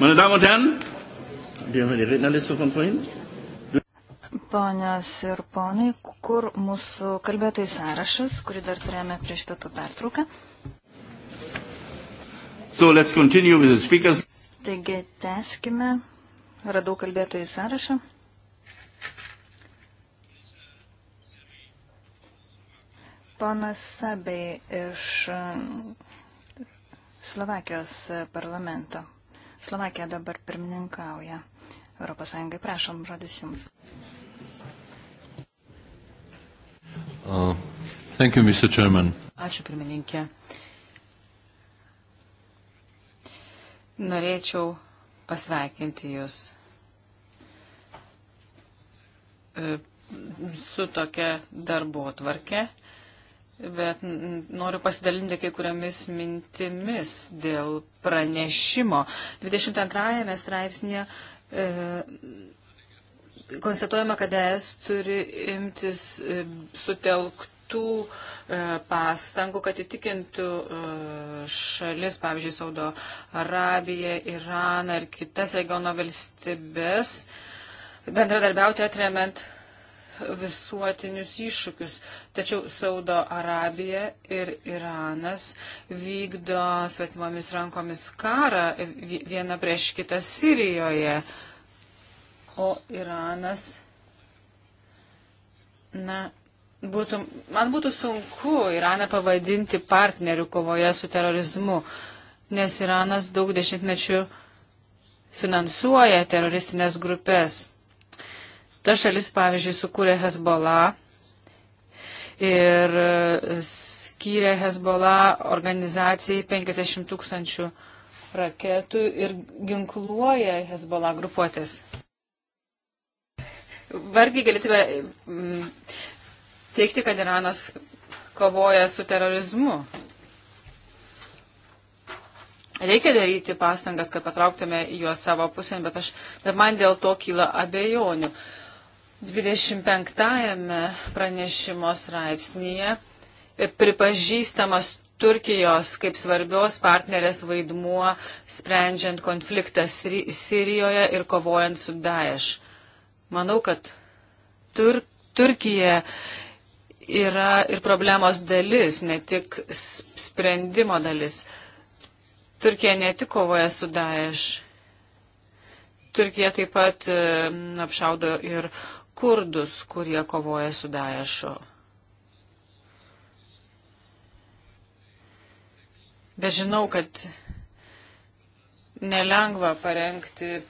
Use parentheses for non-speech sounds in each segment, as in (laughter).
Meine Damen und Herren, die haben wir die Rednerliste von vorhin. Ponios ir ponai, kur mūsų kalbėtojų sąrašas, kurį dar turėjome prieš pietų pertrauką. So, Taigi, teskime. Radau kalbėtojų sąrašą. Ponas Sabei iš Slovakijos parlamento. Slovakija dabar pirmininkauja Europos Sąjungai. Prašom, žodis Jums. Uh, thank you, Mr. Chairman. Ačiū, pirmininkė. Norėčiau pasveikinti Jūs e, su tokia darbo tvarkė bet noriu pasidalinti kai kuriamis mintimis dėl pranešimo. 22 straipsnėje e, konstatuojama, kad ES turi imtis e, sutelktų e, pastangų, kad įtikintų e, šalis, pavyzdžiui, Saudo Arabiją, Iraną ir kitas regiono valstybės bendradarbiauti atremiant visuotinius iššūkius. Tačiau Saudo Arabija ir Iranas vykdo svetimomis rankomis karą vieną prieš kitą Sirijoje. O Iranas, na, būtų, man būtų sunku Iraną pavadinti partneriu kovoje su terorizmu, nes Iranas daug dešimtmečių finansuoja teroristinės grupės. Ta šalis, pavyzdžiui, sukūrė Hezbollah ir e, skyrė Hezbollah organizacijai 50 tūkstančių raketų ir ginkluoja Hezbollah grupuotės. Vargiai galėtume mm, teikti, kad Iranas kovoja su terorizmu. Reikia daryti pastangas, kad patrauktume juos savo pusėn, bet, aš, bet man dėl to kyla abejonių. Uh, 25-ame pranešimo straipsnėje pripažįstamas Turkijos kaip svarbios partnerės vaidmuo sprendžiant konfliktą Sirijoje ir kovojant su Daesh. Manau, kad Tur Turkija yra ir problemos dalis, ne tik sprendimo dalis. Turkija ne tik kovoja su Daesh. Turkija taip pat apšaudo ir kurdus, kurie kovoja su Daešu. Bet žinau, kad nelengva parengti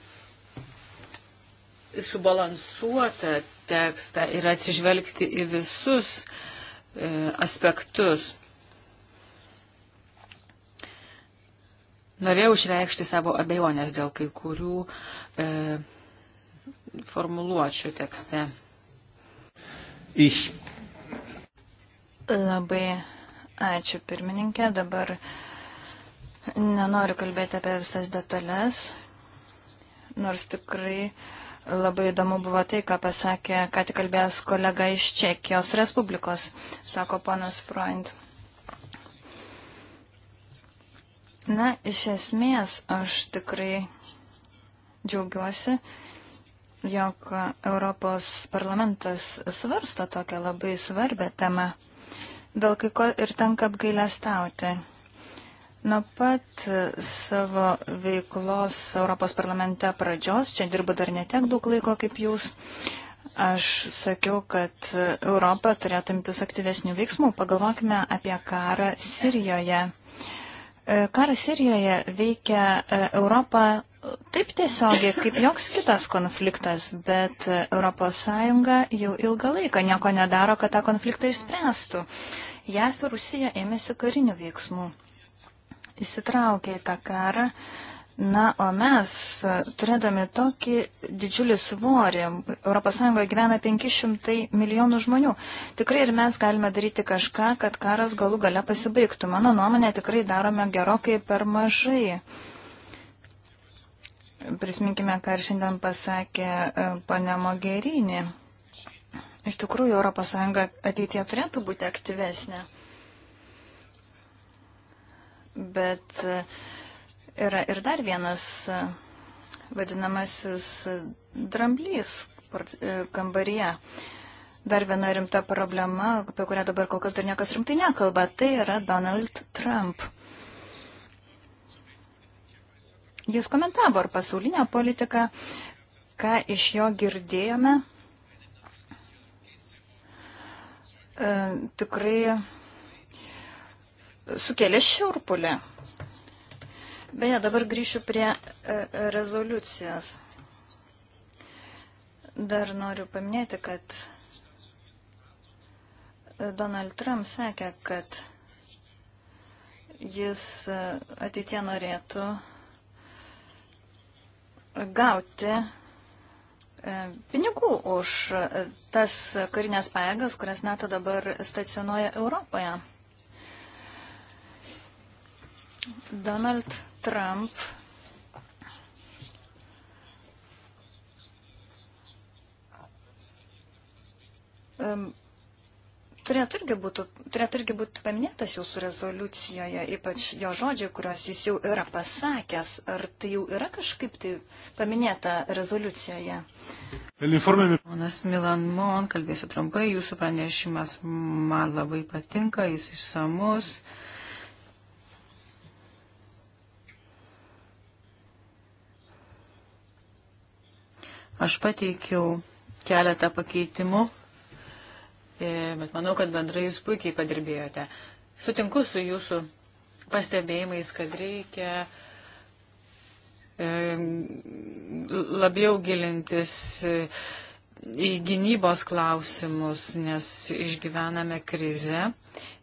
subalansuotą tekstą ir atsižvelgti į visus e, aspektus. Norėjau išreikšti savo abejonės dėl kai kurių e, formuluočių tekste. Ich. Labai ačiū pirmininkė. Dabar nenoriu kalbėti apie visas detalės, nors tikrai labai įdomu buvo tai, ką pasakė, ką tik kalbėjęs kolega iš Čekijos Respublikos, sako ponas Freund. Na, iš esmės aš tikrai džiaugiuosi, jog Europos parlamentas svarsto tokią labai svarbę temą, dėl kai ko ir tenka apgailestauti. Nuo pat savo veiklos Europos parlamente pradžios, čia dirbu dar netiek daug laiko kaip jūs, aš sakiau, kad Europa turėtų imtis aktyvesnių veiksmų. Pagalvokime apie karą Sirijoje. Karas Sirijoje veikia e, Europą taip tiesiogiai kaip joks kitas konfliktas, bet ES jau ilgą laiką nieko nedaro, kad tą konfliktą išspręstų. JAF ir Rusija ėmėsi karinių veiksmų, įsitraukė į tą karą. Na, o mes, turėdami tokį didžiulį svorį, ES gyvena 500 milijonų žmonių, tikrai ir mes galime daryti kažką, kad karas galų gale pasibaigtų. Mano nuomonė, tikrai darome gerokai per mažai. Uh, Prisiminkime, ką ir šiandien pasakė e, pane Mogerinė. Iš tikrųjų, ES ateitie turėtų būti aktyvesnė. Bet e, yra ir dar vienas e, vadinamasis dramblys kambaryje. Dar viena rimta problema, apie kurią dabar kol kas dar niekas rimtai nekalba, tai yra Donald Trump. Jis komentavo ir pasaulinę politiką, ką iš jo girdėjome. E, tikrai sukėlė šiurpulį. Beje, dabar grįšiu prie e, rezoliucijos. Dar noriu paminėti, kad Donald Trump sakė, kad jis e, ateitie norėtų gauti e, pinigų už e, tas karinės pajėgas, kurias NATO dabar stacionuoja Europoje. Donald Trump um, turėtų irgi, būtų, turėtų irgi būti paminėtas jūsų rezoliucijoje, ypač jo žodžiai, kuriuos jis jau yra pasakęs. Ar tai jau yra kažkaip tai paminėta rezoliucijoje? Ponas Milan Mon, kalbėsiu trumpai, jūsų pranešimas man labai patinka, jis išsamus. Aš pateikiau keletą pakeitimų E, bet manau, kad bendrai jūs puikiai padirbėjote. Sutinku su jūsų pastebėjimais, kad reikia labiau gilintis į gynybos klausimus, nes išgyvename krizę.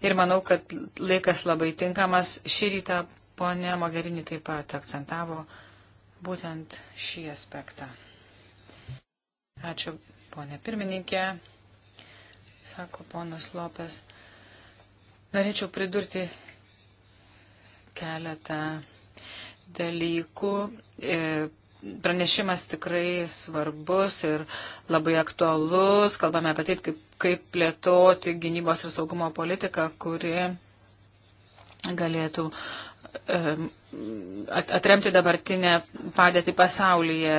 Ir manau, kad laikas labai tinkamas. Šį rytą ponė Magarinį taip pat akcentavo būtent šį aspektą. Ačiū, ponė pirmininkė sako ponas Lopes. Norėčiau pridurti keletą dalykų. E, pranešimas tikrai svarbus ir labai aktualus. Kalbame apie taip, kaip, kaip plėtoti gynybos ir saugumo politiką, kuri galėtų e, atremti dabartinę padėtį pasaulyje.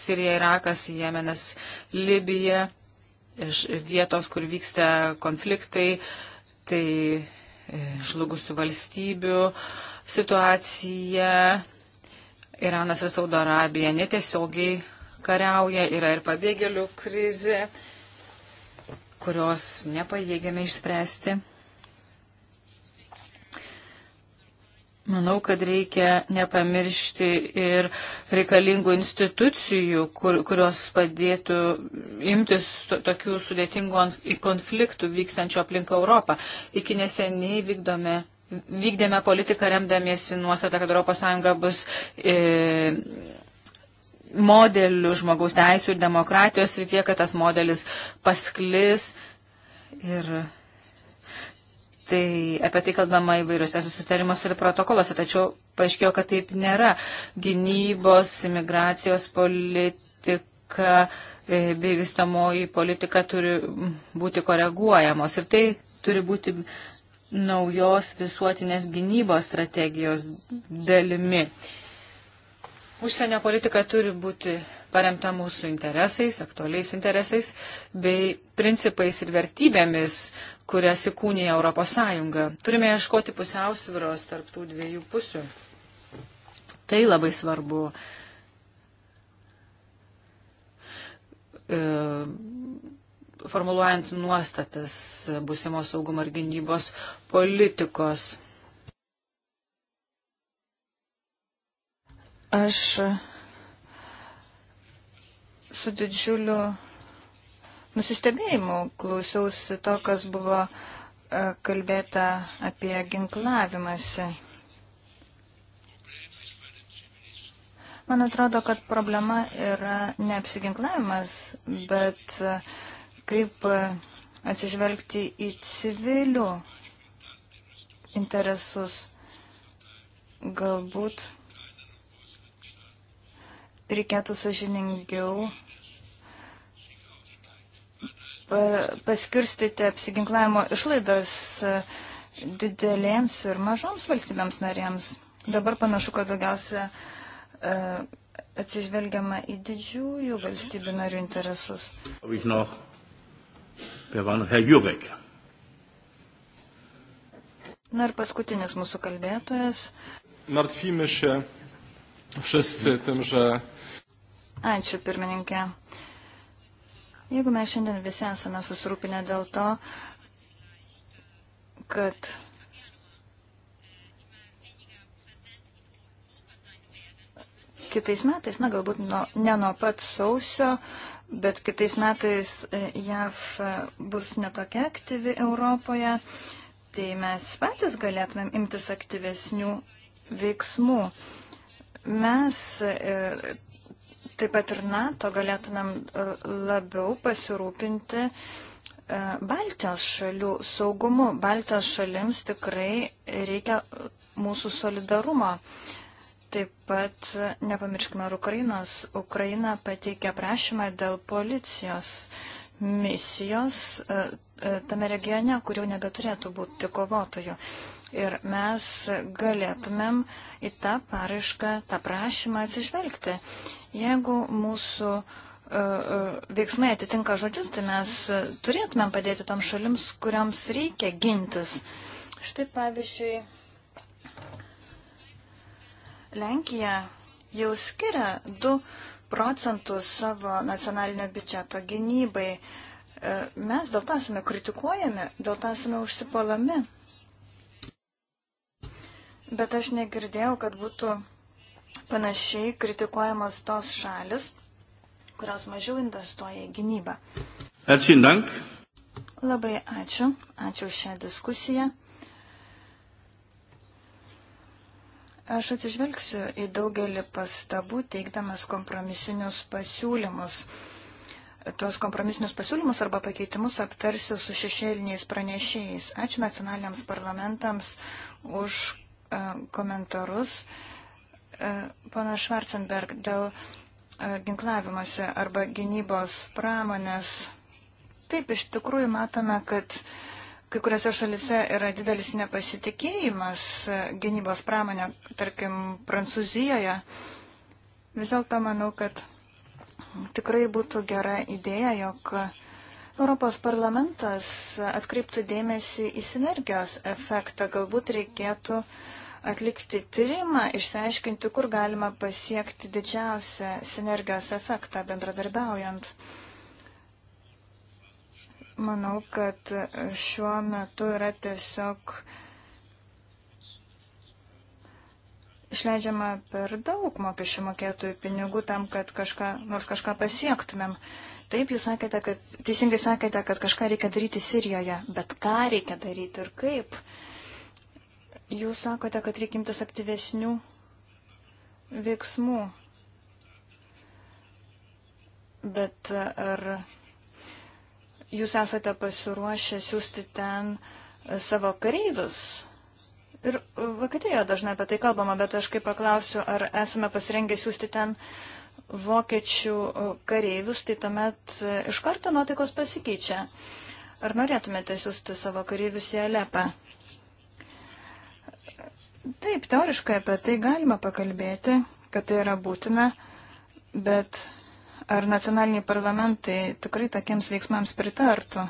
Sirija, Irakas, Jemenas, Libija iš vietos, kur vyksta konfliktai, tai e, žlugusių valstybių situacija. Iranas ir Saudo Arabija netiesiogiai kariauja, yra ir pabėgėlių krizė, kurios nepajėgėme išspręsti. Manau, kad reikia nepamiršti ir reikalingų institucijų, kur, kurios padėtų imtis to, tokių sudėtingų konfliktų vykstančių aplink Europą. Iki neseniai vykdome, vykdėme politiką remdamiesi nuostatą, kad ES bus. E, modelių žmogaus teisų ir demokratijos ir tiek, kad tas modelis pasklis ir tai apie tai kalbama įvairiuose susitarimuose ir protokoluose, tačiau paaiškėjo, kad taip nėra. Gynybos, imigracijos politika e, bei vystamoji politika turi būti koreguojamos ir tai turi būti naujos visuotinės gynybos strategijos dalimi. Užsienio politika turi būti paremta mūsų interesais, aktualiais interesais bei principais ir vertybėmis, kurias įkūnėja Europos Sąjunga. Turime ieškoti pusiausviros tarptų dviejų pusių. Tai labai svarbu. E, formuluojant nuostatas būsimos saugumo ir gynybos politikos. Aš su didžiuliu nusistebėjimu klausiausi to, kas buvo e, kalbėta apie ginklavimąsi. Man atrodo, kad problema yra neapsiginklavimas, bet e, kaip e, atsižvelgti į civilių interesus. Galbūt reikėtų sažiningiau paskirstyti apsiginklavimo išlaidas e, didelėms ir mažoms valstybėms narėms. Dabar panašu, kad daugiausia e, atsižvelgiama į didžiųjų valstybių narių interesus. Na ir paskutinis mūsų kalbėtojas. Martwimy się wszyscy tym, że. Ačiū pirmininkė. Uh, Jeigu mes šiandien visi esame susirūpinę dėl to, kad kitais metais, na galbūt nuo, ne nuo pat sausio, bet kitais metais e, JAV e, bus netokia aktyvi Europoje, tai mes patys galėtumėm imtis aktyvesnių veiksmų. Mes e, taip pat ir NATO galėtumėm e, labiau pasirūpinti e, Baltijos šalių saugumu. Baltijos šalims tikrai reikia e, mūsų solidarumo. Taip pat nepamirškime ir Ukrainos. Ukraina pateikė prašymą dėl policijos misijos tame regione, kur jau nebeturėtų būti kovotojų ir mes galėtumėm į tą paraišką, tą prašymą atsižvelgti. Jeigu mūsų e, e, veiksmai atitinka žodžius, tai mes turėtumėm padėti tom šalims, kuriams reikia gintis. Štai pavyzdžiui, Lenkija jau skiria 2 procentus savo nacionalinio biudžeto gynybai. E, mes dėl to esame kritikuojami, dėl to esame užsipalami bet aš negirdėjau, kad būtų panašiai kritikuojamos tos šalis, kurios mažiau investuoja į gynybą. Ačiū, Dank. Labai ačiū. Ačiū už šią diskusiją. Aš atsižvelgsiu į daugelį pastabų, teikdamas kompromisinius pasiūlymus. Tuos kompromisinius pasiūlymus arba pakeitimus aptarsiu su šešėliniais pranešėjais. Ačiū nacionaliniams parlamentams už E, komentarus. E, pana Schwarzenberg, dėl e, ginklavimuose arba gynybos pramonės. Taip, iš tikrųjų matome, kad kai kuriuose šalise yra didelis nepasitikėjimas gynybos pramonė, tarkim, Prancūzijoje. Vis dėlto manau, kad tikrai būtų gera idėja, jog Europos parlamentas atkreiptų dėmesį į sinergijos efektą. Galbūt reikėtų uh, atlikti tyrimą, išsiaiškinti, kur galima pasiekti didžiausią sinergijos efektą bendradarbiaujant. Manau, kad šiuo metu yra tiesiog išleidžiama per daug mokesčių mokėtojų pinigų tam, kad kažką, nors kažką pasiektumėm. Taip, jūs sakėte, kad teisingai sakėte, kad kažką reikia daryti Sirijoje, bet ką reikia daryti ir kaip? Uh, Jūs sakote, kad reikia imtis aktyvesnių veiksmų. Bet ar jūs esate pasiruošę siūsti ten savo kareivius? Ir Vokietijoje dažnai apie tai kalbama, bet aš kaip paklausiu, ar esame pasirengę siūsti ten vokiečių kareivius, tai tuomet iš karto nuotaikos pasikeičia. Ar norėtumėte siūsti savo kareivius į Alepą? Taip, teoriškai apie tai galima pakalbėti, kad tai yra būtina, bet ar nacionaliniai parlamentai tikrai tokiems veiksmams pritartų?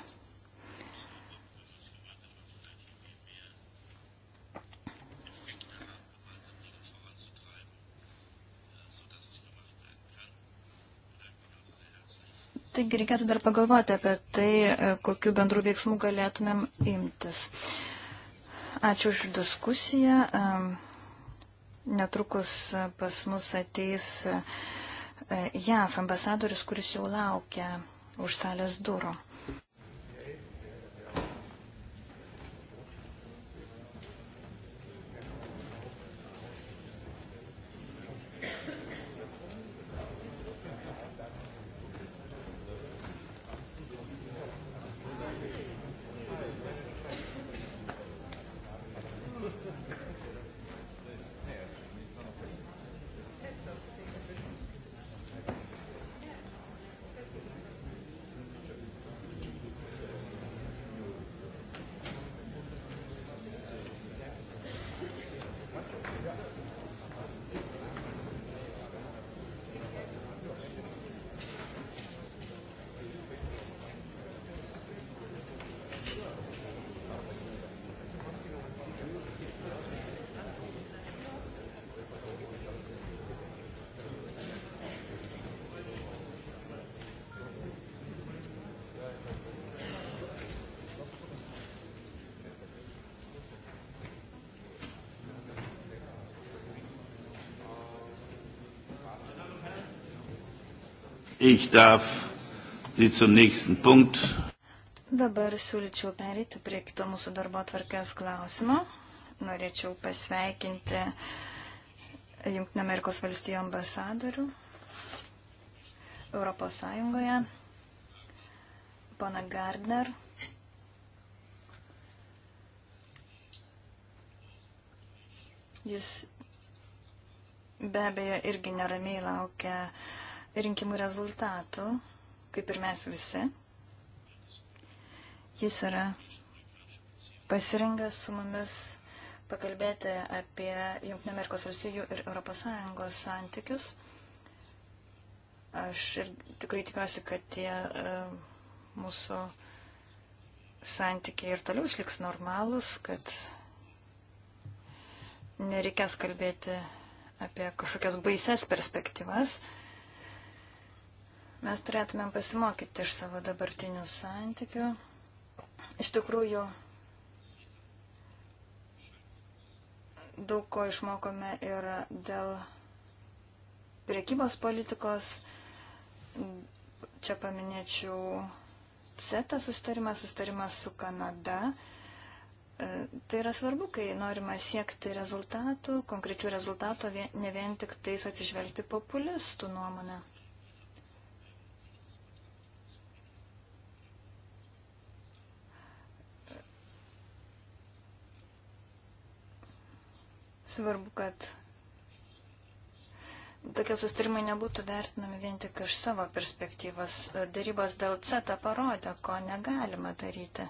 Taigi reikėtų dar pagalvoti apie tai, kokiu bendru veiksmu galėtumėm imtis. Uh, Ačiū už diskusiją. Netrukus pas mus ateis e, JAF ambasadoris, kuris jau laukia už salės durų. Ich darf Sie zum nächsten Punkt. Dabar siūlyčiau pereiti prie kito mūsų darbo tvarkės klausimo. Norėčiau pasveikinti Junktinė Amerikos valstijų ambasadorių Europos Sąjungoje, pana Gardner. Jis be abejo irgi neramiai laukia uh, rinkimų rezultatų, kaip ir mes visi. Jis yra pasirengęs su mumis pakalbėti apie Junktinio Amerikos valstybių ir ES santykius. Aš ir tikrai tikiuosi, kad tie uh, mūsų santykiai ir toliau išliks normalus, kad nereikės kalbėti apie kažkokias baises perspektyvas. Uh, Mes turėtumėm pasimokyti iš savo dabartinių santykių. Iš tikrųjų, daug ko išmokome ir dėl priekybos politikos. Čia paminėčiau CETA sustarimą, sustarimą su Kanada. E, tai yra svarbu, kai norima siekti rezultatų, konkrečių rezultatų, ne vien tik tais atsižvelgti populistų nuomonę. Svarbu, kad tokie sustarimai nebūtų vertinami vien tik iš savo perspektyvos. Darybos dėl CETA parodė, ko negalima daryti.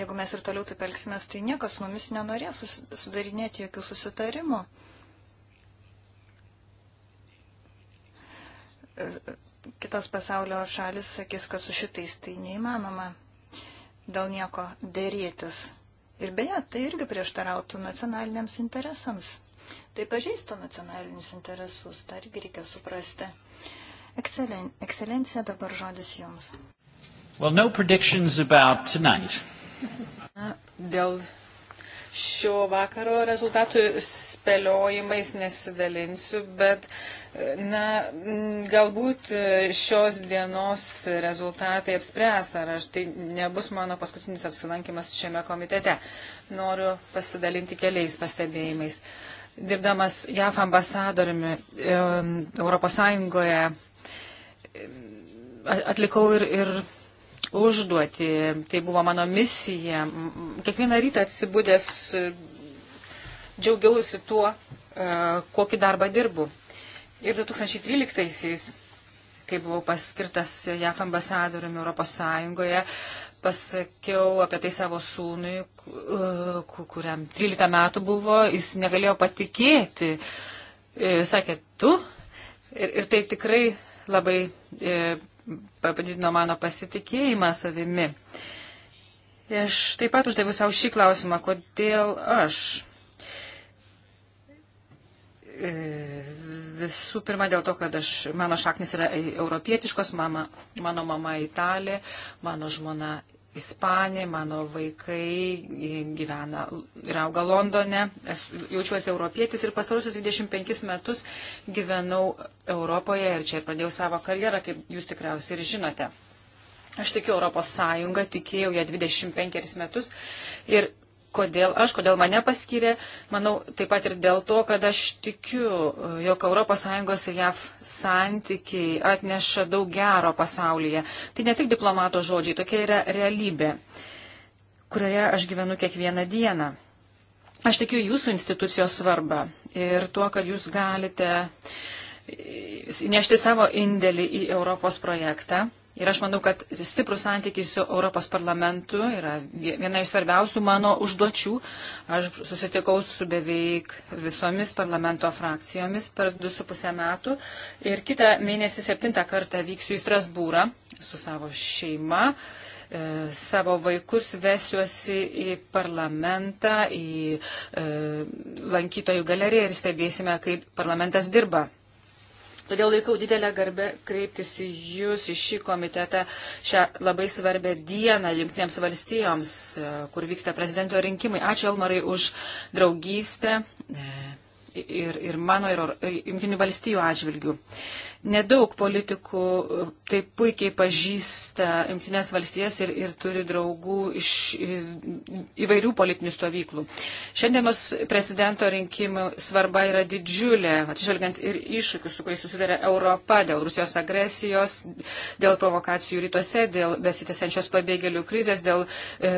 Jeigu mes ir toliau taip elgsimės, tai niekas mumis nenorės sudarinėti jokių susitarimų. Kitos pasaulio šalis sakys, kad su šitais tai neįmanoma dėl nieko dėrėtis. Ir beje, tai irgi prieštarautų nacionaliniams interesams. Tai pažįsto nacionalinius interesus, dar irgi reikia suprasti. Excelen, ekscelencija, dabar žodis jums. Well, no predictions about tonight. Na, dėl šio vakaro rezultatų spėliojimais nesidalinsiu, bet na, galbūt šios dienos rezultatai apspręs, ar aš tai nebus mano paskutinis apsilankimas šiame komitete. Noriu pasidalinti keliais pastebėjimais. Dirbdamas JAF ambasadoriumi Europos Sąjungoje atlikau ir, ir užduotį. Tai buvo mano misija. Kiekvieną rytą atsibūdęs džiaugiausi tuo, e, kokį darbą dirbu. Ir 2013-aisiais, kai buvau paskirtas JAF ambasadoriumi Europos Sąjungoje, pasakiau apie tai savo sūnui, e, kuriam 13 metų buvo, jis negalėjo patikėti. E, sakė, tu? Ir, ir tai tikrai labai padidino mano pasitikėjimą savimi. Aš taip pat uždaviau savo šį klausimą, kodėl aš e, visų pirma dėl to, kad aš, mano šaknis yra europietiškos, mama, mano mama italė, mano žmona Ispanė, mano vaikai gyvena ir auga Londone, aš jaučiuosi europietis ir pastarosius 25 metus gyvenau Europoje ir čia pradėjau savo karjerą, kaip jūs tikriausiai ir žinote. Aš tikiu Europos Sąjungą, tikėjau ją 25 metus ir kodėl aš, kodėl mane paskyrė, manau taip pat ir dėl to, kad aš tikiu, e, jog ES ir JAV santykiai atneša daug gero pasaulyje. Tai ne tik diplomato žodžiai, tokia yra realybė, kurioje aš gyvenu kiekvieną dieną. Aš tikiu jūsų institucijos svarbą ir tuo, kad jūs galite e, nešti savo indėlį į Europos projektą. Ir aš manau, kad stiprus santykiai su Europos parlamentu yra viena iš svarbiausių mano užduočių. Aš susitikau su beveik visomis parlamento frakcijomis per 2,5 metų. Ir kitą mėnesį septintą kartą vyksiu į Strasbūrą su savo šeima. E, savo vaikus vesiuosi į parlamentą, į e, lankytojų galeriją ir stebėsime, kaip parlamentas dirba. Todėl laikau didelę garbę kreiptis į Jūs, į šį komitetą, šią labai svarbę dieną Junktinėms valstijoms, e, kur vyksta prezidento rinkimai. Ačiū Elmarai už draugystę e, ir, ir mano, ir Junktinių valstijų atžvilgių. Nedaug politikų e, taip puikiai pažįsta Junktinės valstijas ir, ir turi draugų iš e, įvairių politinių stovyklų. Šiandienos prezidento rinkimų svarba yra didžiulė, atsižvelgiant ir iššūkius, su kuriais susidarė Europa dėl Rusijos agresijos, dėl provokacijų rytuose, dėl besitęsiančios pabėgėlių krizės, dėl. E,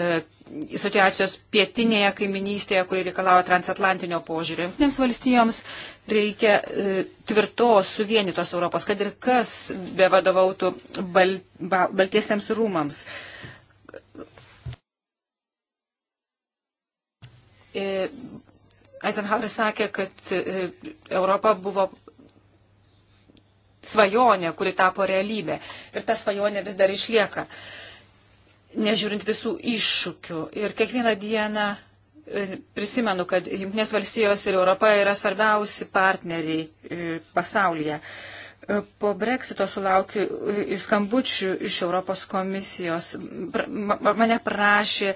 situacijos pietinėje kaiminystėje, kuri reikalauja transatlantinio požiūrio. Jungtinėms valstijoms reikia e, tvirtos, suvienytos Europos, kad ir kas be vadovautų bal, ba, baltiesiems rūmams. E, Eisenhower sakė, kad e, Europa buvo svajonė, kuri tapo realybė. Ir ta svajonė vis dar išlieka. E, nežiūrint visų iššūkių. Ir kiekvieną dieną e, prisimenu, kad Junktinės valstijos ir Europa yra svarbiausi partneriai e, pasaulyje. E, po breksito sulaukiu skambučių iš Europos komisijos. Mane prašė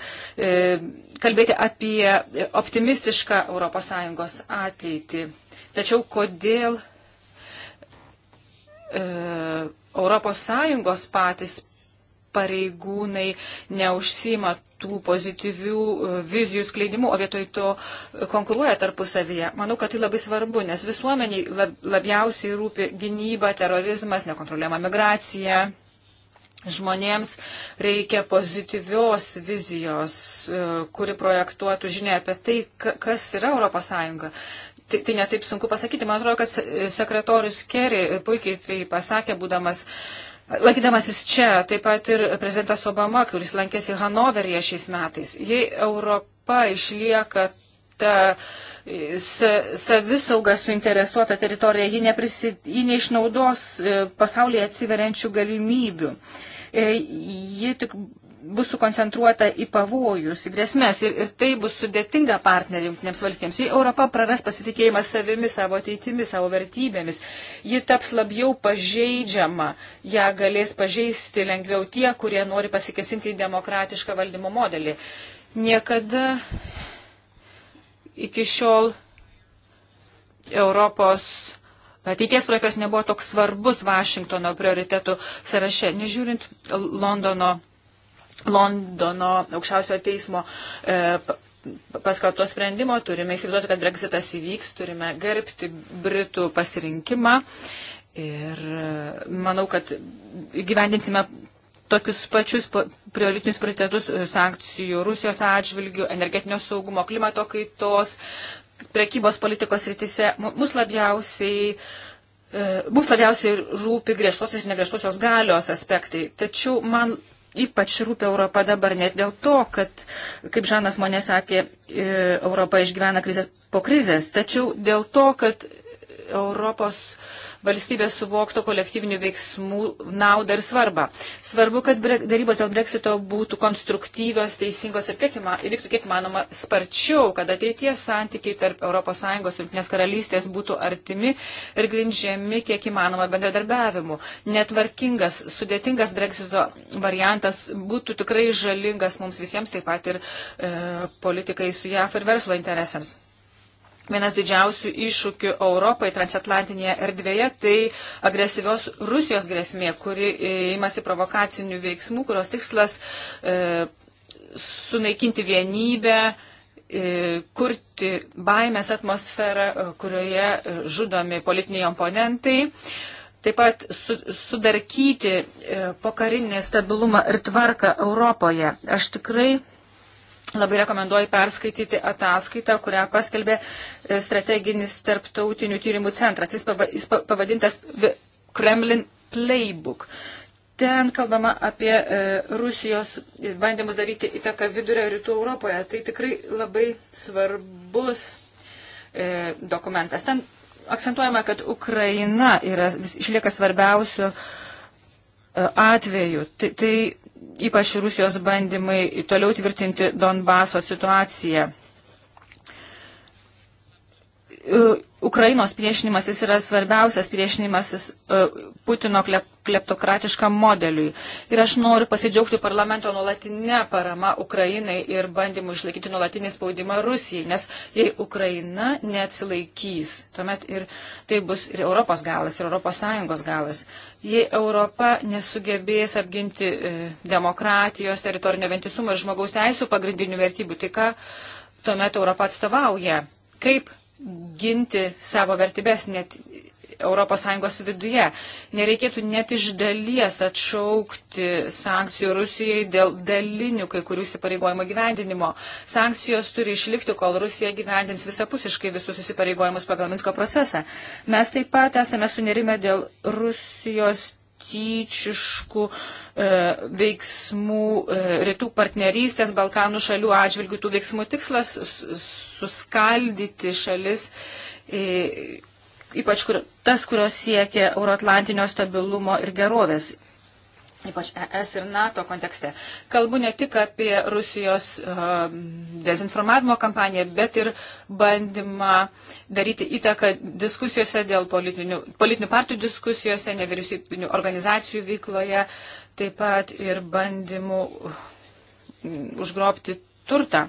kalbėti apie optimistišką ES ateitį. Tačiau kodėl ES patys pareigūnai neužsima tų pozityvių e, vizijų skleidimu, o vietoj to konkuruoja tarpusavyje. Manau, kad tai labai svarbu, nes visuomeniai lab, labiausiai rūpi gynyba, terorizmas, nekontroliuojama migracija. Žmonėms reikia pozityvios vizijos, e, kuri projektuotų žinia apie tai, kas yra ES. Tai, tai netaip sunku pasakyti. Man atrodo, kad sekretorius Kerry puikiai tai pasakė, būdamas uh, Laikydamasis čia, taip pat ir prezidentas Obama, kuris lankėsi Hanoveryje šiais metais, jei Europa išlieka ta e, savisauga suinteresuota teritorija, ji, neprisi, ji neišnaudos e, pasaulyje atsiveriančių galimybių. E, ji tik bus sukoncentruota į pavojus, į grėsmės ir, ir tai bus sudėtinga partneriai jungtinėms valstybėms. Jei Europa praras pasitikėjimą savimi, savo ateitimi, savo vertybėmis, ji taps labiau pažeidžiama, ją galės pažeisti lengviau tie, kurie nori pasikesinti į demokratišką valdymo modelį. Niekada iki šiol Europos Ateities projektas nebuvo toks svarbus Vašingtono prioritetų sąraše, nežiūrint Londono Londono aukščiausiojo teismo e, paskelbto sprendimo, turime įsivaizduoti, kad Brexitas įvyks, turime gerbti Britų pasirinkimą ir e, manau, kad gyvendinsime tokius pačius prioritinius prioritetus e, sankcijų Rusijos atžvilgių, energetinio saugumo, klimato kaitos, prekybos politikos rytise. Mus labiausiai e, Mums labiausiai rūpi griežtosios ir negriežtosios galios aspektai, tačiau man ypač rūpia Europa dabar net dėl to, kad, kaip Žanas mane sakė, e, Europa išgyvena krizės po krizės, tačiau dėl to, kad Europos valstybės suvoktų kolektyvinių veiksmų naudą ir svarbą. Svarbu, kad darybos dėl breksito būtų konstruktyvios, teisingos ir kiek įmanoma, įvyktų kiek manoma sparčiau, kad ateities santykiai tarp ES ir Junktinės karalystės būtų artimi ir grindžiami kiek įmanoma bendradarbiavimu. Netvarkingas, sudėtingas breksito variantas būtų tikrai žalingas mums visiems, taip pat ir e, politikai su JAF ir verslo interesams. Vienas didžiausių iššūkių Europai transatlantinėje erdvėje tai agresyvios Rusijos grėsmė, kuri e, imasi provokacinių veiksmų, kurios tikslas e, sunaikinti vienybę, e, kurti baimės atmosferą, e, kurioje e, žudomi politiniai oponentai. Taip pat su, sudarkyti e, pokarinį stabilumą ir tvarką Europoje. Aš tikrai Labai rekomenduoju perskaityti ataskaitą, kurią paskelbė e, strateginis tarptautinių tyrimų centras. Jis, pava, jis pavadintas Kremlin Playbook. Ten kalbama apie e, Rusijos bandymus daryti įtaką vidurio rytų Europoje. Tai tikrai labai svarbus e, dokumentas. Ten akcentuojama, kad Ukraina yra, išlieka svarbiausių e, atveju. Tai, tai ypač Rusijos bandymai toliau tvirtinti Donbaso situaciją. E, Ukrainos priešinimasis yra svarbiausias priešinimasis e, Putino kleptokratiškam modeliui. Ir aš noriu pasidžiaugti parlamento nuolatinę paramą Ukrainai ir bandymų išlaikyti nuolatinį spaudimą Rusijai, nes jei Ukraina neatsilaikys, tuomet ir tai bus ir Europos galas, ir Europos Sąjungos galas. Jei Europa nesugebės apginti e, demokratijos, teritorinio ventisumo ir žmogaus teisų pagrindinių vertybių, tai ką tuomet Europa atstovauja? Kaip ginti savo vertybės net ES viduje. Nereikėtų net iš dalies atšaukti sankcijų Rusijai dėl dalinių kai kurių įsipareigojimų gyvendinimo. Sankcijos turi išlikti, kol Rusija gyvendins visapusiškai visus įsipareigojimus pagal Minsko procesą. Mes taip pat esame sunerime dėl Rusijos patyčiškų e, veiksmų e, rytų partnerystės Balkanų šalių atžvilgių. Tų veiksmų tikslas suskaldyti šalis, e, ypač kur, tas, kurios siekia euroatlantinio stabilumo ir gerovės ypač ES ir NATO kontekste. Kalbu ne tik apie Rusijos uh, dezinformavimo kampaniją, bet ir bandymą daryti įtaką diskusijose dėl politinių, politinių partijų diskusijose, nevyriausybinių organizacijų veikloje, taip pat ir bandymų mm, užgrobti turtą.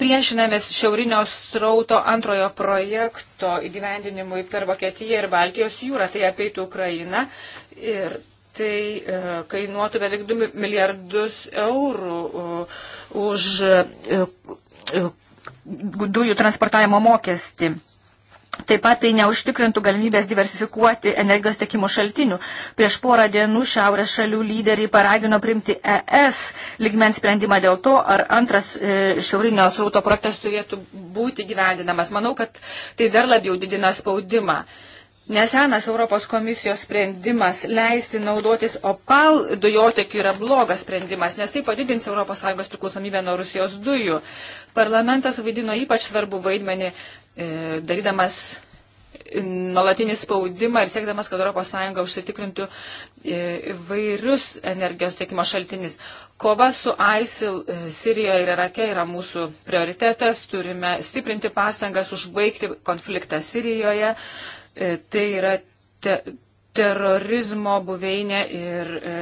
Priešinamės šiaurinio srauto antrojo projekto įgyvendinimui per Vokietiją ir Baltijos jūrą, tai apeitų Ukrainą ir tai e, kainuotų beveik 2 milijardus eurų už e, e, dujų transportavimo mokestį. Taip pat tai neužtikrintų galimybės diversifikuoti energijos tiekimo šaltinių. Prieš porą dienų šiaurės šalių lyderiai paragino primti ES ligmens sprendimą dėl to, ar antras e, šiaurinio srauto projektas turėtų būti gyvendinamas. Manau, kad tai dar labiau didina spaudimą. E, Nesenas Europos komisijos sprendimas leisti naudotis opal dujotekiu yra blogas sprendimas, nes tai padidins ES priklausomybę nuo Rusijos dujų. Parlamentas vaidino ypač svarbu vaidmenį, e, darydamas nuolatinį spaudimą ir siekdamas, kad ES užsitikrintų e, įvairius energijos tiekimo šaltinis. Kova su ISIL e, Sirijoje ir Irake yra mūsų prioritetas. Turime stiprinti pastangas užbaigti konfliktą Sirijoje. E, E, tai yra te, terorizmo buveinė ir e,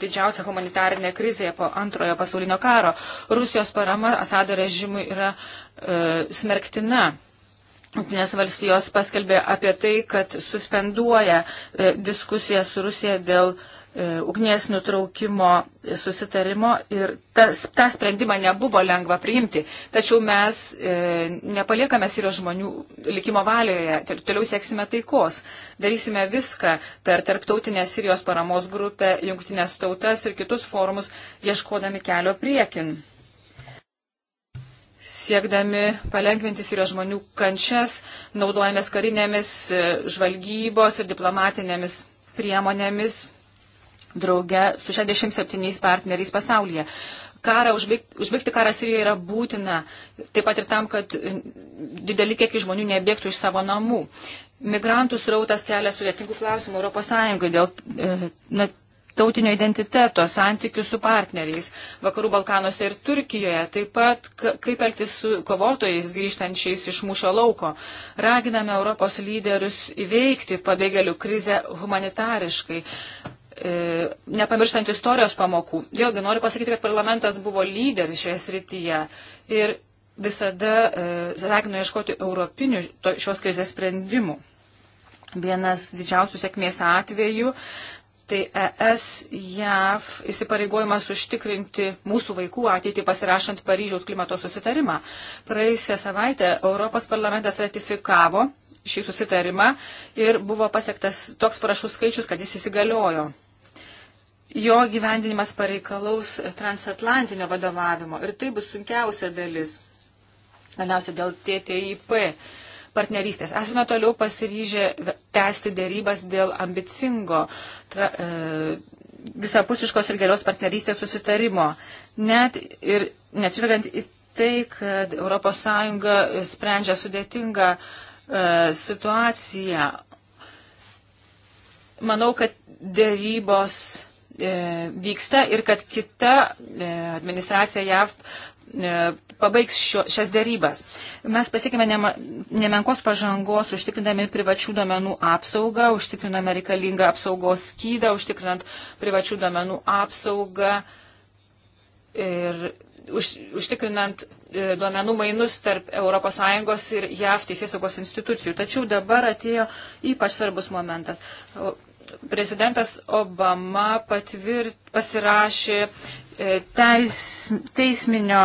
didžiausia humanitarinė krizė po antrojo pasaulinio karo. Rusijos parama Asado režimui yra e, smerktina. Junktinės valstijos paskelbė apie tai, kad suspenduoja e, diskusiją su Rusija dėl e, E, ugnies nutraukimo susitarimo ir tas, tą sprendimą nebuvo lengva priimti. Tačiau mes e, nepaliekame Sirijos žmonių likimo valioje, toliau sieksime taikos. Darysime viską per tarptautinę Sirijos paramos grupę, jungtinės tautas ir kitus forumus, ieškodami kelio priekin. Siekdami palengvinti Sirijos žmonių kančias, naudojamės karinėmis e, žvalgybos ir diplomatinėmis priemonėmis drauge su 67 partneriais pasaulyje. Karą užbaigti, užbaigti karą Sirijoje yra būtina, taip pat ir tam, kad dideli kiekiai žmonių nebėgtų iš savo namų. Migrantų srautas kelia sudėtingų klausimų ES dėl e, na, tautinio identiteto, santykių su partneriais Vakarų Balkanuose ir Turkijoje, taip pat kaip elgtis su kovotojais grįžtančiais iš mūšio lauko. Raginame Europos lyderius įveikti pabėgėlių krizę humanitariškai E, nepamirštant istorijos pamokų. Vėlgi noriu pasakyti, kad parlamentas buvo lyderis šioje srityje ir visada e, ragino ieškoti europinių šios krizės sprendimų. Vienas didžiausių sėkmės atvejų tai ES JAV įsipareigojimas užtikrinti mūsų vaikų ateitį pasirašant Paryžiaus klimato susitarimą. Praėjusią savaitę Europos parlamentas ratifikavo šį susitarimą ir buvo pasiektas toks parašų skaičius, kad jis įsigaliojo jo gyvendinimas pareikalaus transatlantinio vadovavimo ir tai bus sunkiausia dalis. Galiausiai dėl TTIP partnerystės. Esame toliau pasiryžę tęsti dėrybas dėl ambicingo tra, e, visapusiškos ir geros partnerystės susitarimo. Net ir neatsižvelgiant į tai, kad ES sprendžia sudėtingą e, situaciją, manau, kad dėrybos E, vyksta ir kad kita e, administracija JAV e, pabaigs šio, šias dėrybas. Mes pasiekime nema, nemenkos pažangos, užtikrindami privačių domenų apsaugą, užtikriname reikalingą apsaugos skydą, užtikrinant privačių domenų apsaugą ir už, užtikrinant e, duomenų mainus tarp ES ir JAV teisės saugos institucijų. Tačiau dabar atėjo ypač svarbus momentas prezidentas Obama patvirt, pasirašė e, teis, teisminio,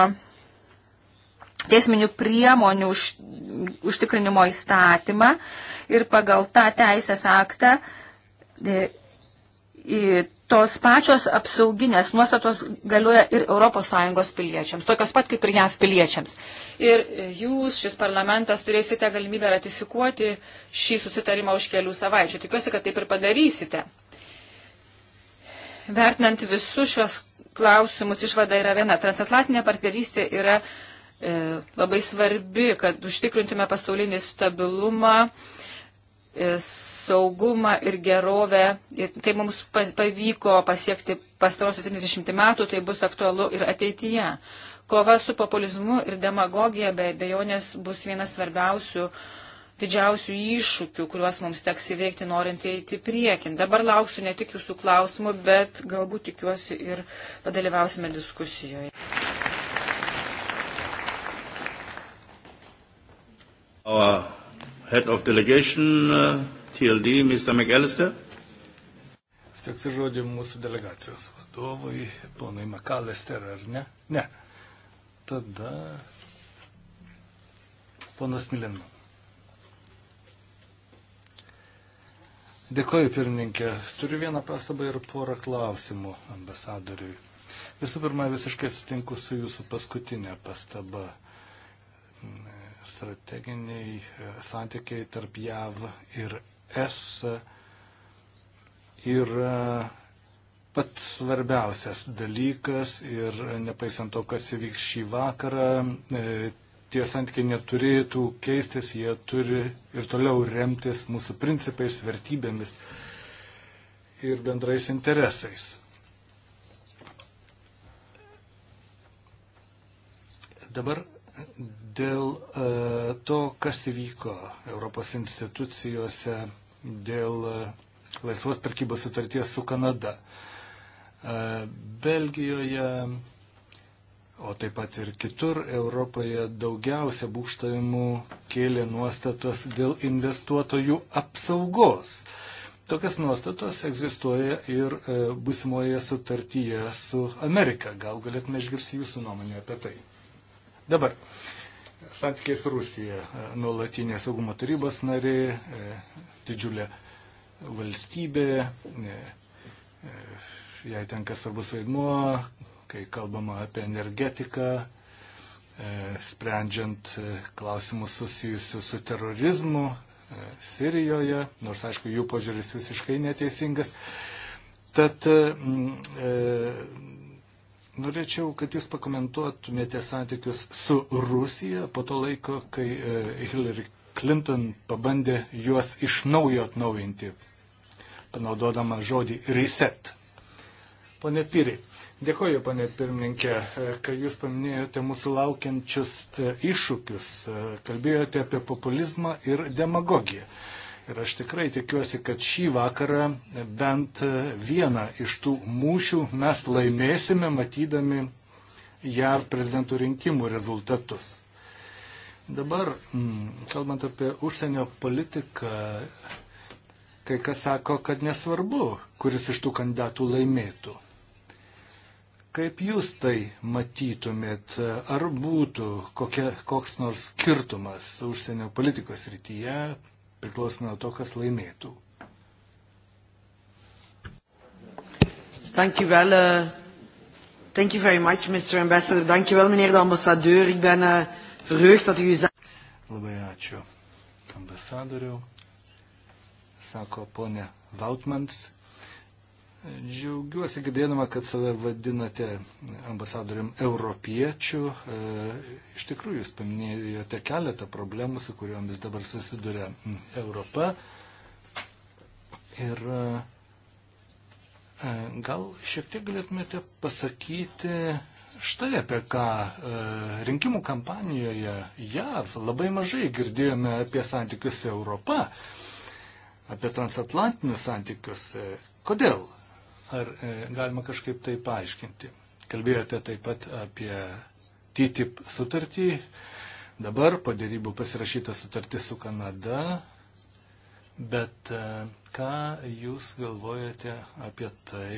teisminių priemonių už, užtikrinimo įstatymą ir pagal tą teisės aktą e, į tos pačios apsauginės nuostatos galioja ir ES piliečiams, tokios pat kaip ir JAV piliečiams. Ir jūs, šis parlamentas, turėsite galimybę ratifikuoti šį susitarimą už kelių savaičių. Tikiuosi, kad taip ir padarysite. Vertinant visus šios klausimus, išvada yra viena. Transatlantinė partnerystė yra e, labai svarbi, kad užtikrintume pasaulinį stabilumą. E, E, saugumą ir gerovę. Ir tai mums pavyko pasiekti pastarosius 70 metų, tai bus aktualu ir ateityje. Kova su populizmu ir demagogija be abejonės bus vienas svarbiausių, didžiausių iššūkių, kuriuos mums teks įveikti norint eiti priekin. Dabar lauksiu ne tik jūsų klausimų, bet galbūt tikiuosi ir padalyvausime diskusijoje. Our Head of Delegation uh, TLD, Mr. McAllister. Steksiu žodį mūsų delegacijos vadovui, ponui McAllister, ar ne? Ne. Tada ponas Milinu. Dėkoju, pirmininkė. Turiu vieną pastabą ir porą klausimų ambasadoriui. Visų pirma, visiškai sutinku su jūsų paskutinė pastaba strateginiai e, santykiai tarp JAV ir S yra pats svarbiausias dalykas ir nepaisant to, kas įvyks šį vakarą, e, tie santykiai neturėtų keistis, jie turi ir toliau remtis mūsų principais, vertybėmis ir bendrais interesais. Dabar dėl e, to, kas įvyko Europos institucijose dėl e, laisvos prekybos sutarties su Kanada. E, Belgijoje, o taip pat ir kitur Europoje daugiausia būkštavimų kėlė nuostatos dėl investuotojų apsaugos. Tokias nuostatos egzistuoja ir busimoje sutartyje su Amerika. Gal galėtume išgirsti jūsų nuomonę apie tai. Dabar, uh, santykiais Rusija, e, nuolatinė saugumo tarybos narė, e, didžiulė valstybė, e, jai tenka svarbus vaidmuo, kai kalbama apie energetiką, sprendžiant klausimus susijusius su terorizmu Sirijoje, nors aišku, jų požiūris visiškai neteisingas. Tad mm, e, Norėčiau, kad jūs pakomentuotumėte santykius su Rusija po to laiko, kai e, Hillary Clinton pabandė juos iš naujo atnaujinti, panaudodama žodį reset. Pone Pyri, dėkoju, pane pirmininkė, e, kai jūs paminėjote mūsų laukiančius e, iššūkius, kalbėjote apie populizmą ir demagogiją. Ir aš tikrai tikiuosi, kad šį vakarą bent vieną iš tų mūšių mes laimėsime, matydami JAV prezidentų rinkimų rezultatus. Dabar, mm, kalbant apie užsienio politiką, kai kas sako, kad nesvarbu, kuris iš tų kandidatų laimėtų. Kaip jūs tai matytumėt, ar būtų kokia, koks nors skirtumas užsienio politikos rytyje, priklauso nuo to, kas laimėtų. Dank u wel. Uh, thank you very much, Mr. Ambassador. Dank u wel, meneer de ambassadeur. Ik ben uh, verheugd dat u... Labai ačiū, ambasadoriau. Sako ponia Vautmans. Džiaugiuosi girdėdama, kad save vadinate ambasadorium europiečių. E, iš tikrųjų, jūs paminėjote keletą problemų, su kuriomis dabar susiduria Europa. Ir e, e, gal šiek tiek galėtumėte pasakyti štai apie ką. Rinkimų kampanijoje JAV labai mažai girdėjome apie santykius Europą, apie transatlantinius santykius. Kodėl? Ar e, galima kažkaip tai paaiškinti? Kalbėjote taip pat apie TTIP sutartį. Dabar po dėrybų pasirašyta sutartis su Kanada. Bet e, ką jūs galvojate apie tai,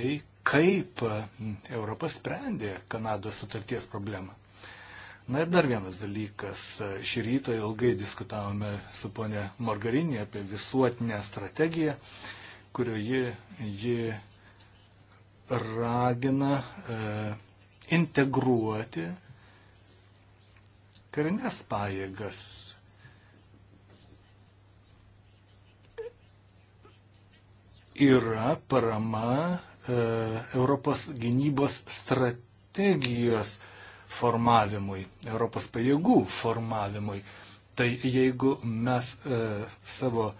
kaip Europa sprendė Kanados sutarties problemą? Na ir dar vienas dalykas. Šį rytą ilgai diskutavome su ponė Margarinė apie visuotinę strategiją, kurioje ji ragina e, integruoti karinės pajėgas. Yra parama e, Europos gynybos strategijos formavimui, Europos pajėgų formavimui. Tai jeigu mes e, savo e,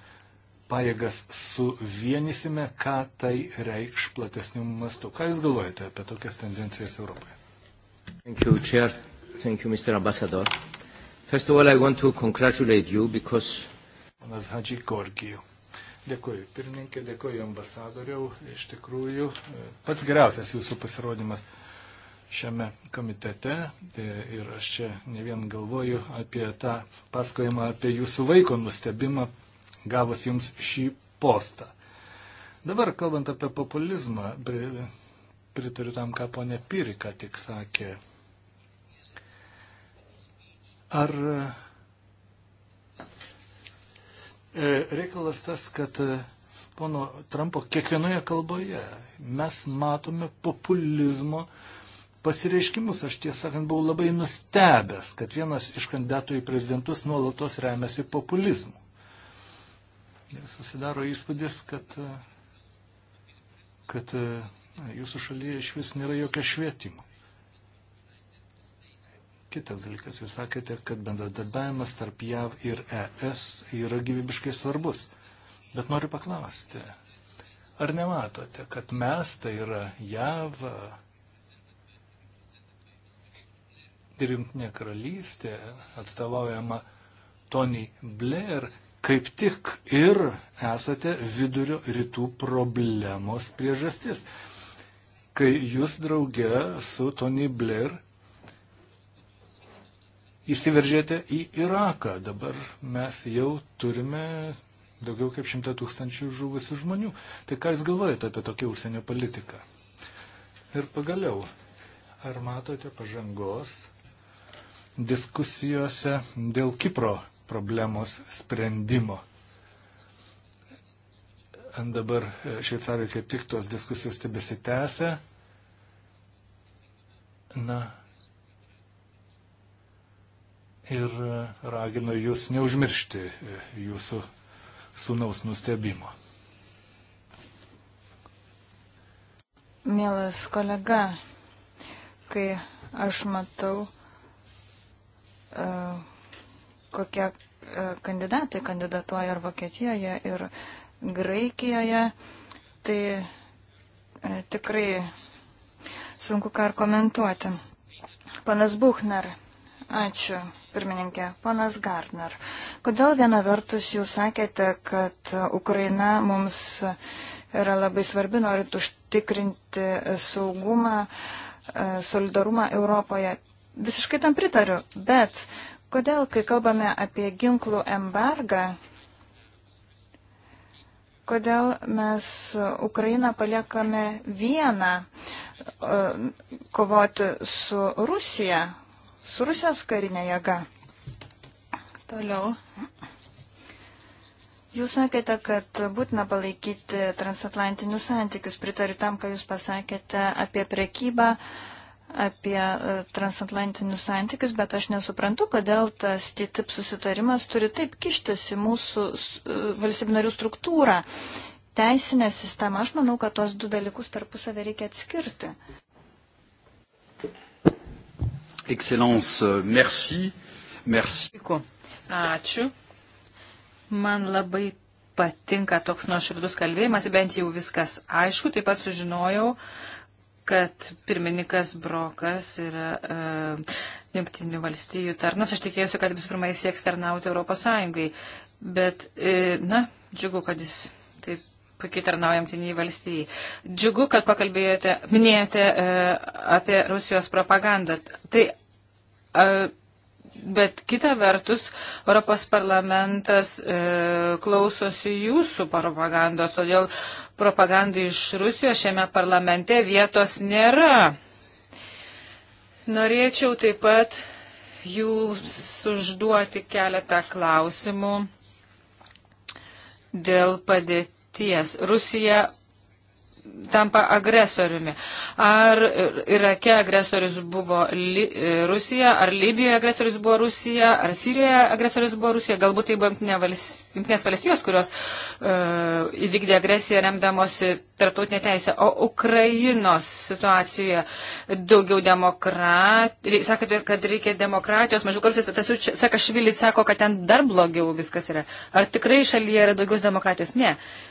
pajėgas suvienysime, ką tai reikš platesnių mastų. Ką Jūs galvojate apie tokias tendencijas Europoje? Thank you, Chair. Thank you, Mr. Ambassador. First of all, I want to congratulate you because... Panas Hadži Gorgijų. Dėkuoju, pirmininkė, dėkuoju ambasadoriau. Iš tikrųjų, e, pats geriausias jūsų pasirodymas šiame komitete e, ir aš čia ne vien galvoju apie tą pasakojimą apie jūsų vaiko nustebimą gavus jums šį postą. Dabar, kalbant apie populizmą, pritariu tam, ką ponė Pirika tik sakė. Ar e, reikalas tas, kad e, pono Trumpo kiekvienoje kalboje mes matome populizmo pasireiškimus. Aš tiesą sakant, buvau labai nustebęs, kad vienas iš kandidatų į prezidentus nuolatos remiasi populizmu susidaro įspūdis, kad, kad e, jūsų šalyje iš vis nėra jokio švietimo. Kitas dalykas, jūs sakėte, kad bendradarbiavimas tarp JAV ir ES yra gyvybiškai svarbus. Bet noriu paklausti, ar nematote, kad mes tai yra JAV ir Junktinė karalystė atstovaujama Tony Blair kaip tik ir esate vidurio rytų problemos priežastis. Kai jūs drauge su Tony Blair įsiveržėte į Iraką, dabar mes jau turime daugiau kaip šimtą tūkstančių žuvusių žmonių. Tai ką jūs galvojate apie tokią užsienio politiką? Ir pagaliau, ar matote pažangos diskusijose dėl Kipro problemos sprendimo. Dabar e, Šveicarijoje kaip tik tos diskusijos tebesi tęsia. Na. Ir e, raginu jūs neužmiršti e, jūsų sunaus nustebimo. Mielas kolega, kai aš matau, uh, kokie e, kandidatai kandidatuoja ir Vokietijoje, ir Graikijoje, tai e, tikrai sunku ką ir komentuoti. Panas Buchner, ačiū, pirmininkė, panas Gardner. Kodėl viena vertus jūs sakėte, kad Ukraina mums yra labai svarbi, norint užtikrinti saugumą, e, solidarumą Europoje? Visiškai tam pritariu, bet Kodėl, kai kalbame apie ginklų embargą, kodėl mes Ukrainą paliekame vieną e, kovoti su Rusija, su Rusijos karinė jėga? Toliau. Jūs sakėte, kad būtina palaikyti transatlantinius santykius. Pritariu tam, ką Jūs pasakėte apie prekybą, apie e, transatlantinius santykius, bet aš nesuprantu, kodėl tas TTIP susitarimas turi taip kištis į mūsų e, valstybinarių struktūrą, teisinę sistemą. Aš manau, kad tos du dalykus tarpusavę reikia atskirti. Excellence, euh, merci. Merci. Ačiū. Man labai patinka toks nuoširdus kalbėjimas, bent jau viskas aišku, taip pat sužinojau, kad pirmininkas Brokas yra uh, jungtinių valstijų tarnas. Aš tikėjusiu, kad visų pirma jis sieks tarnauti Europos Sąjungai, bet, uh, na, džiugu, kad jis taip puikiai tarnauja jungtiniai valstijai. Džiugu, kad pakalbėjote, minėjote uh, apie Rusijos propagandą. Tai uh, Bet kita vertus, Europos parlamentas e, klausosi jūsų propagandos, todėl propagandai iš Rusijos šiame parlamente vietos nėra. Norėčiau taip pat jūs užduoti keletą klausimų dėl padėties. Rusija tampa agresoriumi. Ar Irake agresorius buvo Li Rusija, ar Libijoje agresorius buvo Rusija, ar Sirijoje agresorius buvo Rusija, galbūt tai buvo Junktinės valstijos, kurios uh, įvykdė agresiją remdamosi tarptautinė teisė. O Ukrainos situacijoje daugiau demokratijos, sakote, kad reikia demokratijos, mažiau korupcijos, bet tas Sakašvilis sako, kad ten dar blogiau viskas yra. Ar tikrai šalyje yra daugiau demokratijos? Ne. Uh,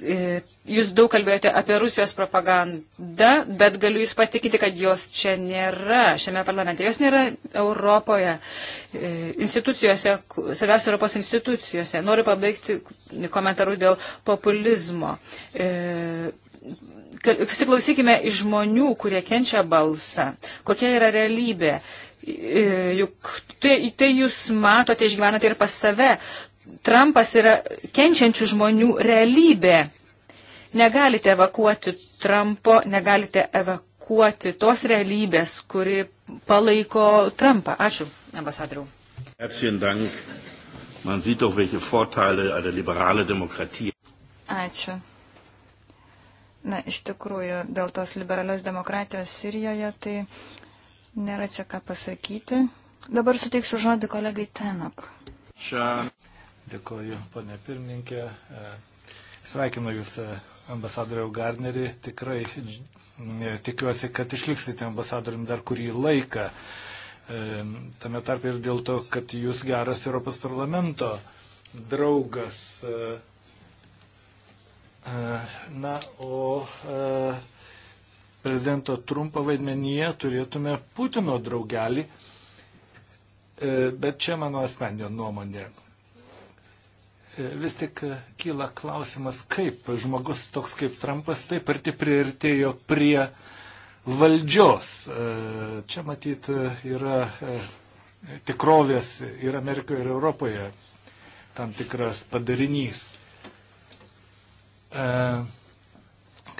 E, jūs daug kalbėjote apie Rusijos propagandą, bet galiu Jūs patikinti, kad jos čia nėra, šiame parlamente, jos nėra Europoje, e, institucijose, svarbiausia Europos institucijose. Noriu pabaigti komentarų dėl populizmo. E, įsiklausykime iš žmonių, kurie kenčia balsą, kokia yra realybė juk tai, tai jūs matote, išgyvenate ir pas save. Trumpas yra kenčiančių žmonių realybė. Negalite evakuoti Trumpo, negalite evakuoti tos realybės, kuri palaiko Trumpą. Ačiū, ambasadoriau. Ačiū. Na, iš tikrųjų, dėl tos liberalios demokratijos Sirijoje, tai nėra čia ką pasakyti. Dabar suteiksiu žodį kolegai Tenok. Čia. Dėkoju, ponė pirmininkė. E, sveikinu Jūs, e, ambasadoriau Gardnerį. Tikrai e, tikiuosi, kad išliksite ambasadorium dar kurį laiką. Tame tarp ir dėl to, kad Jūs geras Europos parlamento draugas. Na, o prezidento Trumpo vaidmenyje turėtume Putino draugelį, bet čia mano asmeninė nuomonė vis tik e, kyla klausimas, kaip žmogus toks kaip Trumpas taip arti priartėjo prie valdžios. E, čia matyt e, yra tikrovės ir Amerikoje, ir Europoje tam tikras padarinys.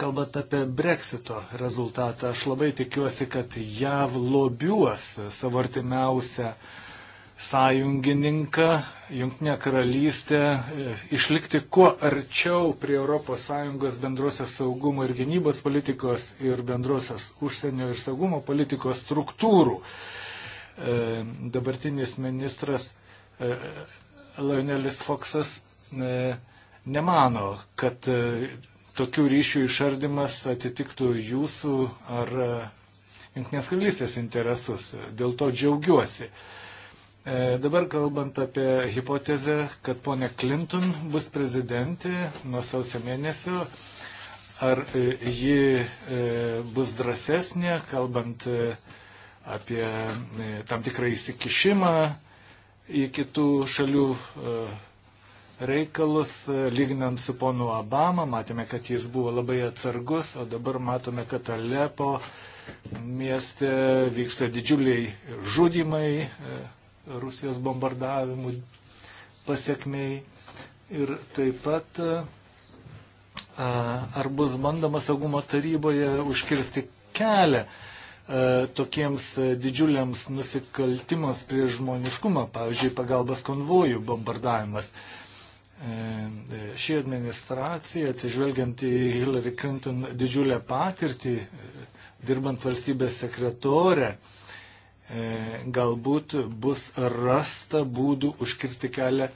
Kalbant apie breksito rezultatą, aš labai tikiuosi, kad JAV lobiuos savo artimiausią uh, sąjungininką, Junktinę karalystę, e, išlikti kuo arčiau prie ES bendrosios saugumo ir gynybos politikos ir bendrosios užsienio ir saugumo politikos struktūrų. E, dabartinis ministras e, Lionelis Foksas nemano, kad tokių ryšių išardimas atitiktų jūsų ar Junktinės karalystės interesus. Dėl to džiaugiuosi. E, dabar kalbant apie hipotezę, kad ponia Clinton bus prezidentė nuo sausio mėnesio, ar e, ji e, bus drąsesnė, kalbant apie tam tikrą įsikišimą į kitų šalių reikalus, lyginant su ponu Obama, matėme, kad jis buvo labai atsargus, o dabar matome, kad Alepo mieste vyksta didžiuliai žudimai Rusijos bombardavimų pasiekmei ir taip pat ar bus bandoma saugumo taryboje užkirsti kelią tokiems didžiuliams nusikaltimams prie žmoniškumą, pavyzdžiui, pagalbas konvojų bombardavimas. E, e, ši administracija, atsižvelgiant į Hillary Clinton didžiulę patirtį, dirbant valstybės sekretorę, E, galbūt bus rasta būdų užkirsti kelią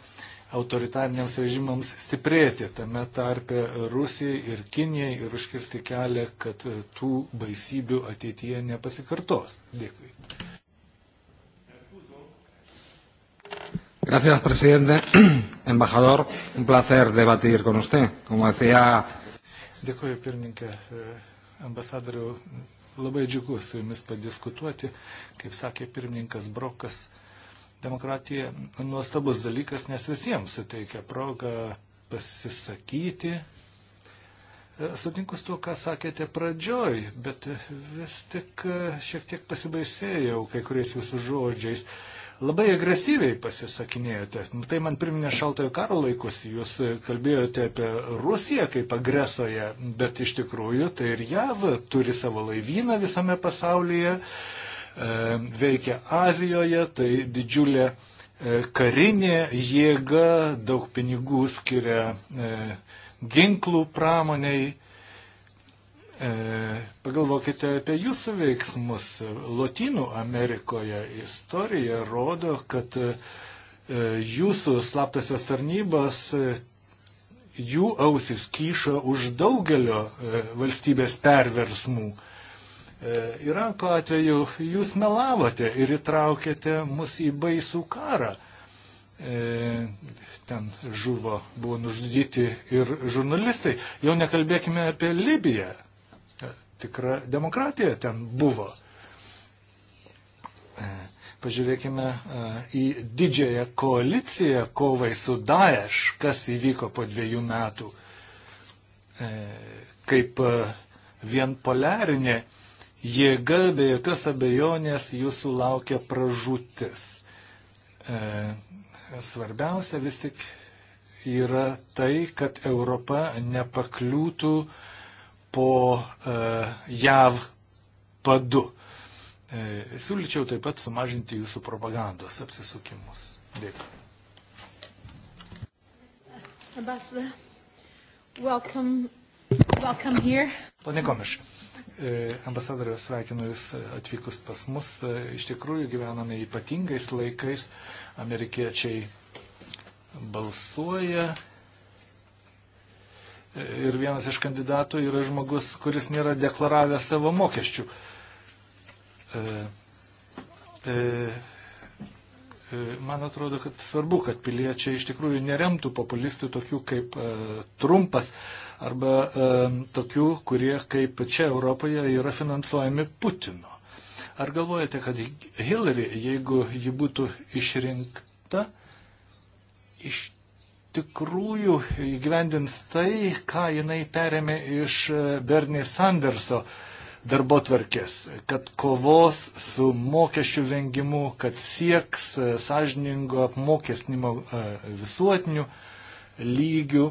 autoritariniams režimams stiprėti, tame tarpe Rusijai ir Kinijai ir užkirsti kelią, kad tų baisybių ateityje nepasikartos. Dėkui. Gracias, presidente. (clears throat) Embajador, un placer debatir con usted. Como decía. Dėkuoju, pirmininkė. E, ambasadoriu, Labai džiugu su jumis padiskutuoti. Kaip sakė pirmininkas Brokas, demokratija nuostabus dalykas, nes visiems suteikia progą pasisakyti. E, sutinku su to, ką sakėte pradžioj, bet vis tik e, šiek tiek pasibaisėjau kai kuriais jūsų žodžiais. Uh, labai agresyviai pasisakinėjote. Nu, tai man priminė šaltojo karo laikus. Jūs kalbėjote apie Rusiją kaip agresoje, bet iš tikrųjų tai ir JAV turi savo laivyną visame pasaulyje, e, veikia Azijoje, tai didžiulė e, karinė jėga, daug pinigų skiria e, ginklų pramoniai E, pagalvokite apie jūsų veiksmus. Lotynų Amerikoje istorija rodo, kad e, jūsų slaptasios tarnybos, e, jų ausis kyšo už daugelio valstybės perversmų. Irako atveju jūs melavote ir įtraukėte mus į baisų karą. Ten žuvo, buvo nužudyti ir žurnalistai. Jau nekalbėkime apie Libiją tikra demokratija ten buvo. E, pažiūrėkime e, į didžiąją koaliciją kovai su Daesh, kas įvyko po dviejų metų, e, kaip vienpolarinė jėga be jokios abejonės jūsų laukia pražūtis. Svarbiausia vis tik yra tai, kad Europa nepakliūtų uh, po e, JAV padu. E, siūlyčiau taip pat sumažinti jūsų propagandos apsisukimus. Dėkui. Ambassador, welcome, welcome here. Pane Komiš, e, ambasadoriau sveikinu Jūs atvykus pas mus. Iš tikrųjų gyvename ypatingais laikais. Amerikiečiai balsuoja ir vienas iš kandidatų yra žmogus, kuris nėra deklaravęs savo mokesčių. E, e, e, man atrodo, kad svarbu, kad piliečiai iš tikrųjų neremtų populistų tokių kaip Trumpas arba tokių, kurie kaip čia Europoje yra finansuojami Putino. Ar galvojate, kad Hillary, jeigu ji būtų išrinkta, iš tikrųjų įgyvendins tai, ką jinai perėmė iš e, Bernie Sanderso darbo tvarkės, kad kovos su mokesčių vengimu, kad sieks e, sąžiningo apmokestinimo e, visuotinių lygių,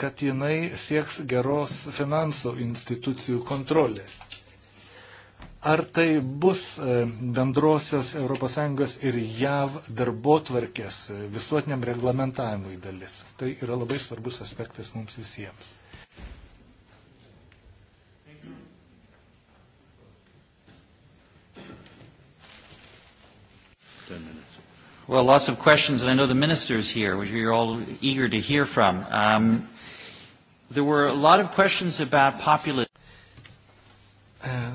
kad jinai sieks geros finansų institucijų kontrolės. Ar tai bus e, bendrosios ES ir JAV darbo tvarkės e, visuotiniam reglamentavimui dalis? Tai yra labai svarbus aspektas mums visiems. Well, lots of questions, and I know the minister is here, which you're all eager to hear from. Um, there were a lot of questions about populism.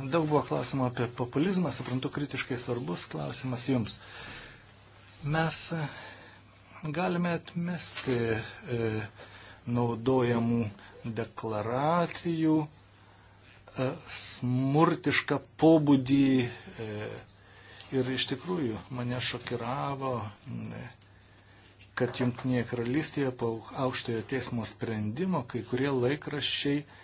Daug buvo klausimų apie populizmą, suprantu, kritiškai svarbus klausimas jums. Mes e, galime atmesti e, naudojamų deklaracijų e, smurtišką pobūdį e, ir iš tikrųjų mane šokiravo. E, kad Junktinėje karalystėje po aukštojo teismo sprendimo kai kurie laikraščiai uh,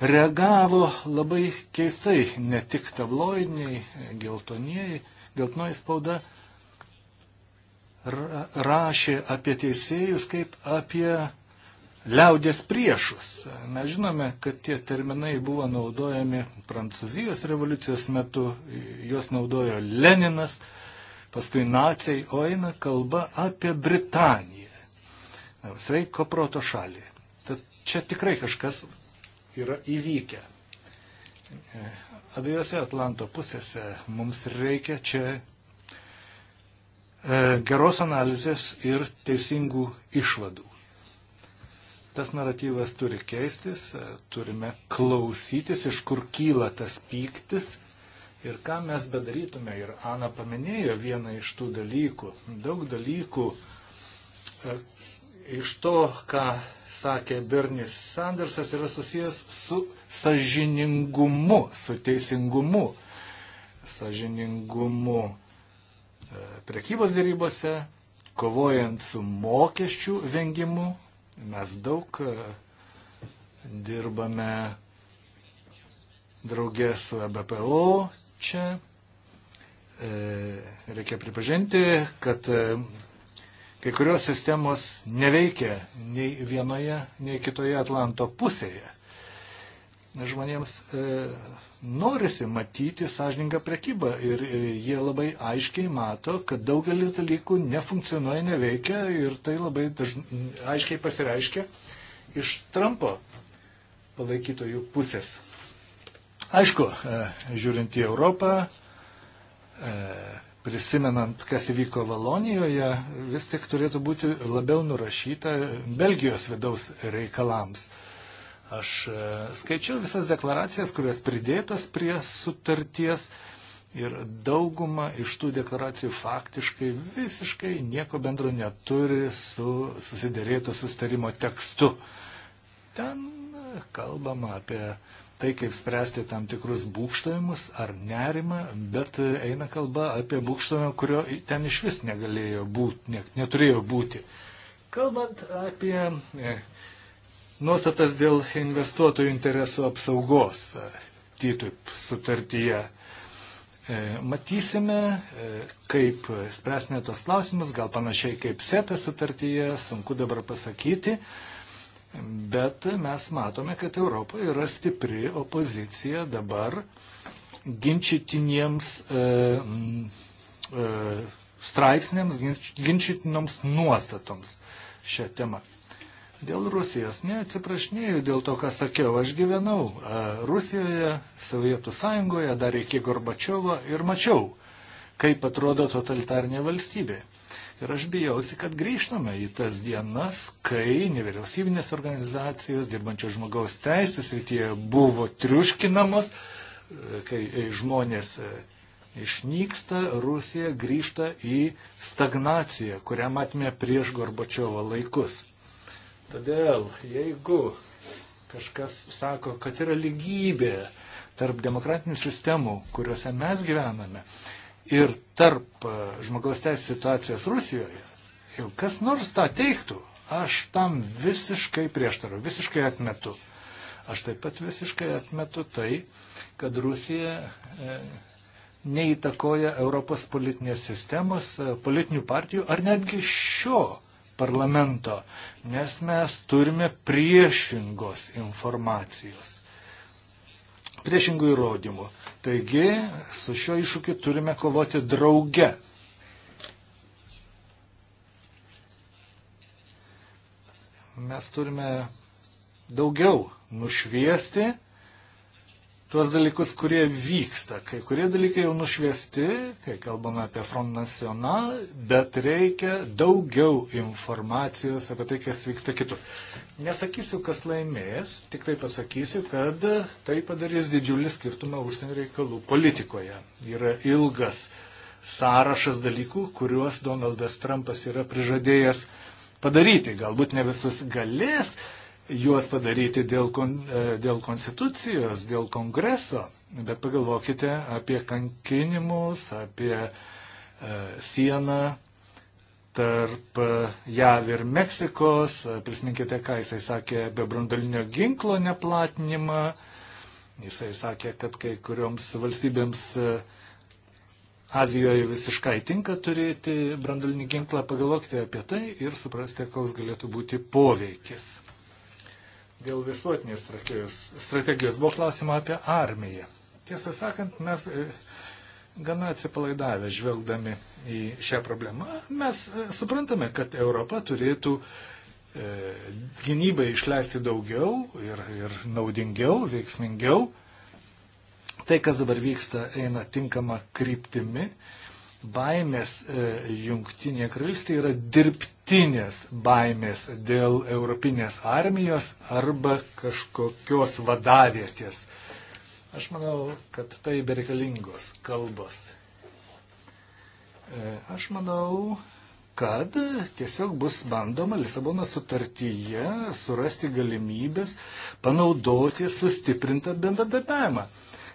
reagavo labai keistai, ne tik tabloidiniai, geltonieji, geltonoji spauda rašė apie teisėjus kaip apie liaudės priešus. Mes žinome, kad tie terminai buvo naudojami Prancūzijos revoliucijos metu, juos naudojo Leninas, paskui nacijai, o eina kalba apie Britaniją. Sveiko proto šalį. Tad čia tikrai kažkas yra įvykę. Abiejose Atlanto pusėse mums reikia čia e, geros analizės ir teisingų išvadų. Tas naratyvas turi keistis, e, turime klausytis, iš kur kyla tas pyktis ir ką mes bedarytume. Ir Ana paminėjo vieną iš tų dalykų. Daug dalykų e, iš to, ką sakė Bernis Sandersas, yra susijęs su sažiningumu, su teisingumu. Sažiningumu e, prekybos dėrybose, kovojant su mokesčių vengimu. Mes daug e, dirbame draugė su e BPO čia. Reikia pripažinti, kad Kai kurios sistemos neveikia nei vienoje, nei kitoje Atlanto pusėje. Žmonėms e, norisi matyti sąžiningą prekybą ir e, jie labai aiškiai mato, kad daugelis dalykų nefunkcionuoja, neveikia ir tai labai dažn... aiškiai pasireiškia iš Trumpo palaikytojų pusės. Aišku, e, žiūrint į Europą, e, prisimenant, kas įvyko Valonijoje, vis tik turėtų būti labiau nurašyta Belgijos vidaus reikalams. Aš e, skaičiau visas deklaracijas, kurios pridėtas prie sutarties ir dauguma iš tų deklaracijų faktiškai visiškai nieko bendro neturi su susidėrėto sustarimo tekstu. Ten e, kalbama apie uh, tai, kaip spręsti tam tikrus būkštavimus ar nerimą, bet eina kalba apie būkštavimą, kurio ten iš vis negalėjo būti, ne, neturėjo būti. Kalbant apie e, nuostatas dėl investuotojų interesų apsaugos e, TTIP sutartyje, e, matysime, kaip spręsime tos klausimus, gal panašiai kaip setą sutartyje, sunku dabar pasakyti. Bet mes matome, kad Europoje yra stipri opozicija dabar ginčytiniems e, e, straipsniams, ginčytinoms nuostatoms šią temą. Dėl Rusijos neatsiprašinėjau dėl to, ką sakiau. Aš gyvenau e, Rusijoje, Sovietų sąjungoje, dar iki Gorbačiovo ir mačiau, kaip atrodo totalitarnė valstybė. Ir aš bijausi, kad grįžtame į tas dienas, kai nevyriausybinės organizacijos, dirbančios žmogaus teisės, ir tie buvo triuškinamos, kai žmonės e, išnyksta, Rusija grįžta į stagnaciją, kurią matėme prieš Gorbačiovo laikus. Todėl, jeigu kažkas sako, kad yra lygybė tarp demokratinių sistemų, kuriuose mes gyvename, ir tarp e, žmogaus teisų situacijos Rusijoje, jau kas nors tą teiktų, aš tam visiškai prieštaru, visiškai atmetu. Aš taip pat visiškai atmetu tai, kad Rusija e, neįtakoja Europos politinės sistemos, e, politinių partijų ar netgi šio parlamento, nes mes turime priešingos informacijos priešingų įrodymų. Taigi su šiuo iššūkiu turime kovoti drauge. Mes turime daugiau nušviesti tuos dalykus, kurie vyksta. Kai kurie dalykai jau nušviesti, kai kalbame apie Front National, bet reikia daugiau informacijos apie tai, kas vyksta kitur. Nesakysiu, kas laimės, tik tai pasakysiu, kad tai padarys didžiulį skirtumą užsienio reikalų politikoje. Yra ilgas sąrašas dalykų, kuriuos Donaldas Trumpas yra prižadėjęs padaryti. Galbūt ne visus galės, juos padaryti dėl, kon, e, dėl konstitucijos, dėl kongreso, bet pagalvokite apie kankinimus, apie e, sieną tarp JAV ir Meksikos. Prisiminkite, ką jisai sakė apie brandalinio ginklo neplatinimą. Jisai sakė, kad kai kurioms valstybėms e, Azijoje visiškai tinka turėti brandalinį ginklą, pagalvokite apie tai ir suprasite, koks galėtų būti poveikis dėl visuotinės strategijos. strategijos. Buvo klausima apie armiją. Tiesą sakant, mes e, gana atsipalaidavę žvelgdami į šią problemą. Mes e, suprantame, kad Europa turėtų e, gynybai išleisti daugiau ir, ir naudingiau, veiksmingiau. Tai, kas dabar vyksta, eina tinkama kryptimi. Baimės e, jungtinė karalystė yra dirbti nuolatinės baimės dėl Europinės armijos arba kažkokios vadavietės. Aš manau, kad tai bereikalingos kalbos. E, aš manau, kad tiesiog bus bandoma Lisabono sutartyje surasti galimybės panaudoti sustiprintą bendradarbiavimą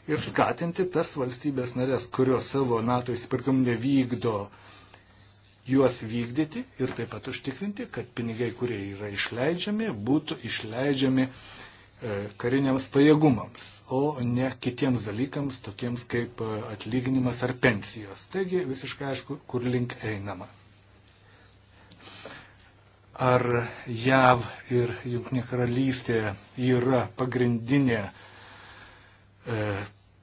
ir skatinti tas valstybės narės, kurios savo NATO įsipirkimų nevykdo, juos vykdyti ir taip pat užtikrinti, kad pinigai, kurie yra išleidžiami, būtų išleidžiami e, kariniams pajėgumams, o ne kitiems dalykams, tokiems kaip e, atlyginimas ar pensijos. Taigi visiškai aišku, kur link einama. Ar JAV ir Junktinė karalystė yra pagrindinė e,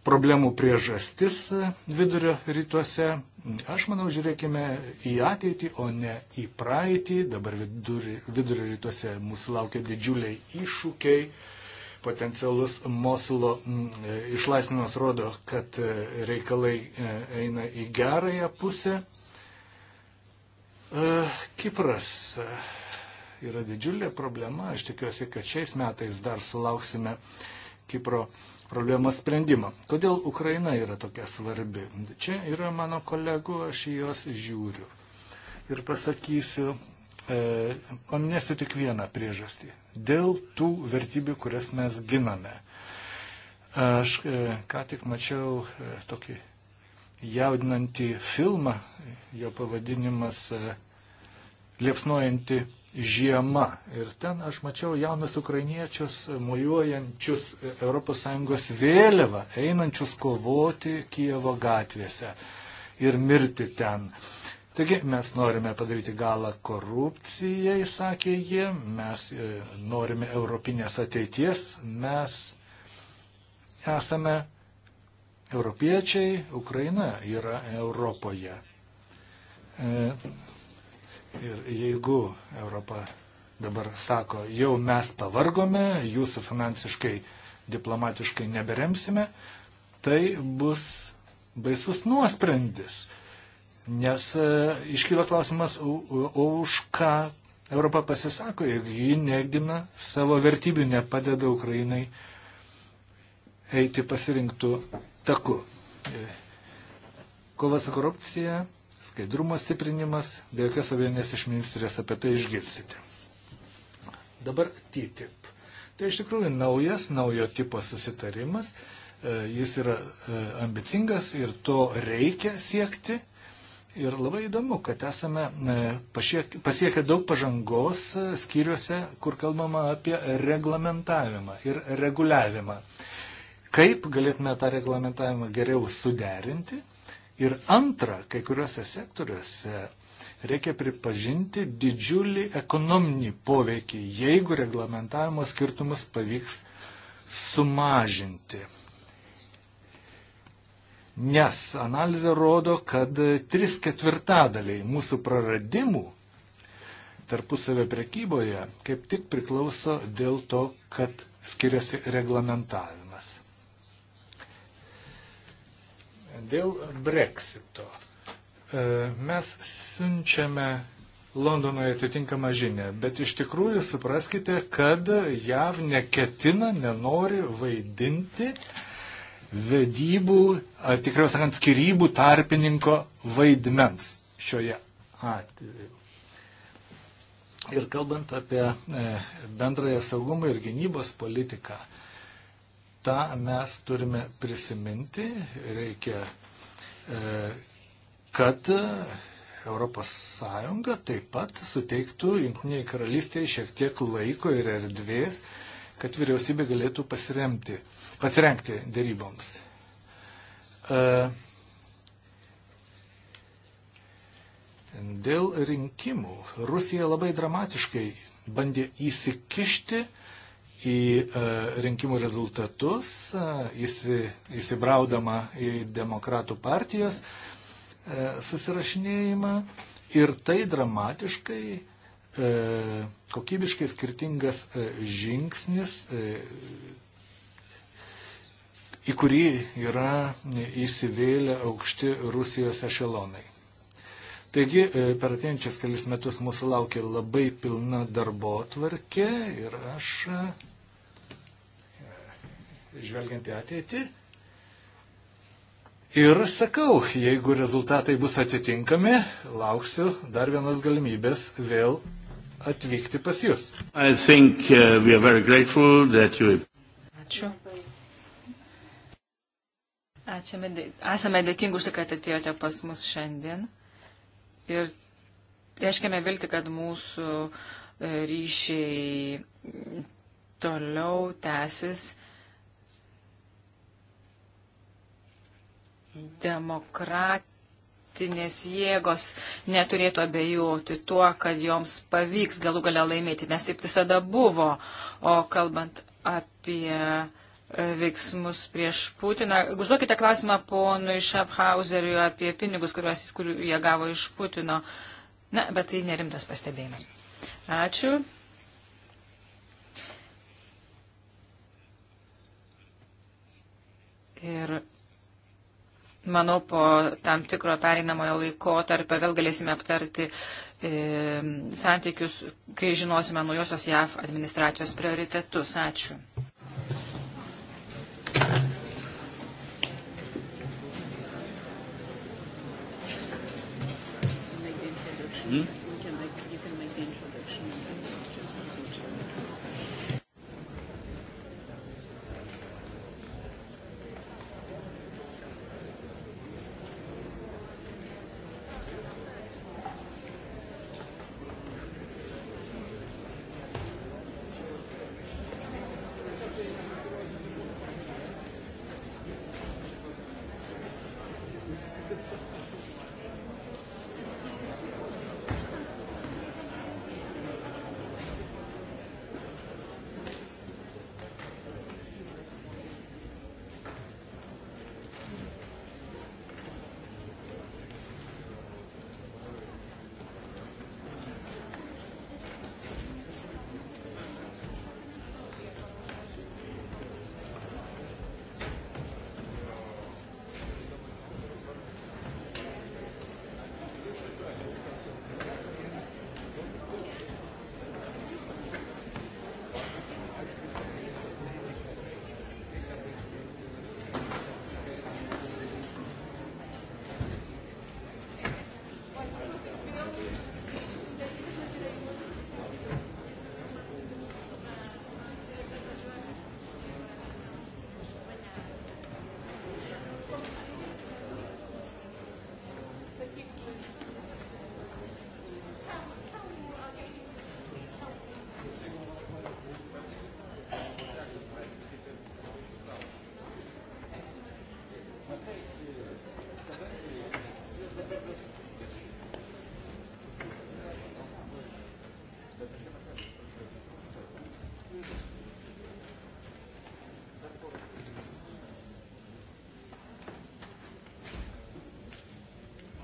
problemų priežastis e, vidurio rytuose, Aš manau, žiūrėkime į ateitį, o ne į praeitį. Dabar vidurio rytuose mūsų laukia didžiuliai iššūkiai. Potencialus Mosulo mm, e, išlaisvinimas rodo, kad e, reikalai e, eina į gerąją pusę. Kipras yra didžiulė problema. Aš tikiuosi, kad šiais metais dar sulauksime Kipro uh, problemos sprendimą. Kodėl Ukraina yra tokia svarbi? Čia yra mano kolegų, aš į juos žiūriu. Ir pasakysiu, e, paminėsiu tik vieną priežastį. Dėl tų vertybių, kurias mes giname. Aš e, ką tik mačiau e, tokį jaudinantį filmą, jo pavadinimas e, Liepsnojanti žiema. Ir ten aš mačiau jaunus ukrainiečius mojuojančius ES vėliavą, einančius kovoti Kievo gatvėse ir mirti ten. Taigi mes norime padaryti galą korupcijai, sakė jie, mes e, norime europinės ateities, mes esame europiečiai, Ukraina yra Europoje. E, Ir jeigu Europa dabar sako, jau mes pavargome, jūsų finansiškai, diplomatiškai neberemsime, tai bus baisus nuosprendis. Nes e, iškyla klausimas, už ką Europa pasisako, jeigu ji negina savo vertybių, nepadeda Ukrainai eiti pasirinktų taku. E, kova su korupcija skaidrumo stiprinimas, be jokios abejonės iš ministrės apie tai išgirsite. Dabar TTIP. Tai iš tikrųjų naujas, naujo tipo susitarimas. E, jis yra e, ambicingas ir to reikia siekti. Ir labai įdomu, kad esame e, pasiekę daug pažangos skyriuose, kur kalbama apie reglamentavimą ir reguliavimą. Kaip galėtume tą reglamentavimą geriau suderinti, Ir antra, kai kuriuose sektoriuose reikia pripažinti didžiulį ekonominį poveikį, jeigu reglamentavimo skirtumus pavyks sumažinti. Nes analizė rodo, kad tris ketvirtadaliai mūsų praradimų tarpusavio prekyboje kaip tik priklauso dėl to, kad skiriasi reglamentavimas. Dėl Brexito e, mes siunčiame Londonoje atitinkamą žinę, bet iš tikrųjų supraskite, kad JAV neketina, nenori vaidinti vedybų, tikriau sakant, skirybų tarpininko vaidmens šioje atveju. Ir kalbant apie e, bendrąją saugumą ir gynybos politiką, tą mes turime prisiminti. Reikia, e, kad ES taip pat suteiktų Junktiniai karalystėje šiek tiek laiko ir erdvės, kad vyriausybė galėtų pasiremti, pasirengti dėryboms. E, dėl rinkimų Rusija labai dramatiškai bandė įsikišti į e, rinkimų rezultatus, e, įsi, įsibraudama į demokratų partijos e, susirašinėjimą ir tai dramatiškai kokybiškai skirtingas žingsnis, į kurį yra įsivėlę aukšti Rusijos ešelonai. Taigi per atėjančias kelis metus mūsų laukia labai pilna darbo tvarkė ir aš žvelgiant į ateitį. Ir sakau, jeigu rezultatai bus atitinkami, lauksiu dar vienos galimybės vėl atvykti pas Jūs. Think, uh, you... Ačiū. Ačiū. Esame dėkingi už tai, kad atėjote pas mus šiandien. Ir reiškiame vilti, kad mūsų e, ryšiai toliau tęsis. demokratinės jėgos neturėtų abejoti tuo, kad joms pavyks galų gale laimėti, nes taip visada buvo. O kalbant apie e, veiksmus prieš Putiną. Užduokite klausimą ponui Šafhauseriui apie pinigus, kuriuos kuriu jie gavo iš Putino. Na, bet tai nerimtas pastebėjimas. Ačiū. Ir manau, po tam tikro pereinamojo laiko tarp vėl galėsime aptarti e, santykius, kai žinosime naujosios JAV administracijos prioritetus. Ačiū. Hmm?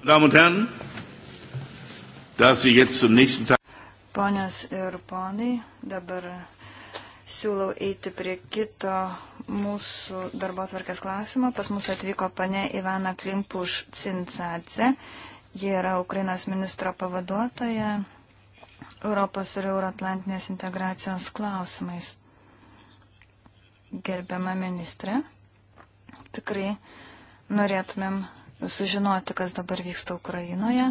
Damen und Herren, dass Sie jetzt zum nächsten Tag. Ponios ir ponai, dabar siūlau eiti prie kito mūsų darbo tvarkės klausimo. Pas mus atvyko pane Ivana Klimpuš Cincadze. Ji yra Ukrainos ministro pavaduotoja Europos ir Euroatlantinės integracijos klausimais. Gerbiama ministrė, tikrai norėtumėm sužinoti, kas dabar vyksta Ukrainoje.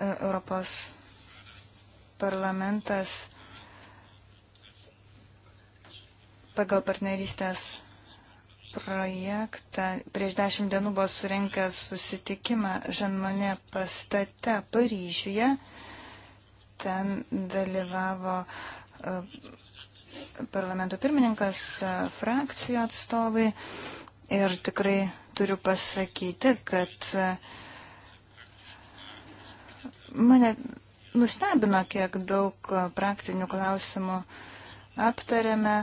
E, Europos parlamentas pagal partnerystės projektą prieš dešimt dienų buvo surinkęs susitikimą Žanmone pastate Paryžiuje. Ten dalyvavo e, parlamento pirmininkas, e, frakcijų atstovai ir tikrai turiu pasakyti, kad e, mane nustebino, kiek daug e, praktinių klausimų aptarėme,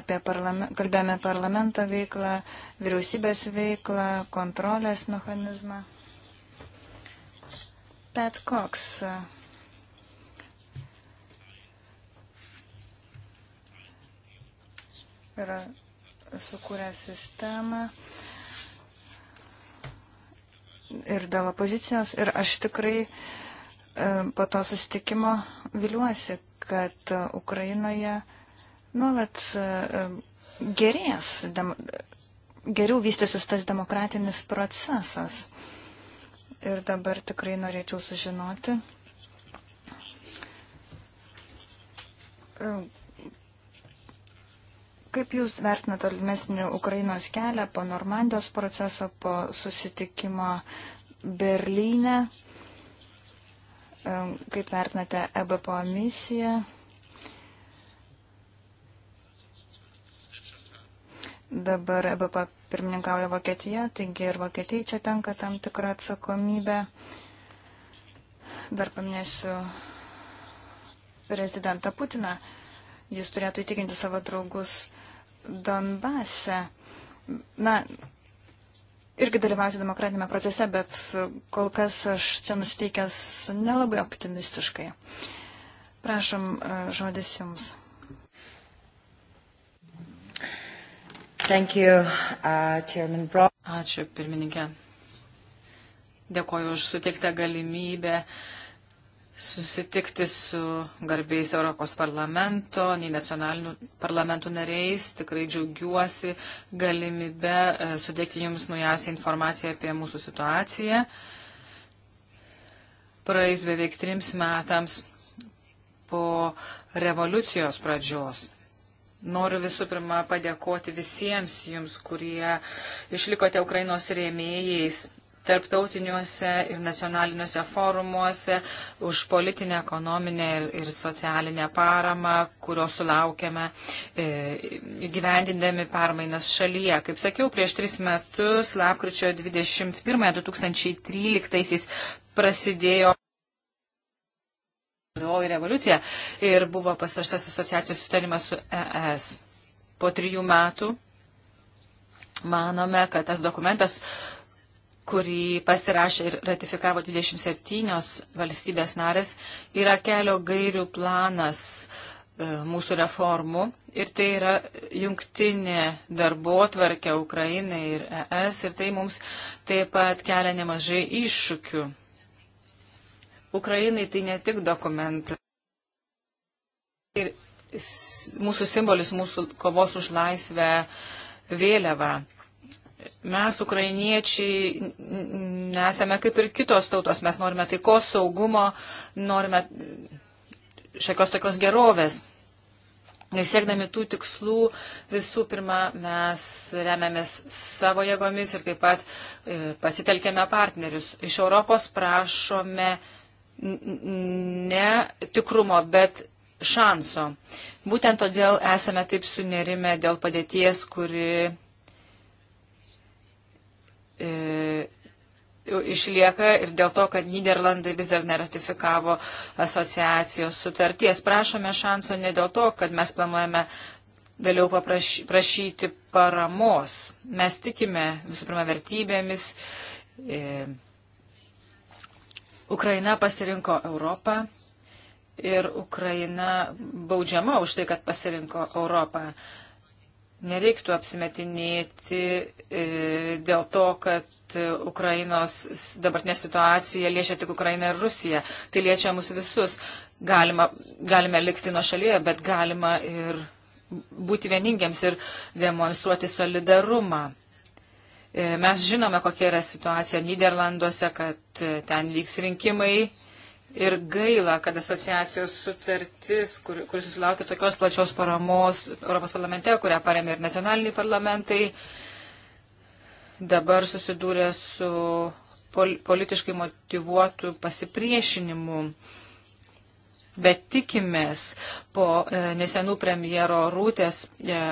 apie parlame, kalbėjome parlamento veiklą, vyriausybės veiklą, kontrolės mechanizmą. Pat Cox yra sukūrę sistemą ir dėl opozicijos. Ir aš tikrai e, po to susitikimo viliuosi, kad Ukrainoje nuolat e, gerės, geriau vystysis tas demokratinis procesas. Ir dabar tikrai norėčiau sužinoti, e, Kaip Jūs vertinate tolimesnį Ukrainos kelią po Normandijos proceso, po susitikimo Berlyne? Kaip vertinate EBPO misiją? Dabar EBPO pirmininkauja Vokietija, taigi ir Vokietijai čia tenka tam tikrą atsakomybę. Dar paminėsiu prezidentą Putiną. Jis turėtų įtikinti savo draugus Donbase, na, irgi dalyvausiu demokratinėme procese, bet kol kas aš čia nusteikęs nelabai optimistiškai. Prašom, e, žodis jums. Thank you, uh, Chairman Brock. Ačiū, pirmininkė. Dėkoju už suteiktą galimybę uh, susitikti su garbiais Europos parlamento, nei nacionalinių parlamentų nariais. Tikrai džiaugiuosi galimybę e, sudėti Jums naujausią informaciją apie mūsų situaciją. Praėjus beveik trims metams po revoliucijos pradžios. Noriu visų pirma padėkoti visiems jums, kurie išlikote Ukrainos rėmėjais tarptautiniuose ir nacionaliniuose forumuose už politinę, ekonominę ir, ir socialinę paramą, kurio sulaukėme e, įgyvendindami e, permainas šalyje. Kaip sakiau, prieš tris metus, lapkričio 21-2013 prasidėjo. Revoliucija ir buvo pasvarštas asociacijos sutarimas su ES. Po trijų metų manome, kad tas dokumentas, kurį pasirašė ir ratifikavo 27 valstybės narės, yra kelio gairių planas e, mūsų reformų ir tai yra jungtinė darbo tvarkė Ukrainai ir ES ir tai mums taip pat kelia nemažai iššūkių. Ukrainai tai ne tik dokumentas. Ir mūsų simbolis, mūsų kovos už laisvę vėliava. Mes, ukrainiečiai, nesame kaip ir kitos tautos. Mes norime taikos, saugumo, norime šiekios tokios gerovės. Ir siekdami tų tikslų, visų pirma, mes remiamės savo jėgomis ir taip pat e, pasitelkėme partnerius. Iš Europos prašome ne tikrumo, bet šanso. Būtent todėl esame taip sunerime dėl padėties, kuri e, išlieka ir dėl to, kad Niderlandai vis dar neratifikavo asociacijos sutarties. Prašome šanso ne dėl to, kad mes planuojame vėliau paprašyti paprašy, paramos. Mes tikime visų pirma vertybėmis. E, Ukraina pasirinko Europą ir Ukraina baudžiama už tai, kad pasirinko Europą. E, Nereiktų apsimetinėti e, dėl to, kad Ukrainos dabartinė situacija liečia tik Ukrainą ir Rusiją. Tai liečia mus visus. Galima, galime likti nuo šalyje, bet galima ir būti vieningiams ir demonstruoti solidarumą. E, mes žinome, kokia yra situacija Niderlanduose, kad e, ten vyks rinkimai Ir gaila, kad asociacijos sutartis, kur, kur susilaukė tokios plačios paramos Europos parlamente, kurią paremė ir nacionaliniai parlamentai, dabar susidūrė su pol, politiškai motivuotų pasipriešinimu. Bet tikimės po e, nesenų premjero rūtės e,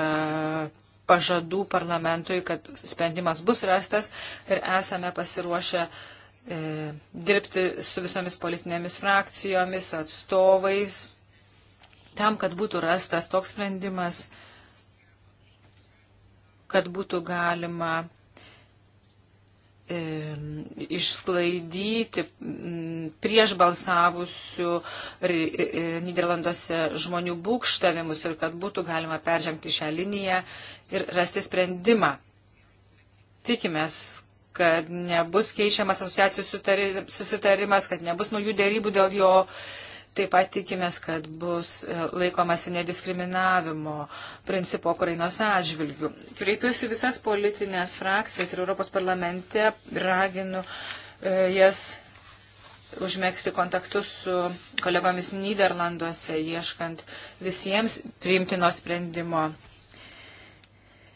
pažadų parlamentui, kad sprendimas bus rastas ir esame pasiruošę e, e, dirbti su visomis politinėmis frakcijomis, atstovais, tam, kad būtų rastas toks sprendimas, kad būtų galima e, išsklaidyti prieš balsavusių e, e, Niderlanduose žmonių būkštavimus ir kad būtų galima peržengti šią liniją ir rasti sprendimą. Tikimės, kad nebus keičiamas asociacijų susitarimas, kad nebus naujų dėrybų dėl jo. Taip pat tikimės, kad bus e, laikomasi nediskriminavimo principo Ukrainos atžvilgių. Kreipiuosi visas politinės frakcijas ir Europos parlamente raginu e, jas užmėgsti kontaktus su kolegomis Niderlanduose, ieškant visiems priimtino sprendimo.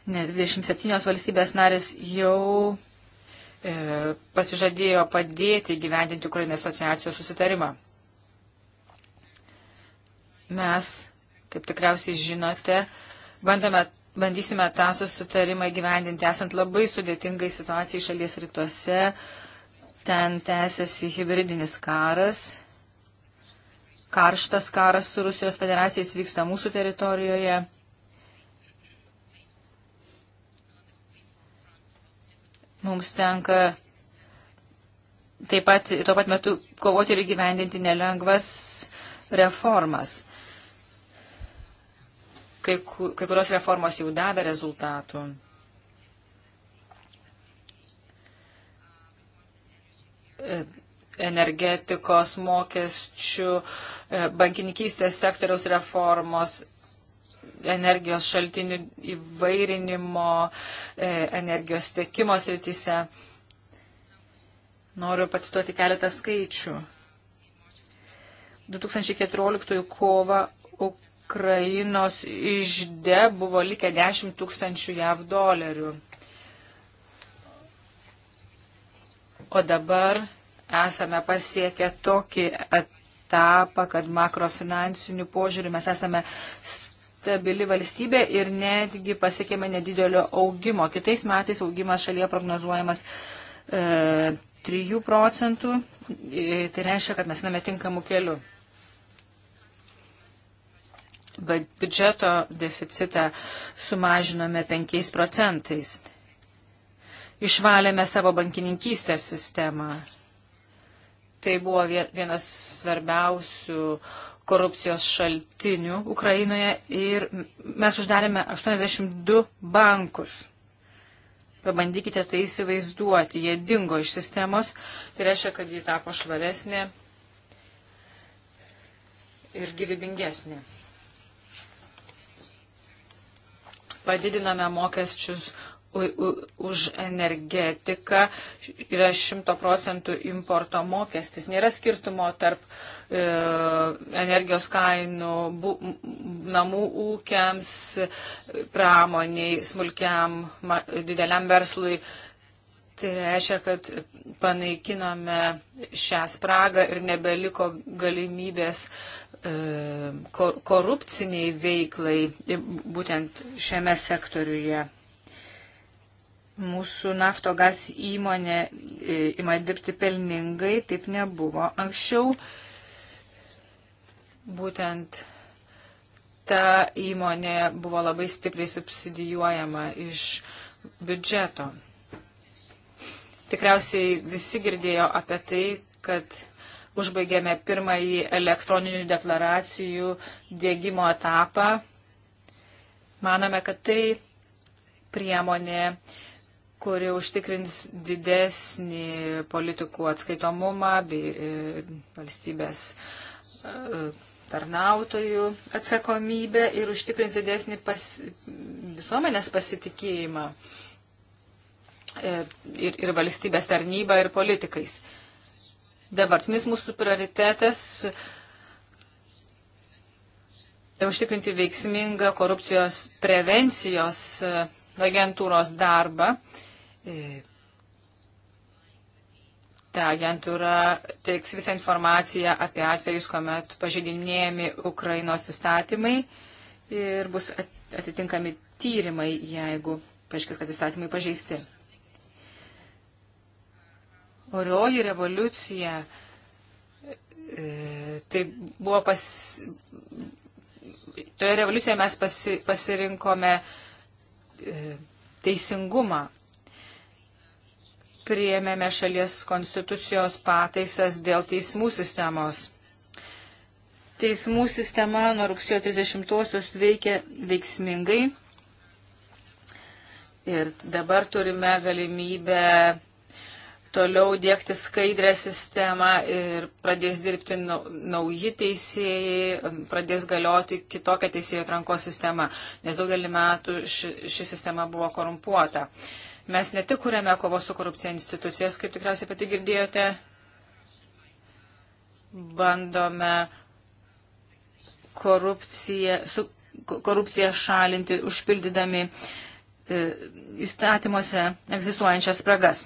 Nes 27 valstybės narės jau E, pasižadėjo padėti gyvendinti Ukrainos asociacijos susitarimą. Mes, kaip tikriausiai žinote, bandome, bandysime tą susitarimą gyvendinti, esant labai sudėtingai situacijai šalies rytuose. Ten tęsiasi hybridinis karas, karštas karas su Rusijos federacijais vyksta mūsų teritorijoje. Mums tenka taip pat tuo pat metu kovoti ir gyvendinti nelengvas reformas. Kai, kai kurios reformos jau davė rezultatų. energetikos mokesčių, bankininkystės sektoriaus reformos energijos šaltinių įvairinimo, e, energijos tiekimo srityse. Noriu pacituoti keletą skaičių. 2014 kovą Ukrainos išde buvo likę 10 tūkstančių JAV dolerių. O dabar esame pasiekę tokį etapą, kad makrofinansinių požiūrių mes esame stabili valstybė ir netgi pasiekėme nedidelio augimo. Kitais metais augimas šalyje prognozuojamas e, 3 procentų. E, tai reiškia, kad mes einame tinkamų kelių. Bet biudžeto deficitą sumažinome 5 procentais. Išvalėme savo bankininkystės sistemą. Tai buvo vienas svarbiausių korupcijos šaltinių Ukrainoje ir mes uždarėme 82 bankus. Pabandykite tai įsivaizduoti. Jie dingo iš sistemos, tai reiškia, kad jie tapo švaresnė ir gyvybingesnė. Padidinome mokesčius už energetiką yra 100 procentų importo mokestis. Nėra skirtumo tarp e, energijos kainų bu, namų ūkiams, pramoniai, smulkiam, ma, dideliam verslui. Tai reiškia, kad panaikinome šią spragą ir nebeliko galimybės e, korupciniai veiklai būtent šiame sektoriuje mūsų nafto gas įmonė e, ima dirbti pelningai, taip nebuvo anksčiau. Būtent ta įmonė buvo labai stipriai subsidijuojama iš biudžeto. Tikriausiai visi girdėjo apie tai, kad užbaigėme pirmąjį elektroninių deklaracijų dėgymo etapą. Manome, kad tai priemonė uh, kuri užtikrins didesnį politikų atskaitomumą bei e, valstybės e, tarnautojų atsakomybę ir užtikrins didesnį pas, visuomenės pasitikėjimą e, ir, ir valstybės tarnybą ir politikais. Dabartinis mūsų prioritetas užtikrinti veiksmingą korupcijos prevencijos agentūros darbą. Uh, E, ta agentūra teiks visą informaciją apie atvejus, kuomet pažeidinėjami Ukrainos įstatymai ir bus atitinkami tyrimai, jeigu paaiškės, kad įstatymai pažeisti. Orioji revoliucija. E, tai buvo pas. Toje revoliucijoje mes pasi, pasirinkome e, teisingumą, priėmėme šalies konstitucijos pataisas dėl teismų sistemos. Teismų sistema nuo rugsėjo 30-osios veikia veiksmingai ir dabar turime galimybę toliau dėkti skaidrę sistemą ir pradės dirbti nauji teisėjai, pradės galioti kitokią teisėjų atrankos sistemą, nes daugelį metų ši, ši sistema buvo korumpuota. Uh, Mes ne tik kuriame kovos su korupcija institucijas, kaip tikriausiai pati girdėjote, bandome korupciją, su, korupciją šalinti, užpildydami e, įstatymuose egzistuojančias spragas.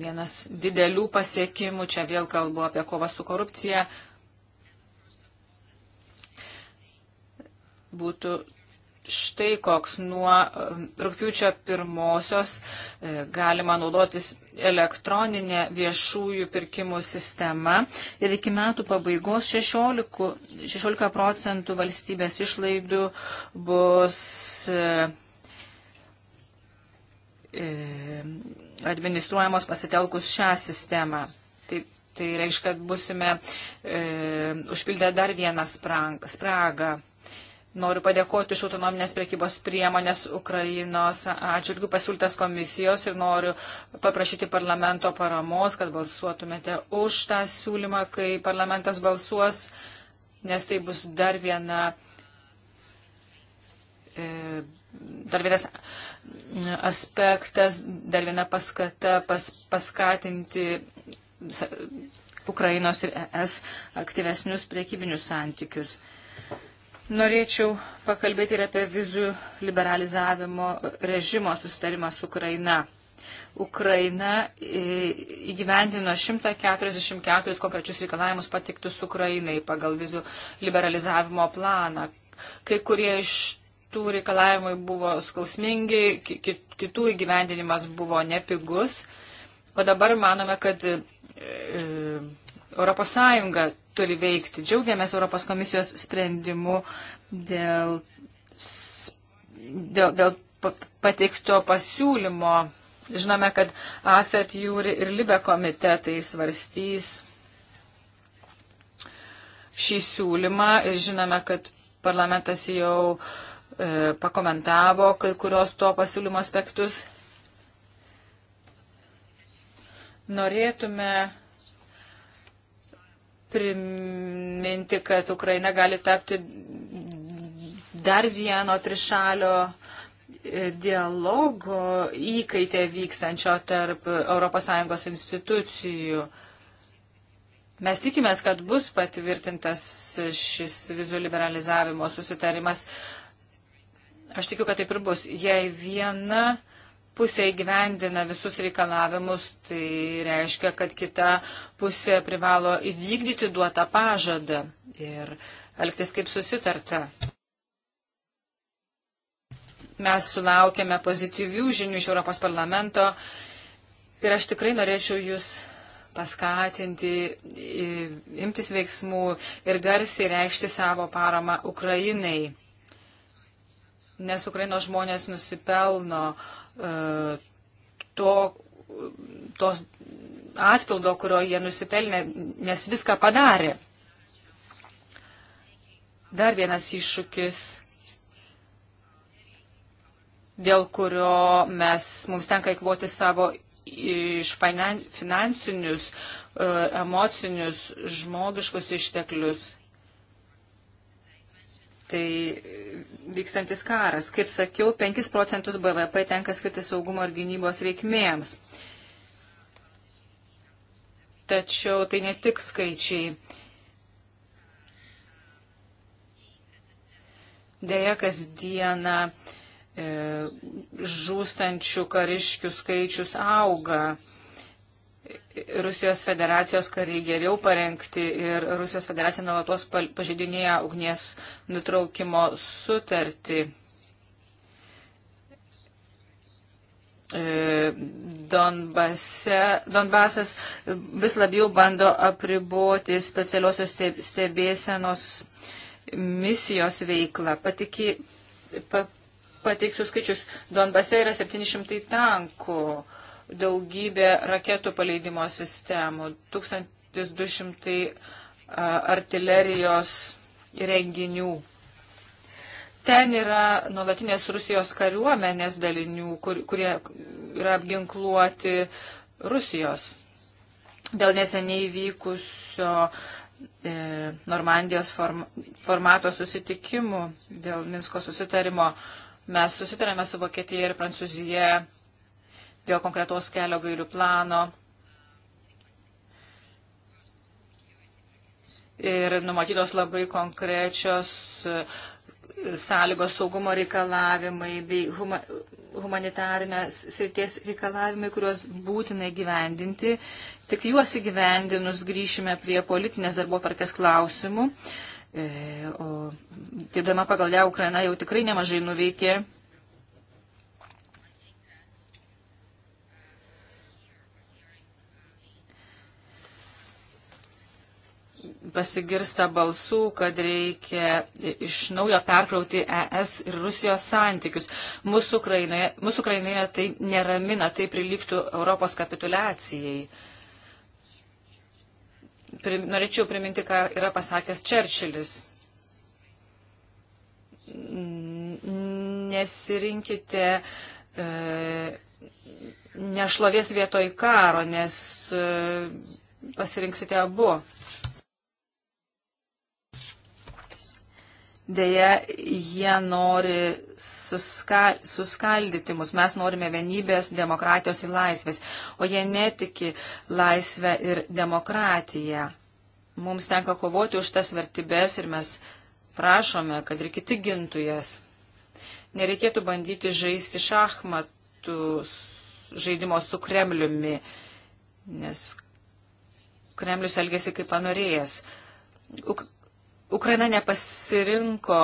Vienas didelių pasiekimų, čia vėl kalbu apie kovą su korupcija, būtų štai koks nuo um, rūpiučio pirmosios e, galima naudotis elektroninė viešųjų pirkimų sistema ir iki metų pabaigos 16, 16 procentų valstybės išlaidų bus e, e, administruojamos pasitelkus šią sistemą. Tai, tai reiškia, kad busime e, užpildę dar vieną sprang, spragą. Noriu padėkoti už autonominės priekybos priemonės Ukrainos atžvilgių pasiūlytas komisijos ir noriu paprašyti parlamento paramos, kad balsuotumėte už tą siūlymą, kai parlamentas balsuos, nes tai bus dar viena. E, Dar vienas aspektas, dar viena paskata pas, paskatinti Ukrainos ir ES aktyvesnius priekybinius santykius. Norėčiau pakalbėti ir apie vizų liberalizavimo režimo susitarimą su Ukraina. Ukraina e, įgyvendino 144 konkrečius reikalavimus patiktus Ukrainai pagal vizų liberalizavimo planą. Kai kurie iš tų reikalavimai buvo skausmingi, kitų įgyvendinimas buvo nepigus. O dabar manome, kad ES turi veikti. Džiaugiamės Europos komisijos sprendimu dėl, dėl, dėl pateikto pasiūlymo. Žinome, kad AFET jūri ir Libe komitetai svarstys šį siūlymą ir žinome, kad parlamentas jau e, pakomentavo kai kurios to pasiūlymo aspektus. Norėtume priminti, kad Ukraina gali tapti dar vieno trišalio e, dialogo įkaitė vykstančio tarp ES institucijų. Mes tikimės, kad bus patvirtintas šis vizų liberalizavimo susitarimas. Aš tikiu, kad taip ir bus. Jei viena pusė įgyvendina visus reikalavimus, tai reiškia, kad kita pusė privalo įvykdyti duotą pažadą ir elgtis kaip susitarta. Mes sulaukėme pozityvių žinių iš Europos parlamento ir aš tikrai norėčiau jūs paskatinti, imtis veiksmų ir garsiai reikšti savo paramą Ukrainai, nes Ukrainos žmonės nusipelno uh, E, to, tos atpildo, kurio jie nusipelnė, nes viską padarė. Dar vienas iššūkis, dėl kurio mes, mums tenka įkvoti savo iš finansinius, e, emocinius, žmogiškus išteklius tai e, vykstantis karas. Kaip sakiau, 5 procentus BVP tenka skirti saugumo ir gynybos reikmėms. Tačiau tai ne tik skaičiai. Deja, kasdieną e, žūstančių kariškių skaičius auga. E, Rusijos federacijos kariai geriau parengti ir Rusijos federacija nuolatos pažydinėja ugnies nutraukimo sutartį. E, Donbase, Donbasas vis labiau bando apriboti specialiosios stebėsenos misijos veiklą. Patiki, pa, pateiksiu skaičius. Donbase yra 700 tankų daugybė raketų paleidimo sistemų, 1200 artilerijos renginių. Ten yra nuolatinės Rusijos kariuomenės dalinių, kur, kurie yra apginkluoti Rusijos. Dėl neseniai vykusio e, Normandijos form, formato susitikimų, dėl Minsko susitarimo, mes susitarėme su Vokietija ir Prancūzija dėl konkretos kelio gairių plano ir numatytos labai konkrečios e, sąlygos saugumo reikalavimai bei huma, humanitarinės srities reikalavimai, kuriuos būtinai gyvendinti. Tik juos įgyvendinus grįšime prie politinės darbo tvarkės klausimų. E, o dirbdama pagal ją Ukraina jau tikrai nemažai nuveikė pasigirsta balsų, kad reikia iš naujo perkrauti ES ir Rusijos santykius. Mūsų Ukrainoje, mūsų Ukrainoje tai neramina, tai priliktų Europos kapitulacijai. Prim, norėčiau priminti, ką yra pasakęs Čerčilis. Nesirinkite e, nešlovės vietoj karo, nes e, pasirinksite abu. Deja, jie nori suskal, suskaldyti mus. Mes norime vienybės, demokratijos ir laisvės, o jie netiki laisvę ir demokratiją. Mums tenka kovoti už tas vertybės ir mes prašome, kad ir kiti gintų jas. Nereikėtų bandyti žaisti šachmatų žaidimo su Kremliumi, nes Kremlius elgesi kaip panorėjęs. Uk Ukraina nepasirinko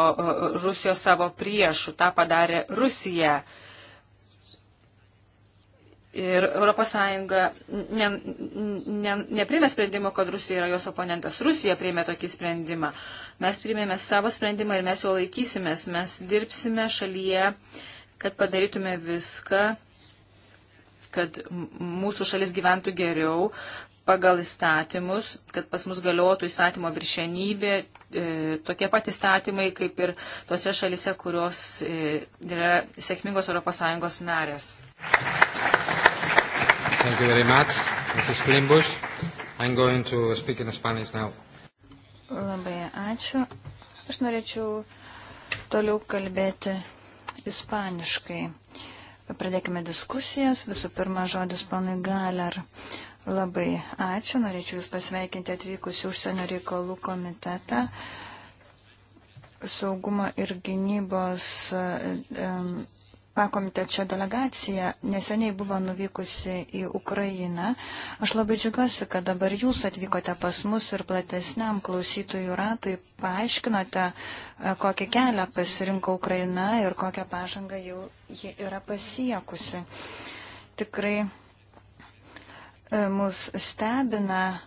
Rusijos savo priešų, tą padarė Rusija. Ir ES ne, ne, neprėmė sprendimo, kad Rusija yra jos oponentas. Rusija priėmė tokį sprendimą. Mes priėmėme savo sprendimą ir mes jo laikysimės. Mes dirbsime šalyje, kad padarytume viską, kad mūsų šalis gyventų geriau pagal įstatymus, kad pas mus galiotų įstatymo viršenybė, E, tokie pat įstatymai, kaip ir tose šalise, kurios e, yra sėkmingos ES narės. Thank you very much, Mrs. Klimbush. I'm going to speak in Spanish now. Labai ačiū. Aš norėčiau toliau kalbėti ispaniškai. Pradėkime diskusijas. Visų pirma, žodis panui Galer. Labai ačiū, norėčiau Jūs pasveikinti atvykusių užsienio reikalų komitetą. Saugumo ir gynybos pakomitečio delegacija neseniai buvo nuvykusi į Ukrainą. Aš labai džiugiuosi, kad dabar Jūs atvykote pas mus ir platesniam klausytojų ratui paaiškinote, e, kokį kelią pasirinko Ukraina ir kokią pažangą jau ji yra pasiekusi. Tikrai E, mus stebina,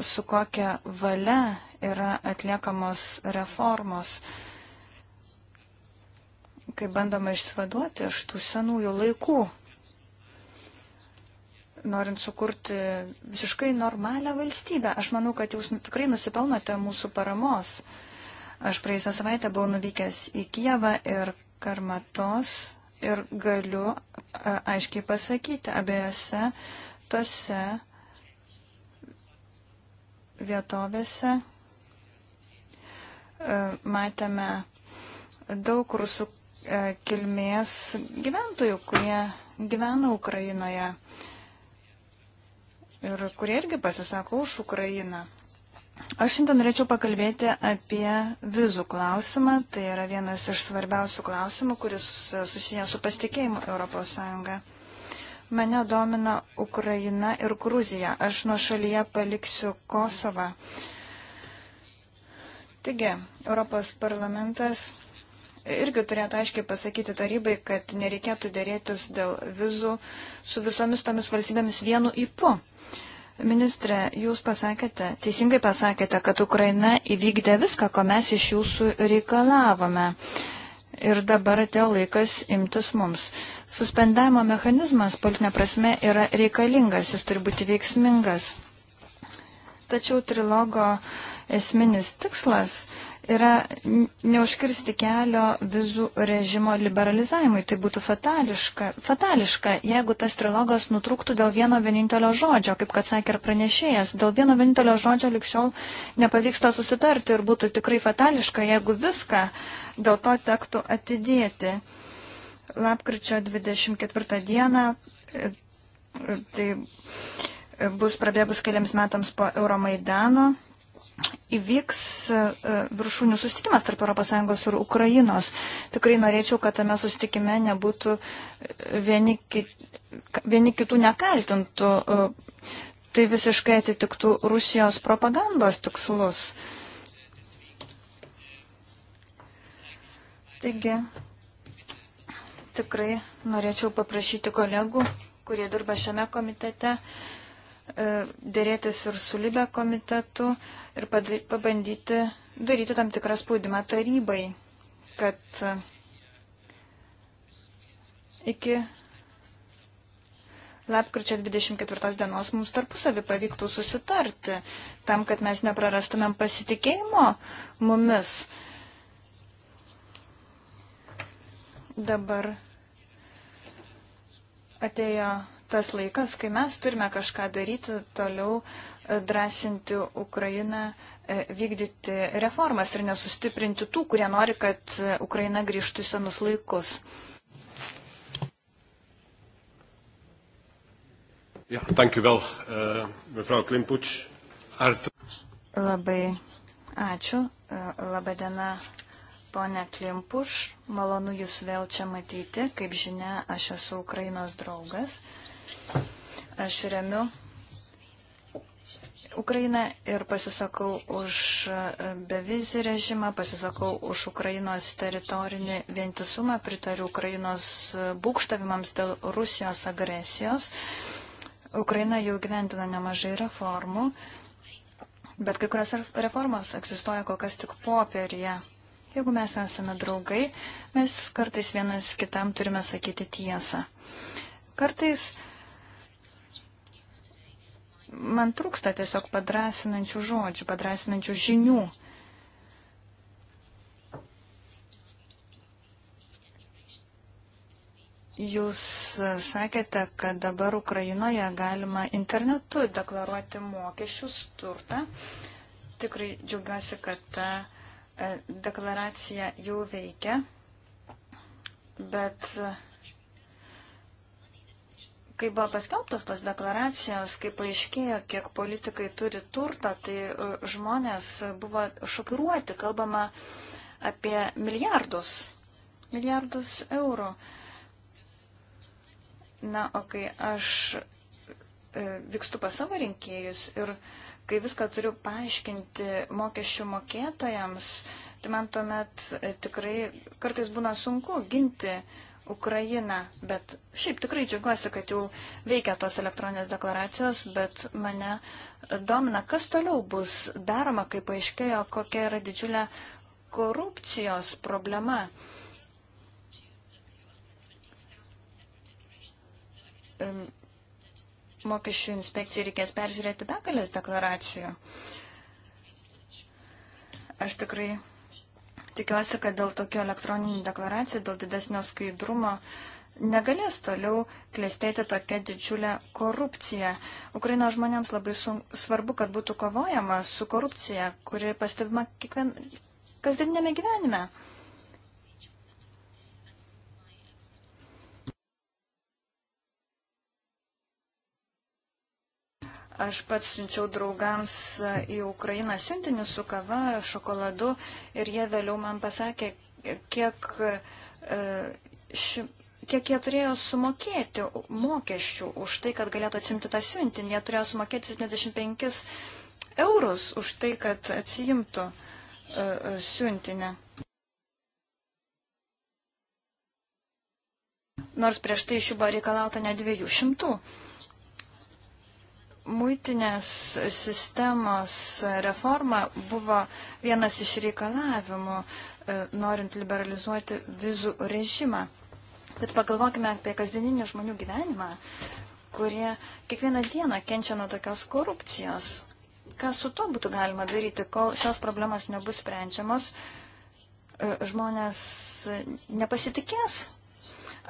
su kokia valia yra atliekamos reformos, kai bandoma išsivaduoti iš tų senųjų laikų, norint sukurti visiškai normalią valstybę. Aš manau, kad jūs tikrai nusipelnote mūsų paramos. Aš praėjusią savaitę buvau nuvykęs į Kievą ir Karmatos ir galiu aiškiai pasakyti, abiejose tose vietovėse e, matėme daug rusų e, kilmės gyventojų, kurie gyvena Ukrainoje ir kurie irgi pasisako už Ukrainą. Aš šiandien norėčiau pakalbėti apie vizų klausimą. Tai yra vienas iš svarbiausių klausimų, kuris e, susijęs su pasitikėjimu ES. Mane domina Ukraina ir Gruzija. Aš nuo šalyje paliksiu Kosovą. Taigi, Europos parlamentas irgi turėtų aiškiai pasakyti tarybai, kad nereikėtų dėrėtis dėl vizų su visomis tomis valstybėmis vienu įpu. Ministre, jūs pasakėte, teisingai pasakėte, kad Ukraina įvykdė viską, ko mes iš jūsų reikalavome. Uh, ir dabar atėjo laikas imtis mums. Suspendavimo mechanizmas politinė prasme yra reikalingas, jis turi būti veiksmingas. Tačiau trilogo esminis tikslas yra neužkirsti kelio vizų režimo liberalizavimui. Tai būtų fatališka, fatališka, jeigu tas trilogas nutrūktų dėl vieno vienintelio žodžio, kaip kad sakė ir pranešėjas. Dėl vieno vienintelio žodžio likščiau nepavyksta susitarti ir būtų tikrai fatališka, jeigu viską dėl to tektų atidėti. Lapkričio 24 dieną. E, e, tai bus prabėgus keliams metams po Euromaidano įvyks e, viršūnių susitikimas tarp ES ir Ukrainos. Tikrai norėčiau, kad tame susitikime nebūtų e, vieni, kit, vieni kitų nekaltintų. E, tai visiškai atitiktų Rusijos propagandos tikslus. Taigi, tikrai norėčiau paprašyti kolegų, kurie dirba šiame komitete, dėrėtis ir su Libe komitetu, ir pabandyti daryti tam tikrą spaudimą tarybai, kad iki lapkričio 24 dienos mums tarpusavį pavyktų susitarti, tam, kad mes neprarastumėm pasitikėjimo mumis. Dabar atėjo tas laikas, kai mes turime kažką daryti toliau, e, drąsinti Ukrainą, e, vykdyti reformas ir nesustiprinti tų, kurie nori, kad e, Ukraina grįžtų į senus laikus. Ja, dank u wel, uh, mevrouw Klimpuč. Art... Labai ačiū. Labadiena, ponė Klimpuš. Malonu Jūs vėl čia matyti. Kaip žinia, aš esu Ukrainos draugas. Uh, Aš remiu Ukrainą ir pasisakau už e, bevizį režimą, pasisakau už Ukrainos teritorinį vientisumą, pritariu Ukrainos būkštavimams dėl Rusijos agresijos. Ukraina jau gyventina nemažai reformų, bet kai kurios reformos egzistuoja kol kas tik popierėje. Jeigu mes esame draugai, mes kartais vienas kitam turime sakyti tiesą. Kartais uh, man trūksta tiesiog padrasinančių žodžių, padrasinančių žinių. Jūs sakėte, kad dabar Ukrainoje galima internetu deklaruoti mokesčius, turtą. Tikrai džiaugiuosi, kad ta e, deklaracija jau veikia, bet Kai buvo paskelbtos tos deklaracijos, kai paaiškėjo, kiek politikai turi turto, tai e, žmonės buvo šokiruoti, kalbama apie milijardus, milijardus eurų. Na, o kai aš e, vykstu pas savo rinkėjus ir kai viską turiu paaiškinti mokesčių mokėtojams, tai man tuomet e, tikrai kartais būna sunku ginti Ukrainą, bet šiaip tikrai džiugiuosi, kad jau veikia tos elektroninės deklaracijos, bet mane domina, kas toliau bus daroma, kai paaiškėjo, kokia yra didžiulė korupcijos problema. Mokesčių inspekcijai reikės peržiūrėti begalės deklaracijų. Aš tikrai Tikiuosi, kad dėl tokių elektroninių deklaracijų, dėl didesnio skaidrumo negalės toliau klėstėti tokia didžiulė korupcija. Ukraino žmonėms labai svarbu, kad būtų kovojama su korupcija, kuri pastebima kiekvien... kasdieninėme gyvenime. Aš pats siunčiau draugams e, į Ukrainą siuntinį su kava, šokoladu ir jie vėliau man pasakė, kiek, e, ši, kiek jie turėjo sumokėti mokesčių už tai, kad galėtų atsimti tą siuntinį. Jie turėjo sumokėti 75 eurus už tai, kad atsijimtų e, siuntinę. Nors prieš tai iš jų buvo reikalauta ne 200. Muitinės sistemos reforma buvo vienas iš reikalavimų, e, norint liberalizuoti vizų režimą. Bet pagalvokime apie kasdieninį žmonių gyvenimą, kurie kiekvieną dieną kenčia nuo tokios korupcijos. Ką su to būtų galima daryti, kol šios problemos nebus sprendžiamos, e, žmonės nepasitikės.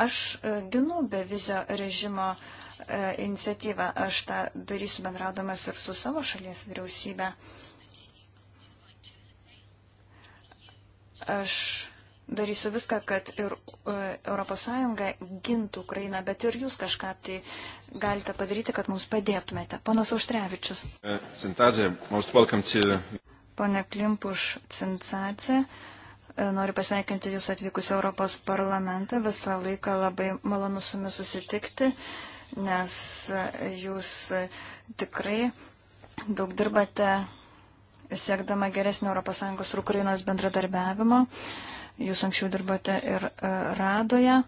Aš e, ginu be vizio režimo uh, E, iniciatyvą. Aš tą darysiu bendraudamas ir su savo šalies vyriausybė. Aš darysiu viską, kad ir ES gintų Ukrainą, bet ir jūs kažką tai galite padaryti, kad mums padėtumėte. Ponas Auštrevičius. E, Pone Klimpuš Cincace, e, noriu pasveikinti Jūs atvykus Europos parlamentą. Visą laiką labai malonu su Jumis susitikti nes jūs tikrai daug dirbate siekdama geresnio ES ir Ukrainos bendradarbiavimo. Jūs anksčiau dirbote ir e, Radoje.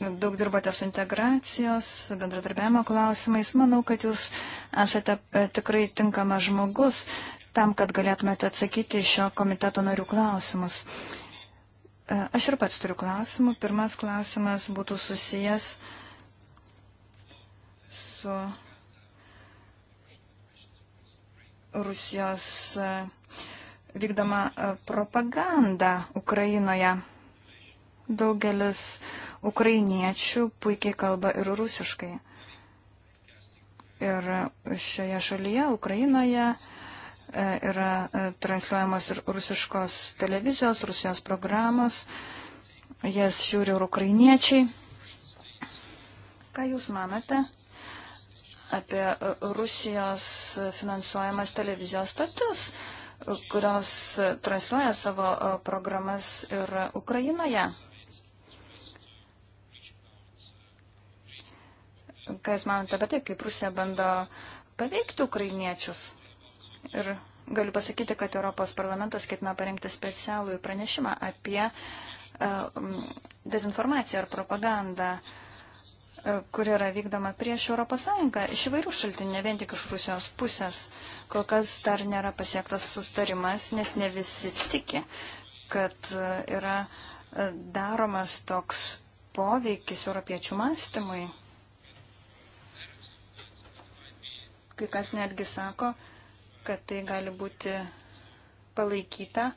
Daug dirbote su integracijos, bendradarbiavimo klausimais. Manau, kad jūs esate e, tikrai tinkamas žmogus tam, kad galėtumėte atsakyti šio komiteto narių klausimus. E, aš ir pats turiu klausimų. Pirmas klausimas būtų susijęs su Rusijos e, vykdoma e, propaganda Ukrainoje. Daugelis ukrainiečių puikiai kalba ir rusiškai. Ir šioje šalyje, Ukrainoje, uh, E, yra e, transliuojamos ir rusiškos televizijos, Rusijos programos, jas žiūri ir ukrainiečiai. Ką Jūs manate apie e, Rusijos finansuojamas televizijos status, kurios transliuoja savo programas ir Ukrainoje? Ką Jūs manote apie tai, kaip Rusija bando paveikti ukrainiečius? Ir galiu pasakyti, kad Europos parlamentas ketina parengti specialų pranešimą apie e, dezinformaciją ar propagandą, e, kuri yra vykdoma prieš ES iš įvairių šaltinių, ne vien tik iš Rusijos pusės. Kol kas dar nėra pasiektas sustarimas, nes ne visi tiki, kad e, yra daromas toks poveikis europiečių mąstymui. Kai kas netgi sako, kad tai gali būti palaikyta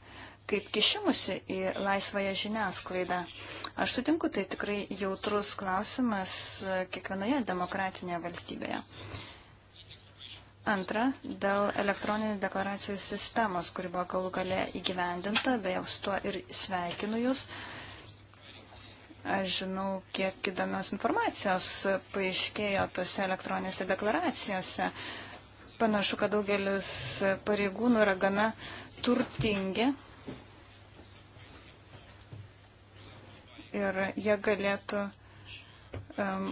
kaip kišimusi į laisvąją žiniasklaidą. Aš sutinku, tai tikrai jautrus klausimas kiekvienoje demokratinėje valstybėje. Antra, dėl elektroninių deklaracijų sistemos, kuri buvo galų gale įgyvendinta, beje, su tuo ir sveikinu Jūs. Aš žinau, kiek įdomios informacijos paaiškėjo tose elektroninėse deklaracijose. Uh, Panašu, kad daugelis pareigūnų yra gana turtingi ir jie galėtų um,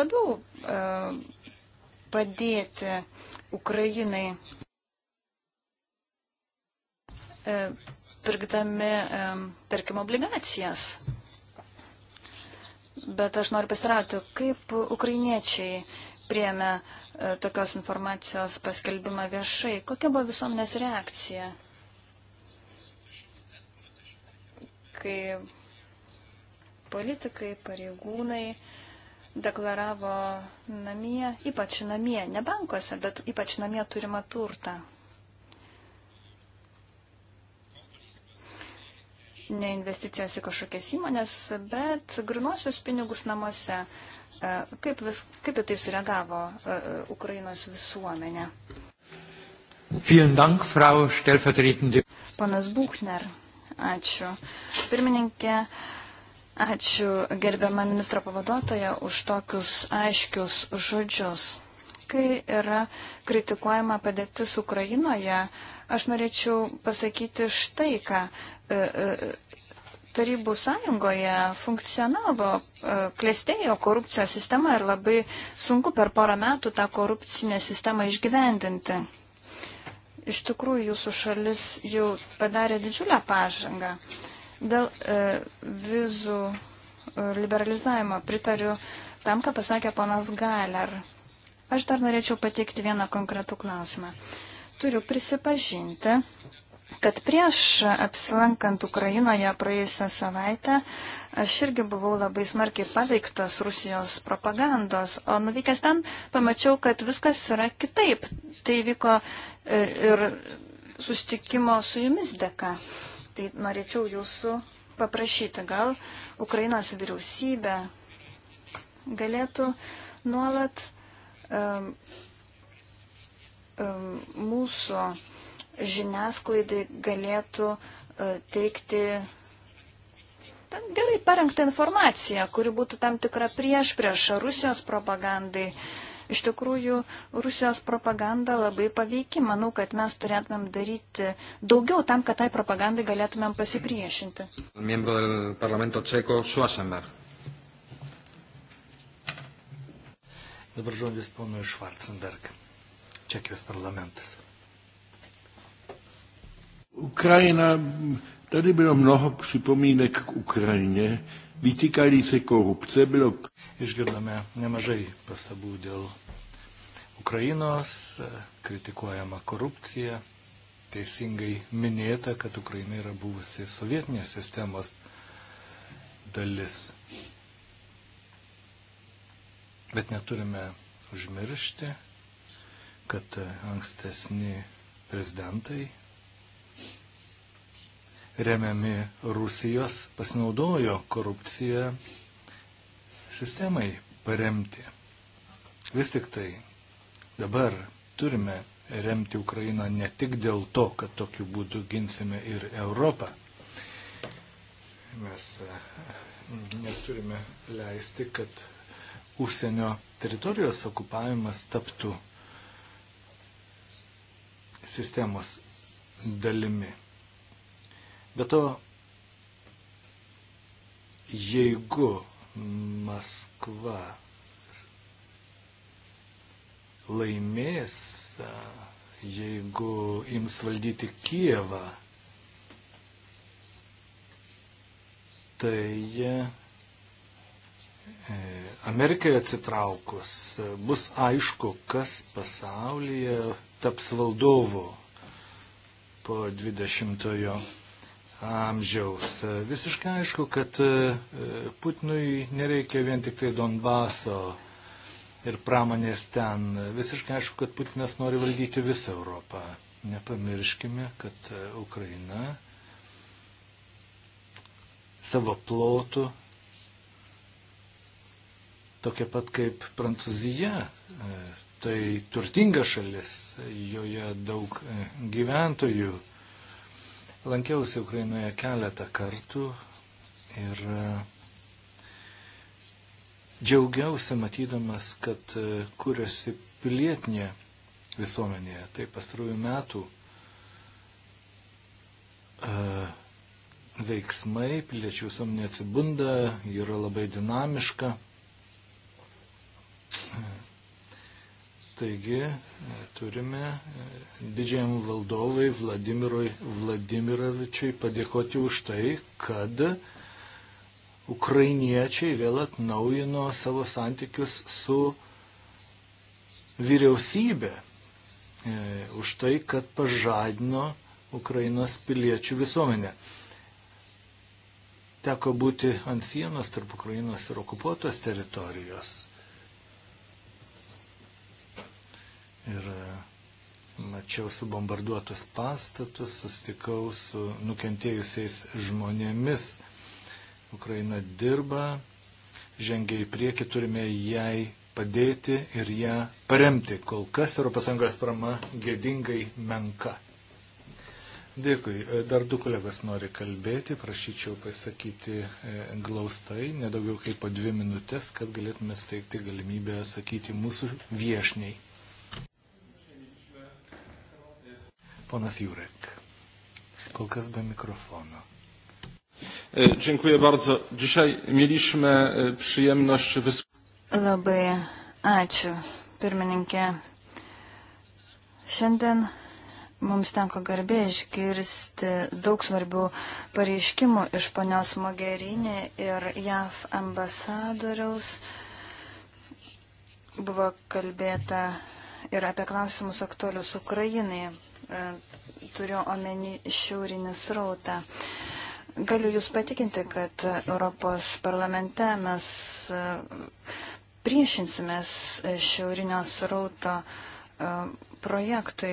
labiau um, padėti Ukrainai, um, pirkdami, um, tarkim, obligacijas. Bet aš noriu pasirauti, kaip ukrainiečiai priemė uh, E, tokios informacijos paskelbimą viešai. Kokia buvo visuomenės reakcija, kai politikai, pareigūnai deklaravo namie, ypač namie, ne bankuose, bet ypač namie turimą turtą. Ne investicijas į kažkokias įmonės, bet grinuosius pinigus namuose. Uh, E, kaip, vis, kaip į tai sureagavo e, e, Ukrainos visuomenė? Dank, Frau Panas Buchner, ačiū. Pirmininkė, ačiū gerbiamą ministro pavaduotoją už tokius aiškius žodžius. Kai yra kritikuojama padėtis Ukrainoje, aš norėčiau pasakyti štai ką. E, e, tarybų sąjungoje funkcionavo, e, klėstėjo korupcijos sistema ir labai sunku per porą metų tą korupcinę sistemą išgyvendinti. Iš tikrųjų, jūsų šalis jau padarė didžiulę pažangą. Dėl e, vizų e, liberalizavimo pritariu tam, ką pasakė ponas Galer. Aš dar norėčiau pateikti vieną konkretų klausimą. Turiu prisipažinti, kad prieš apsilankant Ukrainoje praėjusią savaitę aš irgi buvau labai smarkiai paveiktas Rusijos propagandos, o nuvykęs ten pamačiau, kad viskas yra kitaip. Tai vyko e, ir sustikimo su jumis dėka. Tai norėčiau jūsų paprašyti, gal Ukrainos vyriausybė galėtų nuolat um, um, mūsų žiniasklaidai galėtų e, teikti gerai parengtą informaciją, kuri būtų tam tikra prieš priešą Rusijos propagandai. Iš tikrųjų, Rusijos propaganda labai paveiki. Manau, kad mes turėtumėm daryti daugiau tam, kad tai propagandai galėtumėm pasipriešinti. Čeko, Dabar žodis ponui Schwarzenberg, Čekijos parlamentas. Ukrajina, tady bylo mnoho připomínek k Ukrajině, vytikalysi korupcija, bylo. Išgirdome nemažai pastabų dėl Ukrainos, kritikuojama korupcija, teisingai minėta, kad Ukraina yra buvusi sovietinės sistemos dalis. Bet neturime užmiršti, kad ankstesni prezidentai remiami Rusijos pasinaudojo korupciją sistemai paremti. Vis tik tai dabar turime remti Ukrainą ne tik dėl to, kad tokiu būdu ginsime ir Europą. Mes e, neturime leisti, kad užsienio teritorijos okupavimas taptų sistemos dalimi. Be to, jeigu Maskva laimės, jeigu ims valdyti Kievą, tai e, Amerikai atsitraukus bus aišku, kas pasaulyje taps valdovu po 20-ojo amžiaus. Visiškai aišku, kad e, Putinui nereikia vien tik tai Donbaso ir pramonės ten. Visiškai aišku, kad Putinas nori valdyti visą Europą. Nepamirškime, kad e, Ukraina savo plotų tokia pat kaip Prancūzija. E, tai turtinga šalis, joje daug gyventojų. Lankiausi Ukrainoje keletą kartų ir e, džiaugiausi matydamas, kad e, kuriasi pilietinė visuomenėje. Tai pastarųjų metų e, veiksmai, piliečių visuomenė atsibunda, yra labai dinamiška. Taigi turime e, didžiam valdovai Vladimirui Vladimiravičiui padėkoti už tai, kad ukrainiečiai vėl atnaujino savo santykius su vyriausybė. E, už tai, kad pažadino Ukrainos piliečių visuomenę. Teko būti ant sienos tarp Ukrainos ir okupuotos teritorijos. ir e, mačiau subombarduotus pastatus, sustikau su nukentėjusiais žmonėmis. Ukraina dirba, žengia į priekį, turime jai padėti ir ją paremti. Kol kas ES parama gėdingai menka. Dėkui. E, dar du kolegos nori kalbėti. Prašyčiau pasakyti e, glaustai, nedaugiau kaip po dvi minutės, kad galėtume steigti galimybę atsakyti mūsų viešniai. Ponas Jurek. Kol kas be mikrofono. E, dziękuję bardzo. Dzisiaj mieliśmy e, przyjemność wysłuchać. Labai ačiū, pirmininkė. Šiandien mums tenko garbė išgirsti daug svarbių pareiškimų iš ponios Mogerinė ir JAV ambasadoriaus. Buvo kalbėta ir apie klausimus aktualius Ukrainai. E, turiu omeny šiaurinį srautą. Galiu Jūs patikinti, kad Europos parlamente mes e, priešinsimės šiaurinio srauto e, projektui.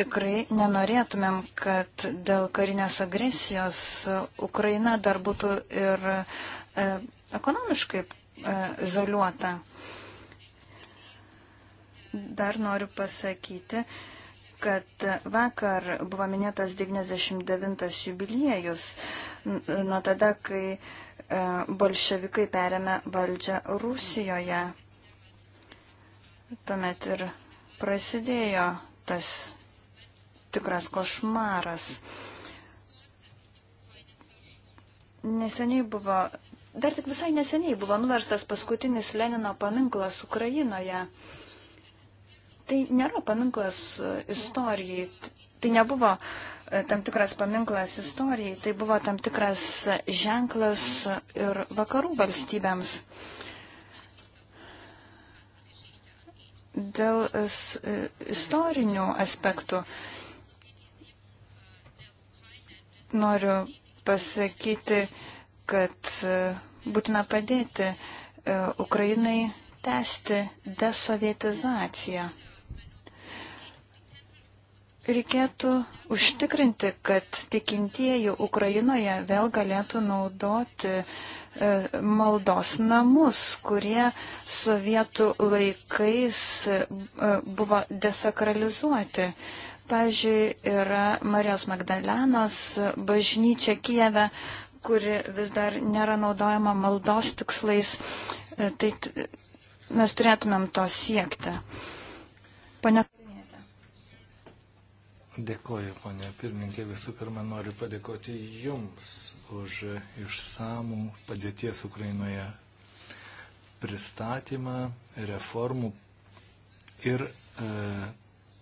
Tikrai nenorėtumėm, kad dėl karinės agresijos Ukraina dar būtų ir ekonomiškai izoliuota. Dar noriu pasakyti, kad vakar buvo minėtas 99 jubiliejus nuo tada, kai e, bolševikai perėmė valdžią Rusijoje. Tuomet ir prasidėjo tas tikras košmaras. Neseniai buvo, dar tik visai neseniai buvo nuverstas paskutinis Lenino paminklas Ukrainoje. Tai nėra paminklas e, istorijai, tai nebuvo e, tam tikras paminklas istorijai, tai buvo tam tikras ženklas ir vakarų valstybėms. Dėl e, istorinių aspektų noriu pasakyti, kad būtina padėti Ukrainai tęsti desovietizaciją. Reikėtų užtikrinti, kad tikintieji Ukrainoje vėl galėtų naudoti e, maldos namus, kurie sovietų laikais e, buvo desakralizuoti. Pavyzdžiui, yra Marijos Magdalenos bažnyčia Kijeve, kuri vis dar nėra naudojama maldos tikslais. E, tai mes turėtumėm to siekti. Pane Dėkoju, ponė pirmininkė. Visų pirma, noriu padėkoti Jums už išsamų padėties Ukrainoje pristatymą, reformų ir e,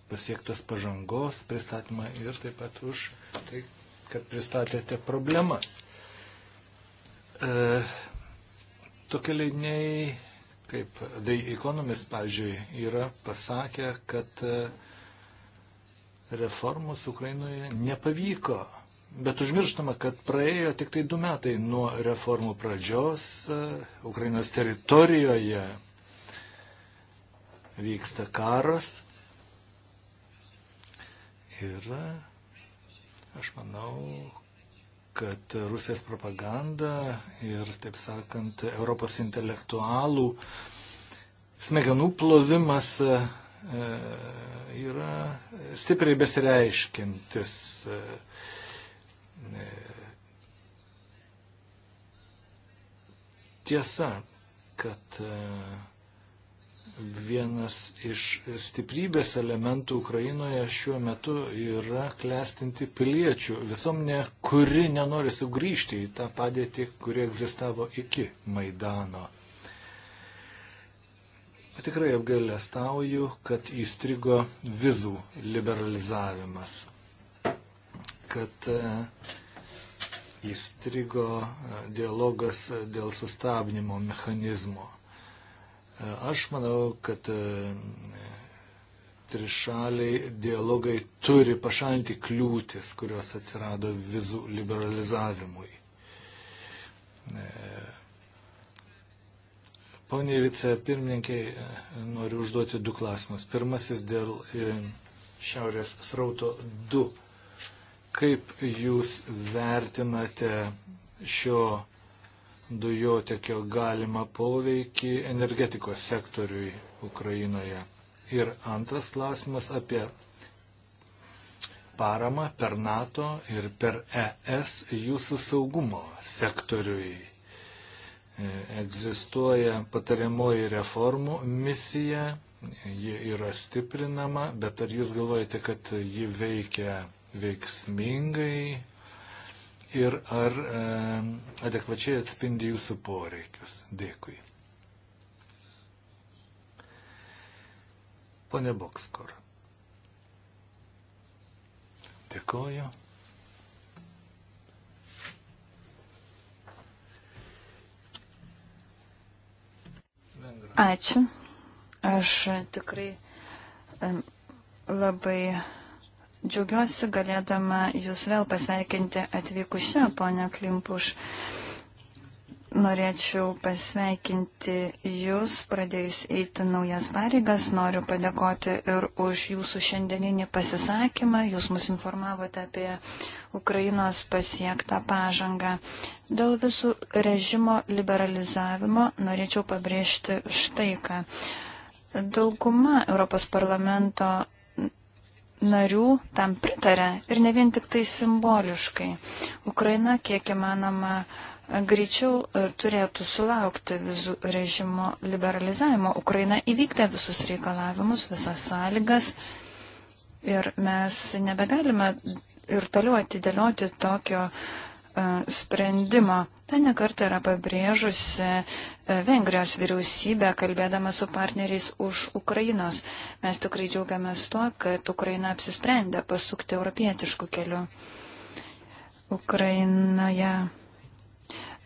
pasiektas pažangos pristatymą ir taip pat už tai, kad pristatėte problemas. E, tokie leidiniai kaip The Economist, pavyzdžiui, yra pasakę, kad e, reformos Ukrainoje nepavyko. Bet užmirštama, kad praėjo tik tai du metai nuo reformų pradžios e, Ukrainos teritorijoje vyksta karas. Ir e, aš manau, kad Rusijos propaganda ir, taip sakant, Europos intelektualų smegenų plovimas e, E, yra stipriai besireiškintis. E, e, tiesa, kad vienas iš stiprybės elementų Ukrainoje šiuo metu yra klestinti piliečių visuomenė, kuri nenori sugrįžti į tą padėtį, kuri egzistavo iki Maidano. Tikrai apgailestauju, kad įstrigo vizų liberalizavimas, kad e, įstrigo e, dialogas dėl sustabdymo mechanizmo. E, aš manau, kad trišaliai dialogai turi pašalinti kliūtis, kurios atsirado vizų liberalizavimui. Pone vicepirmininkai, noriu užduoti du klausimus. Pirmasis dėl e, šiaurės srauto 2. Kaip jūs vertinate šio dujotekio galimą poveikį energetikos sektoriui Ukrainoje? Ir antras klausimas apie paramą per NATO ir per ES jūsų saugumo sektoriui. E, egzistuoja patariamoji reformų misija, ji yra stiprinama, bet ar jūs galvojate, kad ji veikia veiksmingai ir ar e, adekvačiai atspindi jūsų poreikius? Dėkui. Pone Bokskor. Dėkoju. Ačiū. Aš tikrai labai džiaugiuosi galėdama jūs vėl pasveikinti atvykus čia, ponia Klimpuš. Uh, Norėčiau pasveikinti Jūs, pradėjus eiti naujas pareigas. Noriu padėkoti ir už Jūsų šiandieninį pasisakymą. Jūs mus informavote apie Ukrainos pasiektą pažangą. Dėl visų režimo liberalizavimo norėčiau pabrėžti štai ką. Dauguma Europos parlamento narių tam pritarė ir ne vien tik tai simboliškai. Ukraina, kiek įmanoma, greičiau e, turėtų sulaukti vizų režimo liberalizavimo. Ukraina įvykdė visus reikalavimus, visas sąlygas ir mes nebegalime ir toliau atidėlioti tokio e, sprendimo. Ta nekarta yra pabrėžusi e, Vengrijos vyriausybė, kalbėdama su partneriais už Ukrainos. Mes tikrai džiaugiamės tuo, kad Ukraina apsisprendė pasukti europietiškų kelių. Ukrainoje. Ja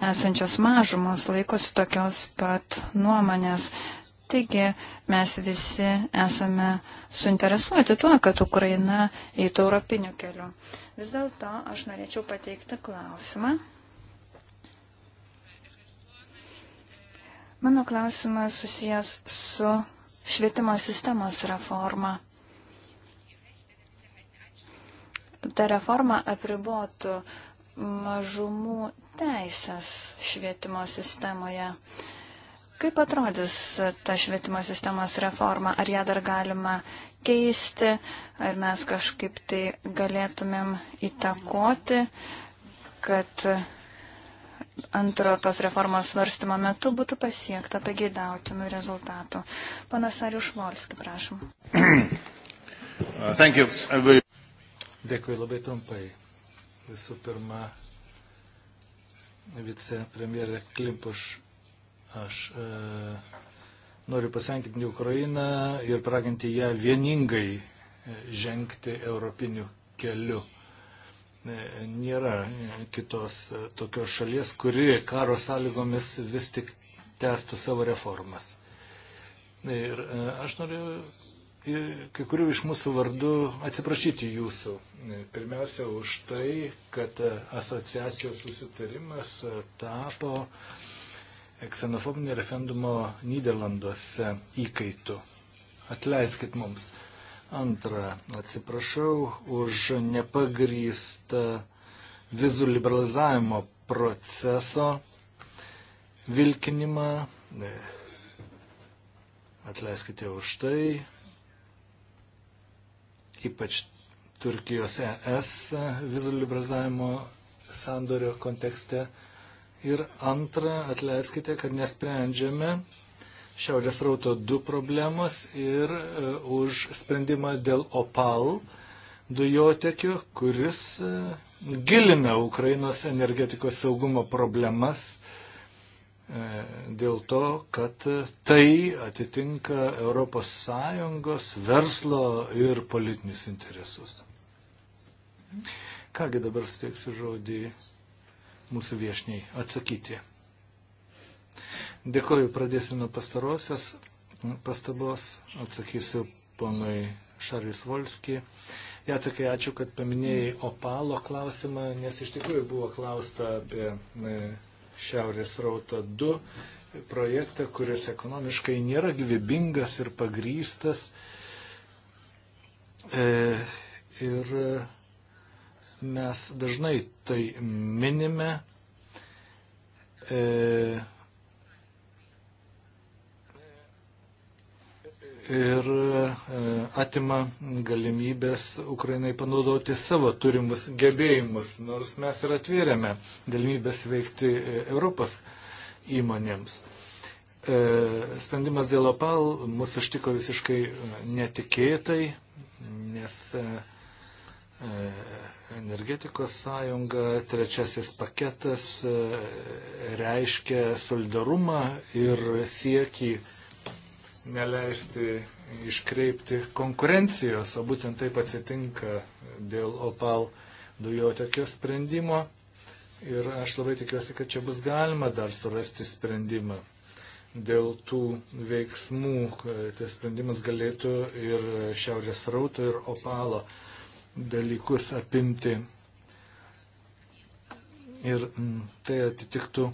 esančios mažumos laikosi tokios pat nuomonės. Taigi mes visi esame suinteresuoti tuo, kad Ukraina eitų europiniu keliu. Vis dėlto aš norėčiau pateikti klausimą. Mano klausimas susijęs su švietimo sistemos reforma. Ta reforma apribotų uh, mažumų teisės švietimo sistemoje. Kaip atrodys ta švietimo sistemos reforma? Ar ją dar galima keisti? Ar mes kažkaip tai galėtumėm įtakoti, kad antro tos reformos svarstymo metu būtų pasiekta pageidautinų rezultatų? Panas Arius Volski, prašom. (clears throat) Uh, Dėkui labai trumpai. Visų pirma, vicepremjerė Klimpuš, aš e, noriu pasankinti Ukrainą ir praginti ją vieningai e, žengti europiniu keliu e, nėra e, kitos tokios šalies, kuri karo sąlygomis vis tik tęstų savo reformas. Ir aš noriu kai kurių iš mūsų vardu atsiprašyti jūsų. Pirmiausia, už tai, kad asociacijos susitarimas tapo ksenofobinio referendumo Niderlanduose įkaitu. Atleiskit mums. Antra, atsiprašau už nepagrystą vizų liberalizavimo proceso vilkinimą. Atleiskite už tai ypač Turkijos ES vizų liberalizavimo sandorio kontekste. Ir antra, atleiskite, kad nesprendžiame Šiaurės rauto 2 problemos ir uh, už sprendimą dėl OPAL dujotekio, kuris uh, gilina Ukrainos energetikos saugumo problemas E, dėl to, kad tai atitinka ES verslo ir politinius interesus. Kągi dabar steiksiu žodį mūsų viešniai atsakyti. Dėkoju, pradėsiu nuo pastarosios pastabos, atsakysiu ponui Šarvis Volski. Jacekai, ačiū, kad paminėjai opalo klausimą, nes iš tikrųjų buvo klausta apie e, Šiaurės rauta 2 projektą, kuris ekonomiškai nėra gyvybingas ir pagrystas. E, ir mes dažnai tai minime. E, ir e, atima galimybės Ukrainai panaudoti savo turimus gebėjimus, nors mes ir atvėrėme galimybės veikti e, Europos įmonėms. E, sprendimas dėl OPAL mus ištiko visiškai netikėtai, nes energetikos sąjunga, trečiasis paketas reiškia solidarumą ir siekį neleisti iškreipti konkurencijos, o būtent taip atsitinka dėl OPAL dujotekio sprendimo. Ir aš labai tikiuosi, kad čia bus galima dar surasti sprendimą. Dėl tų veiksmų, e, tas sprendimas galėtų ir Šiaurės rauto, ir opalo dalykus apimti. Ir mm, tai atitiktų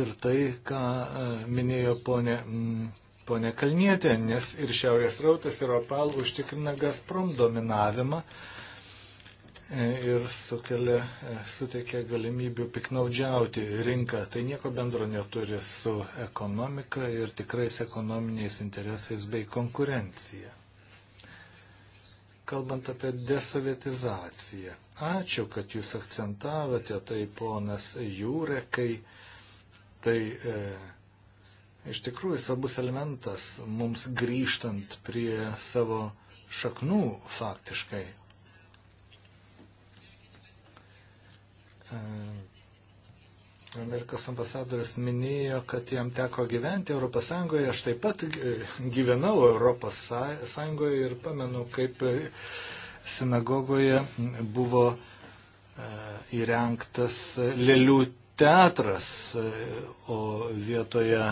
ir tai, ką e, minėjo ponė mm, ponė Kalnietė, nes ir Šiaurės rautas, ir Opal užtikrina Gazprom dominavimą e, ir sukelia, e, suteikia galimybių piknaudžiauti rinką. Tai nieko bendro neturi su ekonomika ir tikrais ekonominiais interesais bei konkurencija. Kalbant apie desovietizaciją. Ačiū, kad jūs akcentavote tai ponas Jūrė, kai tai e, iš tikrųjų svarbus elementas mums grįžtant prie savo šaknų faktiškai. E, Amerikos ambasadoris minėjo, kad jam teko gyventi ES, aš taip pat gyvenau ES ir pamenu, kaip sinagogoje buvo e, įrengtas lėlių teatras, e, o vietoje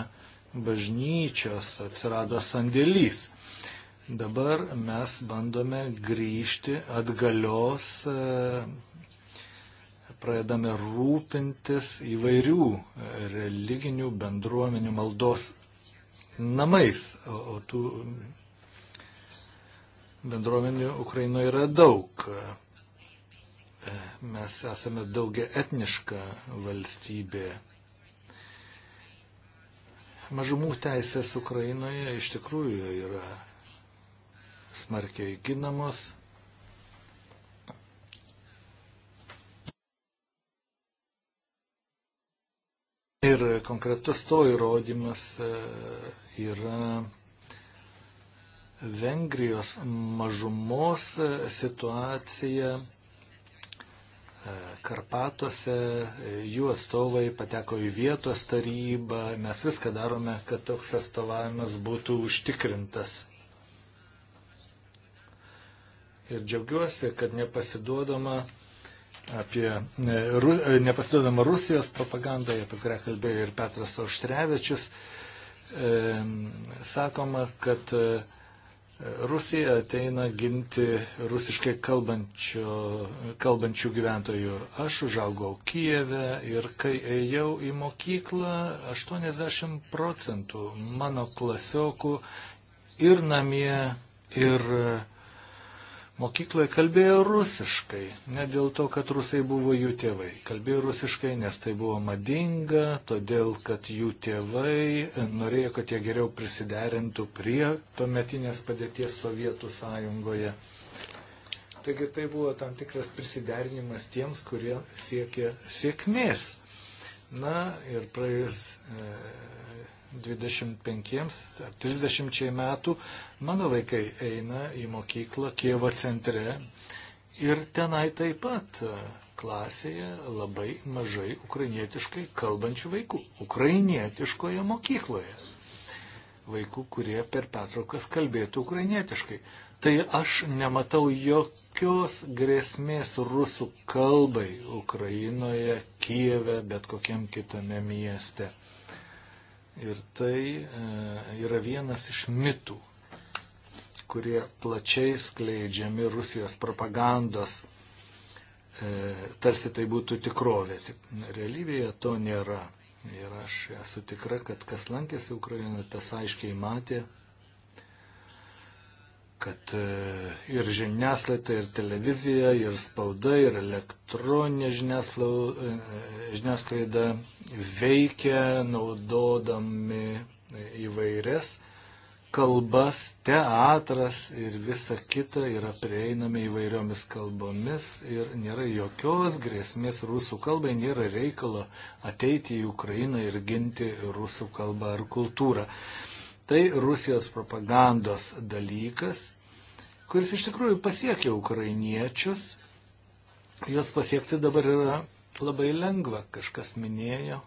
bažnyčios, atsirado sandėlys. Dabar mes bandome grįžti atgalios, e, pradedame rūpintis įvairių e, religinių bendruomenių maldos namais, o tų bendruomenių Ukrainoje yra daug e, mes esame daugia etniška valstybė. Mažumų teisės Ukrainoje iš tikrųjų yra smarkiai ginamos. Ir konkretus to įrodymas e, yra Vengrijos mažumos e, situacija Karpatuose, jų atstovai pateko į vietos tarybą, mes viską darome, kad toks atstovavimas būtų užtikrintas. Ir džiaugiuosi, kad nepasiduodama, apie, nepasiduodama Rusijos propagandai, apie kurią kalbėjo ir Petras Auštrevičius, sakoma, kad Rusija ateina ginti rusiškai kalbančio, kalbančių gyventojų. Aš užaugau Kijeve ir kai ėjau į mokyklą, 80 procentų mano klasiokų ir namie, ir uh, mokykloje kalbėjo rusiškai. Ne dėl to, kad rusai buvo jų tėvai. Kalbėjo rusiškai, nes tai buvo madinga, todėl, kad jų tėvai norėjo, kad jie geriau prisiderintų prie tuometinės padėties Sovietų sąjungoje. Taigi tai buvo tam tikras prisiderinimas tiems, kurie siekė sėkmės. Na ir praėjus e, 25 ar 30 metų mano vaikai eina į mokyklą Kievo centre ir tenai taip pat klasėje labai mažai ukrainietiškai kalbančių vaikų. Ukrainietiškoje mokykloje. Vaikų, kurie per pertraukas kalbėtų ukrainietiškai. Tai aš nematau jokios grėsmės rusų kalbai Ukrainoje, Kijeve, bet kokiam kitame mieste. Ir tai e, yra vienas iš mitų, kurie plačiai skleidžiami Rusijos propagandos, e, tarsi tai būtų tikrovė. Realybėje to nėra. Ir aš esu tikra, kad kas lankėsi Ukrainoje, tas aiškiai matė, kad e, ir žiniaslaida, ir televizija, ir spauda, ir elektroninė žiniaslaida e, veikia naudodami įvairias kalbas, teatras ir visa kita yra prieinami įvairiomis kalbomis ir nėra jokios grėsmės rusų kalbai, nėra reikalo ateiti į Ukrainą ir ginti rusų kalbą ar kultūrą. Tai Rusijos propagandos dalykas, kuris iš tikrųjų pasiekia ukrainiečius. Jos pasiekti dabar yra labai lengva, kažkas minėjo,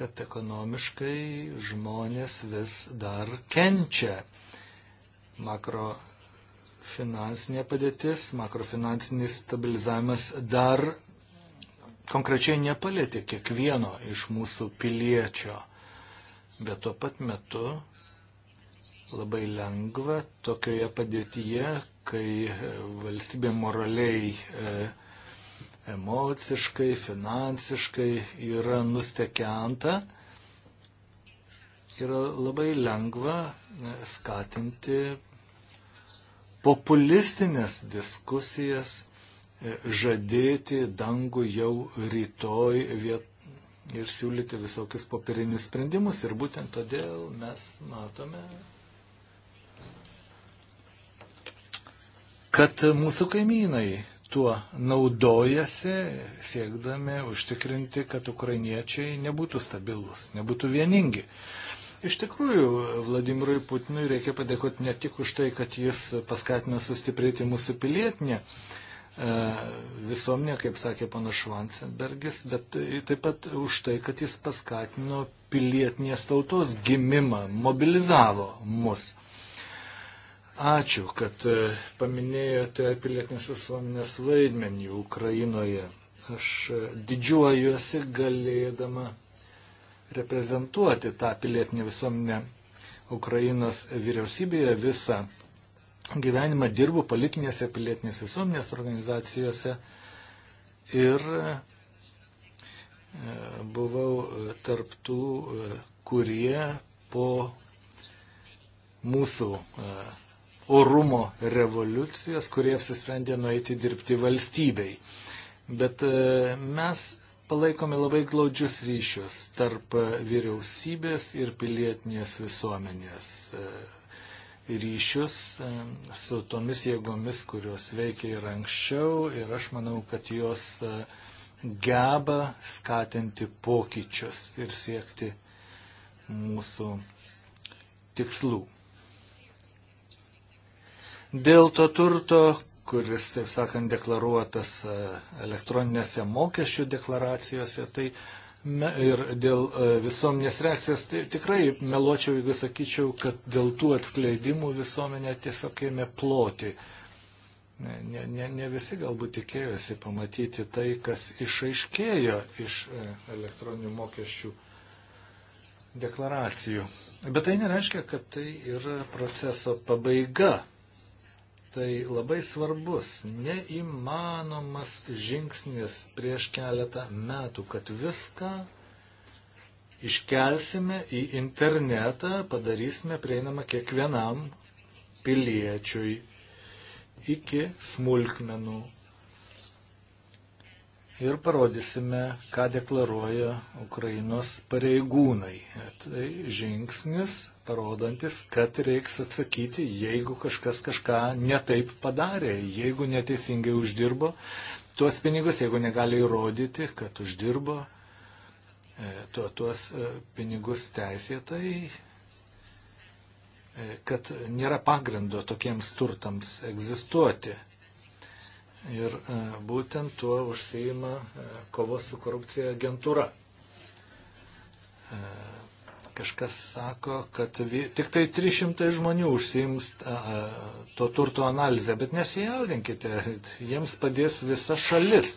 kad ekonomiškai žmonės vis dar kenčia. Makrofinansinė padėtis, makrofinansinis stabilizavimas dar konkrečiai nepalėtė kiekvieno iš mūsų piliečio bet tuo pat metu labai lengva tokioje padėtyje, kai valstybė moraliai, e, emociškai, finansiškai yra nustekenta, yra labai lengva e, skatinti populistinės diskusijas, e, žadėti dangų jau rytoj viet, ir siūlyti visokius popierinius sprendimus. Ir būtent todėl mes matome, kad mūsų kaimynai tuo naudojasi, siekdami užtikrinti, kad ukrainiečiai nebūtų stabilus, nebūtų vieningi. Iš tikrųjų, Vladimirui Putinui reikia padėkoti ne tik už tai, kad jis paskatino sustiprėti mūsų pilietinę E, visuomenė, kaip sakė pana Švansenbergis, bet tai taip pat už tai, kad jis paskatino pilietinės tautos gimimą, mobilizavo mus. Ačiū, kad e, paminėjote pilietinės visuomenės vaidmenį Ukrainoje. Aš e, didžiuojuosi galėdama reprezentuoti tą pilietinę visuomenę Ukrainos vyriausybėje visą gyvenimą dirbu politinėse pilietinės visuomenės organizacijose ir e, buvau e, tarptų, e, kurie po mūsų orumo revoliucijos, kurie apsisprendė nueiti dirbti valstybei. Bet mes palaikome labai glaudžius ryšius tarp vyriausybės ir pilietinės visuomenės ryšius e, su tomis jėgomis, kurios veikia ir anksčiau. Ir aš manau, kad jos e, geba skatinti pokyčius ir siekti mūsų tikslų. Dėl to turto, kuris, taip sakant, deklaruotas e, elektroninėse mokesčių deklaracijose, tai ir dėl e, visuomenės reakcijos. Tai tikrai meločiau, jeigu sakyčiau, kad dėl tų atskleidimų visuomenė tiesiog ėmė ploti. Ne, ne, ne visi galbūt tikėjosi pamatyti tai, kas išaiškėjo iš e, elektroninių mokesčių deklaracijų. Bet tai nereiškia, kad tai yra proceso pabaiga tai labai svarbus, neįmanomas žingsnis prieš keletą metų, kad viską iškelsime į internetą, padarysime prieinamą kiekvienam piliečiui iki smulkmenų ir parodysime, ką deklaruoja Ukrainos pareigūnai. Tai žingsnis, parodantis, kad reiks atsakyti, jeigu kažkas kažką netaip padarė, jeigu neteisingai uždirbo tuos pinigus, jeigu negali įrodyti, kad uždirbo e, tuo, tuos e, pinigus teisėtai, e, kad nėra pagrindo tokiems turtams egzistuoti. Ir būtent tuo užseima kovos su korupcija agentūra Kažkas sako, kad tik tai 300 žmonių užsiims to turto analizę, bet nesijaudinkite, jiems padės visa šalis.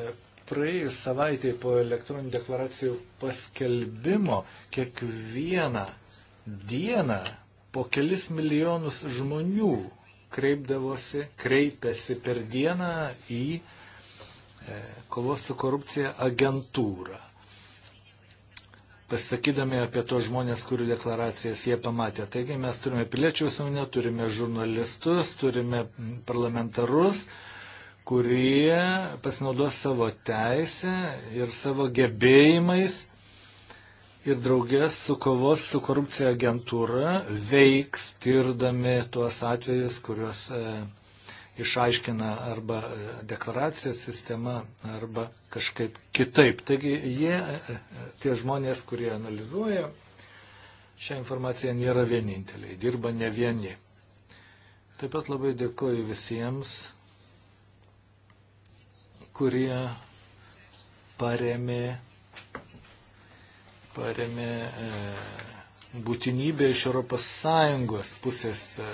E, praėjus savaitėje po elektroninių deklaracijų paskelbimo kiekvieną dieną po kelis milijonus žmonių kreipdavosi, kreipėsi per dieną į e, kovos su korupcija agentūrą pasisakydami apie tos žmonės, kurių deklaracijas jie pamatė. Taigi mes turime piliečių visuomenę, turime žurnalistus, turime parlamentarus, kurie pasinaudos savo teisę ir savo gebėjimais ir draugės su kovos su korupcija agentūra veiks, tirdami tuos atvejus, kuriuos e, išaiškina arba e, deklaracijos sistema, arba kažkaip kitaip. Taigi jie, e, e, tie žmonės, kurie analizuoja šią informaciją, nėra vieninteliai, dirba ne vieni. Taip pat labai dėkoju visiems, kurie paremė, paremė e, būtinybę iš ES pusės e,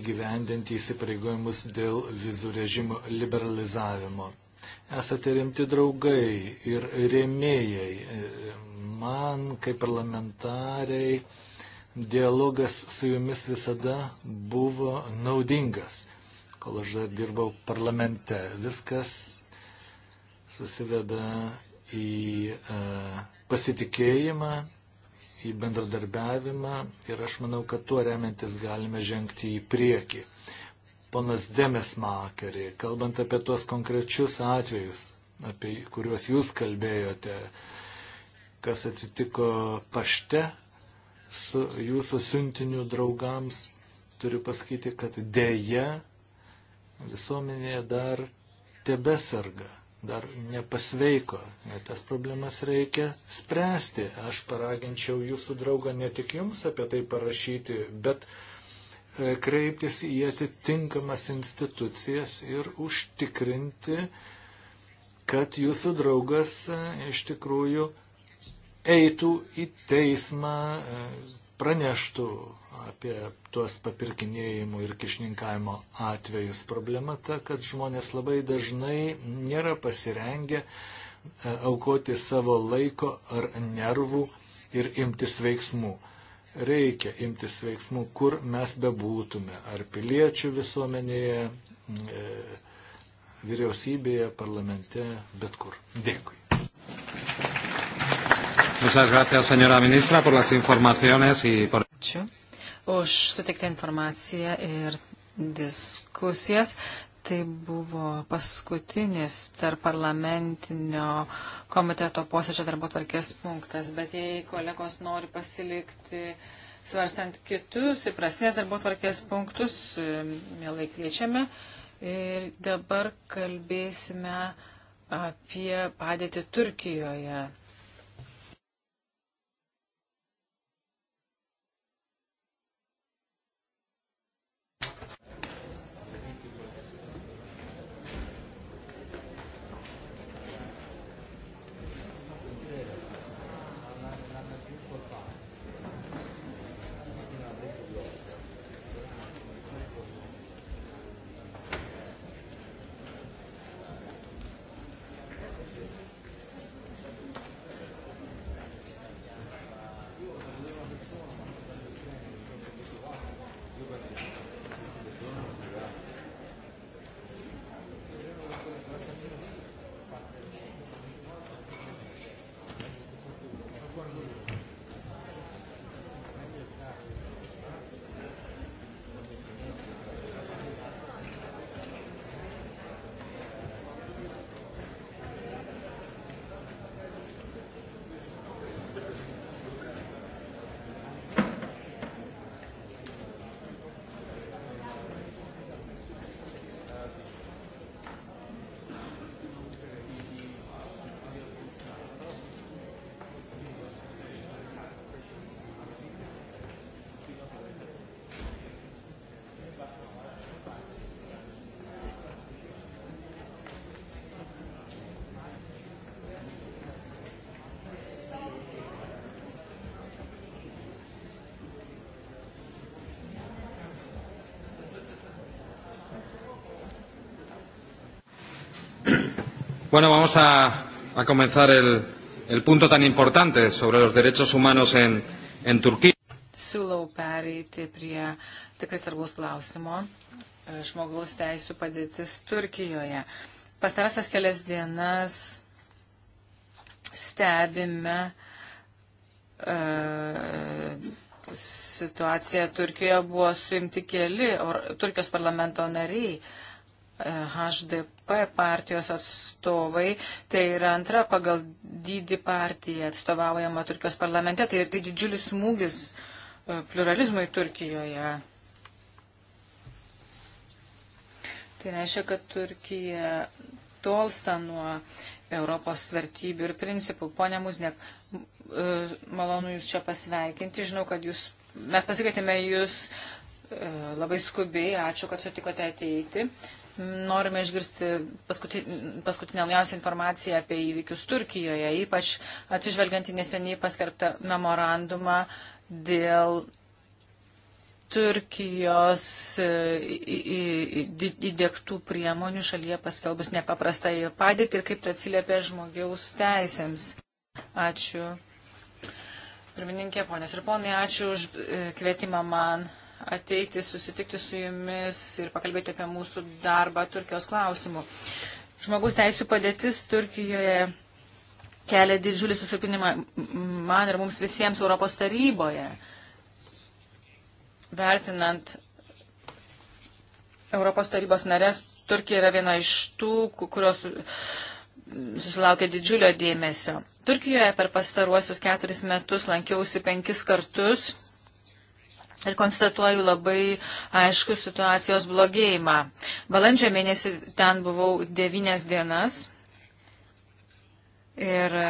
įgyvendinti įsipareigojimus dėl vizų režimo liberalizavimo esate rimti draugai ir rėmėjai. Man kaip parlamentariai dialogas su jumis visada buvo naudingas, kol aš dar dirbau parlamente. Viskas susiveda į e, pasitikėjimą, į bendradarbiavimą ir aš manau, kad tuo remiantis galime žengti į priekį ponas Demesmakerį, kalbant apie tuos konkrečius atvejus, apie kuriuos jūs kalbėjote, kas atsitiko pašte su jūsų siuntiniu draugams, turiu pasakyti, kad dėja visuomenėje dar tebesarga, dar nepasveiko. Ir tas problemas reikia spręsti. Aš paraginčiau jūsų draugą ne tik jums apie tai parašyti, bet ir E, kreiptis į atitinkamas institucijas ir užtikrinti, kad jūsų draugas e, iš tikrųjų eitų į teismą, e, praneštų apie tuos papirkinėjimų ir kišninkavimo atvejus. Problema ta, kad žmonės labai dažnai nėra pasirengę aukoti savo laiko ar nervų ir imtis veiksmų reikia imtis veiksmų, kur mes bebūtume, ar piliečių visuomenėje, e, vyriausybėje, parlamente, bet kur. Dėkui. Ačiū už sutiktą informaciją ir diskusijas. Tai buvo paskutinis tarp parlamentinio komiteto posėdžio darbo tvarkės punktas, bet jei kolegos nori pasilikti svarstant kitus įprasnės darbo tvarkės punktus, mielai kviečiame. Ir dabar kalbėsime apie padėtį Turkijoje. Bueno, vamos a, a comenzar el, el punto tan importante sobre los derechos humanos en, en Turquía. Siūlau pereiti prie tikrai svarbus klausimo e, - žmogaus teisų padėtis Turkijoje. Pastarasias kelias dienas stebime e, situaciją Turkijoje. Buvo suimti keli Turkijos parlamento nariai. E, HDP partijos atstovai. Tai yra antra pagal dydį partija atstovaujama Turkijos parlamente. Tai, tai didžiulis smūgis e, pluralizmui Turkijoje. Tai reiškia, kad Turkija tolsta nuo Europos vertybių ir principų. Pone Muznek, e, malonu Jūs čia pasveikinti. Žinau, kad Jūs, mes pasikėtėme Jūs e, labai skubiai. Ačiū, kad sutikote ateiti. Norime išgirsti paskutinę, paskutinę naujausią informaciją apie įvykius Turkijoje, ypač atsižvelgiant į neseniai paskelbtą memorandumą dėl Turkijos e, įdėktų priemonių šalyje paskelbus nepaprastai padėtį ir kaip tai atsiliepia žmogaus teisėms. Ačiū. Pirmininkė, ponės ir ponai, ačiū už e, kvietimą man ateiti, susitikti su jumis ir pakalbėti apie mūsų darbą Turkijos klausimų. Žmogus teisų padėtis Turkijoje kelia didžiulį susirūpinimą man ir mums visiems Europos taryboje. Vertinant Europos tarybos narės, Turkija yra viena iš tų, kurios susilaukia didžiulio dėmesio. Turkijoje per pastaruosius keturis metus lankiausi penkis kartus ir konstatuoju labai aišku situacijos blogėjimą. Balandžio mėnesį ten buvau devynias dienas ir e,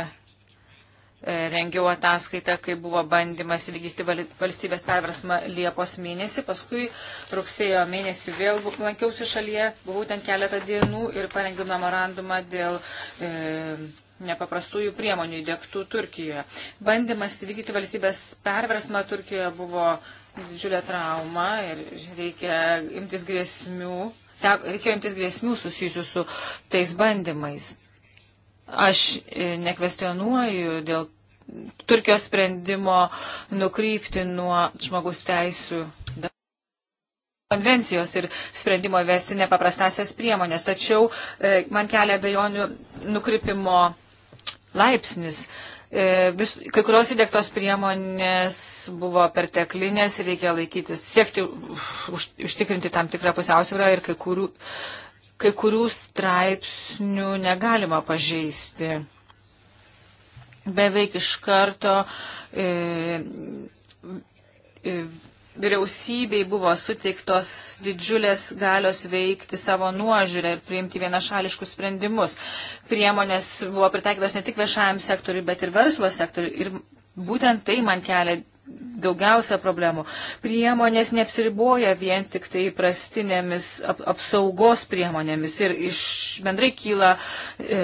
rengiau ataskaitą, kai buvo bandymas vykdyti valstybės perversmą Liepos mėnesį. Paskui rugsėjo mėnesį vėl lankiausi šalyje, buvau ten keletą dienų ir parengiau memorandumą dėl e, nepaprastųjų priemonių įdėktų Turkijoje. Bandymas vykdyti valstybės perversmą Turkijoje buvo didžiulę traumą ir reikia imtis grėsmių, reikėjo imtis grėsmių susijusių su tais bandymais. Aš e, nekvestionuoju dėl Turkijos sprendimo nukrypti nuo žmogus teisų konvencijos ir sprendimo vesti nepaprastasias priemonės. Tačiau e, man kelia bejonių nukrypimo laipsnis. E, E, vis, kai kurios įdėktos priemonės buvo perteklinės ir reikia laikytis, siekti už, užtikrinti tam tikrą pusiausvyrą ir kai kurių, kai kurių straipsnių negalima pažeisti. Beveik iš karto e, e, vyriausybei buvo suteiktos didžiulės galios veikti savo nuožiūrę ir priimti vienašališkus sprendimus. Priemonės buvo pritaikytos ne tik viešajam sektoriui, bet ir verslo sektoriui. Ir būtent tai man kelia daugiausia problemų. Priemonės neapsiriboja vien tik tai prastinėmis ap apsaugos priemonėmis ir iš bendrai kyla e,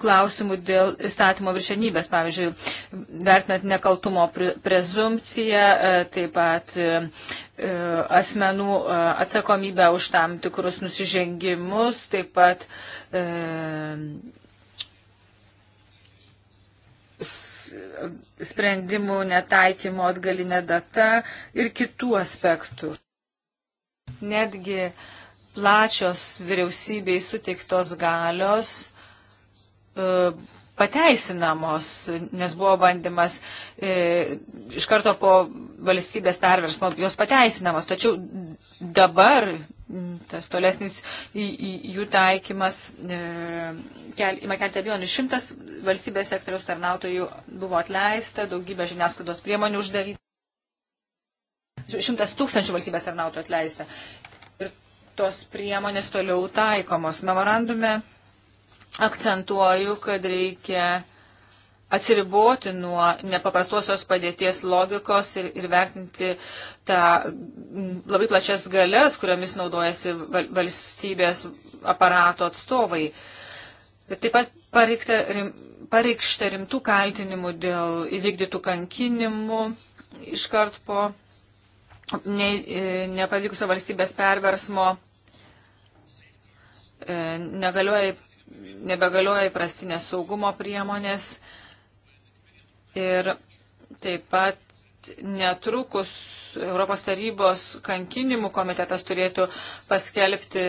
klausimų dėl įstatymo viršenybės, pavyzdžiui, vertinant nekaltumo pre prezumpciją, e, taip pat e, e, asmenų e, atsakomybę už tam tikrus nusižengimus, taip pat e, s, sprendimų netaikymo atgalinė data ir kitų aspektų. Netgi plačios vyriausybei suteiktos galios e, pateisinamos, nes buvo bandymas e, iš karto po valstybės perversmo jos pateisinamos. Tačiau dabar tas tolesnis jų taikymas e, kel, ima kelti abejonių. Šimtas valstybės sektoriaus tarnautojų buvo atleista, daugybė žiniasklaidos priemonių uždaryta. Šimtas tūkstančių valstybės tarnautojų atleista. Ir tos priemonės toliau taikomos. Memorandume akcentuoju, kad reikia atsiriboti nuo nepaprastosios padėties logikos ir, ir vertinti tą labai plačias galias, kuriomis naudojasi valstybės aparato atstovai. Ir taip pat pareikta, rim, pareikšta rimtų kaltinimų dėl įvykdytų kankinimų iškart po ne, e, nepavykusio valstybės perversmo e, negalioja, nebegalioja įprastinės saugumo priemonės Ir taip pat netrukus Europos tarybos kankinimų komitetas turėtų paskelbti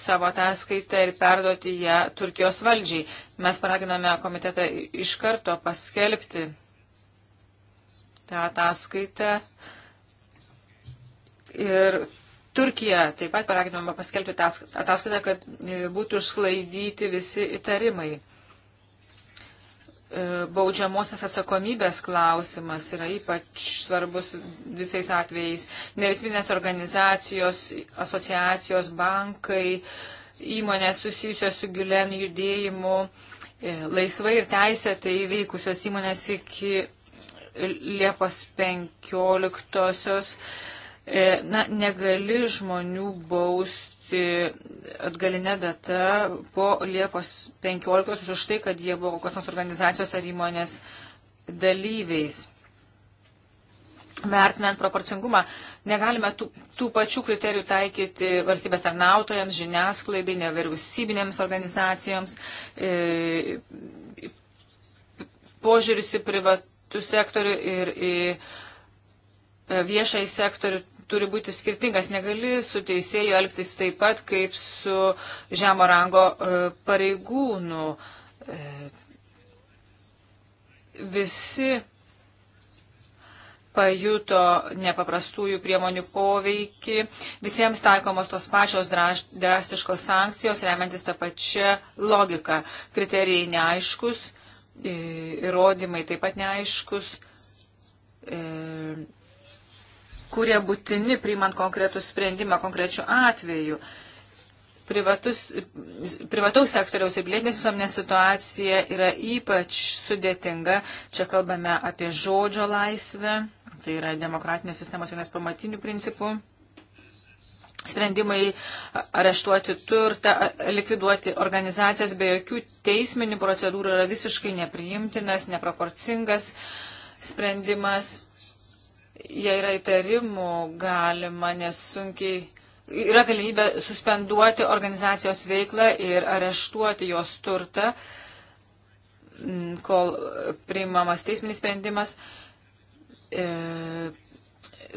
savo ataskaitą ir perduoti ją Turkijos valdžiai. Mes paraginame komitetą iš karto paskelbti tą ataskaitą. Ir Turkija taip pat paraginama paskelbti ataskaitą, kad būtų išsklaidyti visi įtarimai. E, baudžiamosios atsakomybės klausimas yra ypač svarbus visais atvejais. Nevisminės organizacijos, asociacijos, bankai, įmonės susijusios su gilen judėjimu, e, laisvai ir teisėtai veikusios įmonės iki Liepos 15. -osios. E, na, negali žmonių bausti atgalinė data po Liepos 15 už tai, kad jie buvo kokios nors organizacijos ar įmonės dalyviais. Vertinant proporcingumą, negalime tų, tų pačių kriterijų taikyti valstybės tarnautojams, žiniasklaidai, nevyriausybinėms organizacijoms, e, požiūris į privatų sektorių ir į e, viešai sektorių turi būti skirtingas. Negali su teisėju elgtis taip pat, kaip su žemo rango e, pareigūnu. E, visi pajuto nepaprastųjų priemonių poveikį, visiems taikomos tos pačios drastiškos sankcijos, remiantis tą pačią logiką. Kriterijai neaiškus, įrodymai taip pat neaiškus. E, kurie būtini priimant konkretų sprendimą konkrečių atvejų. Privatus, privataus sektoriaus ir pilietinės visuomenės situacija yra ypač sudėtinga. Čia kalbame apie žodžio laisvę, tai yra demokratinės sistemos vienas pamatinių principų sprendimai areštuoti turtą, likviduoti organizacijas be jokių teisminių procedūrų yra visiškai nepriimtinas, neproporcingas sprendimas jei yra įtarimų, galima nesunkiai. Yra galimybė suspenduoti organizacijos veiklą ir areštuoti jos turtą, mm, kol priimamas teisminis sprendimas. E,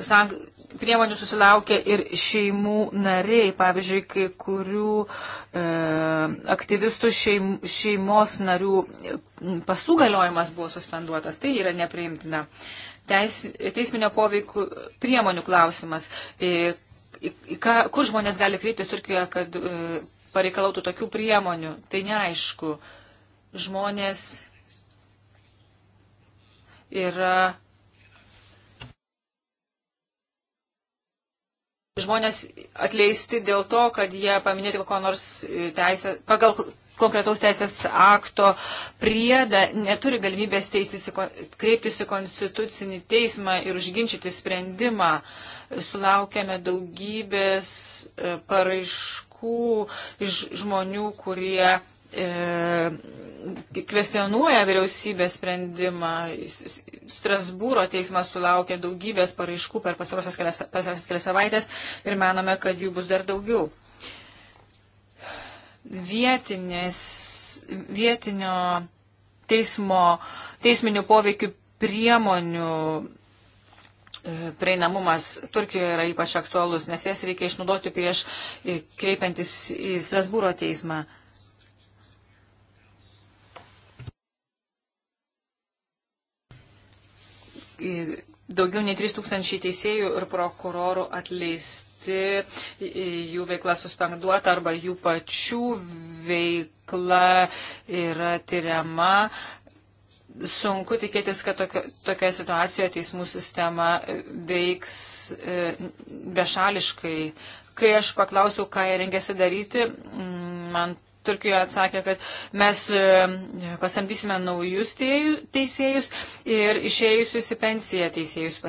sank, priemonių susilaukia ir šeimų nariai, pavyzdžiui, kai kurių e, aktyvistų šeim, šeimos narių pasų galiojimas buvo suspenduotas. Tai yra nepriimtina. E, teis, teisminio poveikų priemonių klausimas. E, ką, kur žmonės gali kreiptis Turkijoje, kad e, pareikalautų tokių priemonių? Tai neaišku. Žmonės yra. Žmonės atleisti dėl to, kad jie paminėti kokią nors e, teisę, pagal konkretaus teisės akto priedą neturi galimybės teisis, kreiptis į konstitucinį teismą ir užginčyti sprendimą. Sulaukėme daugybės e, paraiškų iš žmonių, kurie e, kvestionuoja vyriausybės sprendimą. Strasbūro teismas sulaukė daugybės paraiškų per pastarosias kelias savaitės ir manome, kad jų bus dar daugiau vietinės, vietinio teismo, teisminių poveikių priemonių e, prieinamumas Turkijoje yra ypač aktualus, nes jas reikia išnaudoti prieš e, kreipiantis į Strasbūro teismą. E, daugiau nei 3000 teisėjų ir prokurorų atleisti paveikti, jų veikla suspenduota arba jų pačių veikla yra tyriama. Sunku tikėtis, kad tokio, tokia situacija teismų sistema veiks e, bešališkai. Kai aš paklausiau, ką jie rengėsi daryti, man Turkijoje atsakė, kad mes e, pasamdysime naujus teisėjus ir išėjusius į pensiją teisėjus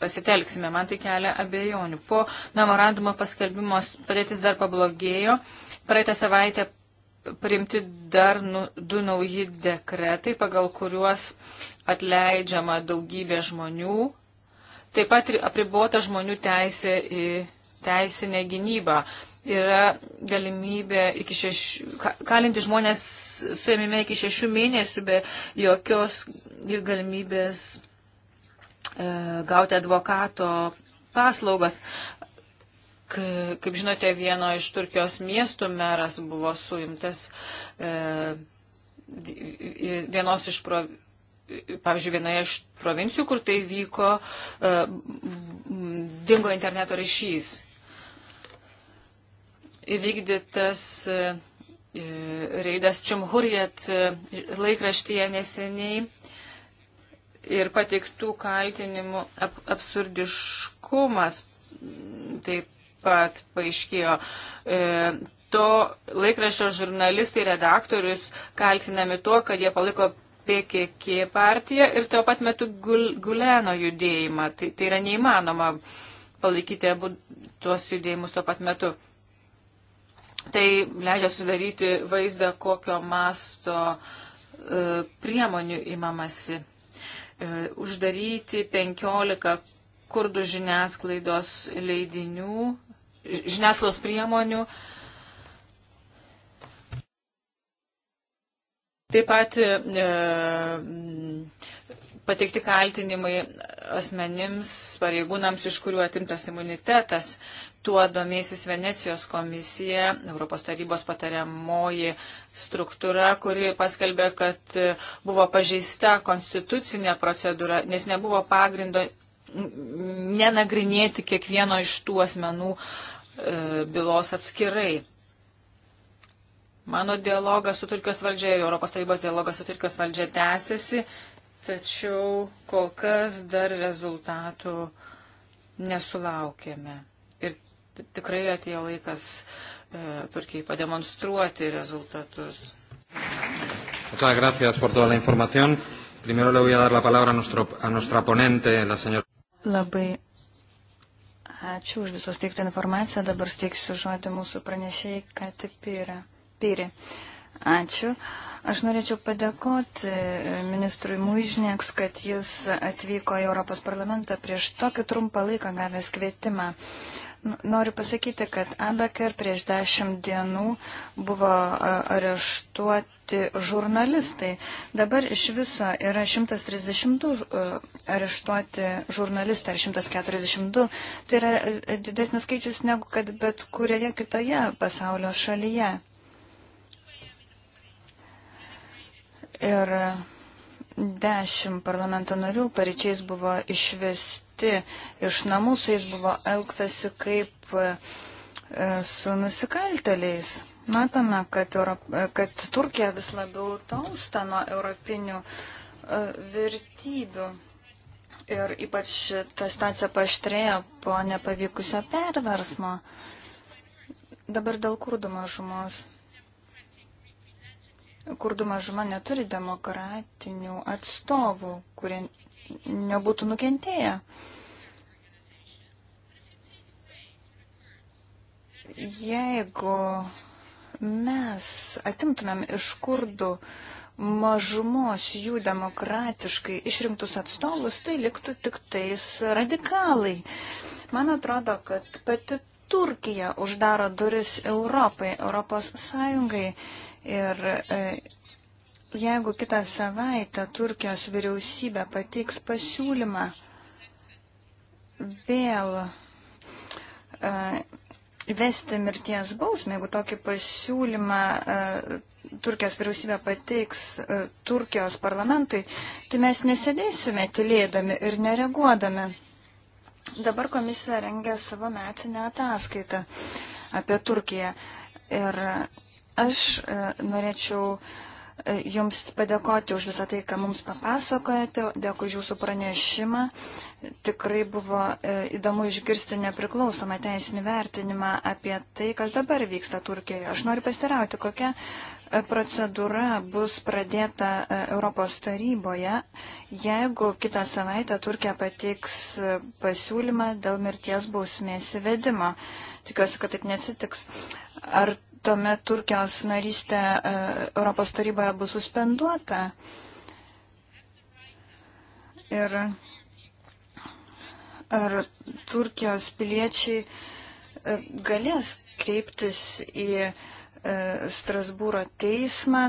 pasitelksime. Man tai kelia abejonių. Po memorandumo paskelbimo padėtis dar pablogėjo. Praeitą savaitę priimti dar nu, du nauji dekretai, pagal kuriuos atleidžiama daugybė žmonių. Taip pat apribota žmonių teisė į teisinę gynybą yra galimybė iki šešių, kalinti žmonės suėmime iki šešių mėnesių be jokios galimybės e, gauti advokato paslaugas. Ka, kaip žinote, vieno iš Turkijos miestų meras buvo suimtas e, vienos iš pro, pavyzdžiui, vienoje iš provincijų, kur tai vyko, e, dingo interneto ryšys įvykdytas e, e, reidas Čimhurjet e, laikraštyje neseniai ir pateiktų kaltinimų ab absurdiškumas taip pat paaiškėjo. E, to laikraščio žurnalistai, redaktorius kaltinami tuo, kad jie paliko PKK partiją ir tuo pat metu gul, Guleno judėjimą. Tai, tai yra neįmanoma palaikyti abu tuos judėjimus tuo pat metu. Tai leidžia sudaryti vaizdą, kokio masto e, priemonių imamasi. E, uždaryti 15 kurdų žiniasklaidos leidinių, žiniasklaidos priemonių. Taip pat e, pateikti kaltinimai asmenims, pareigūnams, iš kurių atimtas imunitetas. Tuo domėsis Venecijos komisija, Europos tarybos patariamoji struktūra, kuri paskelbė, kad e, buvo pažeista konstitucinė procedūra, nes nebuvo pagrindo nenagrinėti kiekvieno iš tų asmenų e, bylos atskirai. Mano dialogas su Turkijos valdžia ir Europos tarybos dialogas su Turkijos valdžia tęsiasi, tačiau kol kas dar rezultatų nesulaukėme. Ir tikrai atėjo laikas e, Turkijai pademonstruoti rezultatus. Muchas gracias por toda la información. Primero le voy a dar la palabra a, nuestro, a nuestra ponente, la señora. Labai ačiū už visą steiktą informaciją. Dabar steiksiu žodį mūsų pranešėjai, ką tik pyri. Ačiū. Aš norėčiau padėkoti ministrui Muižnieks, kad jis atvyko į Europos parlamentą prieš tokį trumpą laiką gavęs kvietimą. Uh, Noriu pasakyti, kad Abeker prieš dešimt dienų buvo areštuoti žurnalistai. Dabar iš viso yra 132 areštuoti žurnalistai ar 142. Tai yra e, e, didesnis skaičius negu kad bet kurioje kitoje pasaulio šalyje. Ir Dešimt parlamento narių pareičiais buvo išvesti iš namų, su jais buvo elgtasi kaip e, su nusikalteliais. Matome, kad, Europa, kad Turkija vis labiau tolsta nuo europinių e, vertybių. Ir ypač ta situacija paštrėjo po nepavykusio perversmo. Dabar dėl kurdų mažumos kurdų mažuma neturi demokratinių atstovų, kurie nebūtų nukentėję. Jeigu mes atimtumėm iš kurdų mažumos jų demokratiškai išrinktus atstovus, tai liktų tik tais radikalai. Man atrodo, kad pati Turkija uždaro duris Europai, Europos Sąjungai. Uh, Ir e, jeigu kitą savaitę Turkijos vyriausybė pateiks pasiūlymą vėl e, vesti mirties bausmę, jeigu tokį pasiūlymą e, Turkijos vyriausybė pateiks Turkijos parlamentui, tai mes nesėdėsime tylėdami ir nereaguodami. Dabar komisija rengia savo metinę ataskaitą apie Turkiją. Ir Aš e, norėčiau e, Jums padėkoti už visą tai, ką mums papasakojate, dėkui už Jūsų pranešimą. Tikrai buvo e, įdomu išgirsti nepriklausomą teisinį vertinimą apie tai, kas dabar vyksta Turkijoje. Aš noriu pastirauti, kokia procedūra bus pradėta Europos taryboje, jeigu kitą savaitę Turkija patiks pasiūlymą dėl mirties bausmės įvedimo. Tikiuosi, kad taip nesitiks. Ar tuomet Turkijos narystė e, Europos taryboje bus suspenduota. Ir ar Turkijos piliečiai e, galės kreiptis į e, Strasbūro teismą,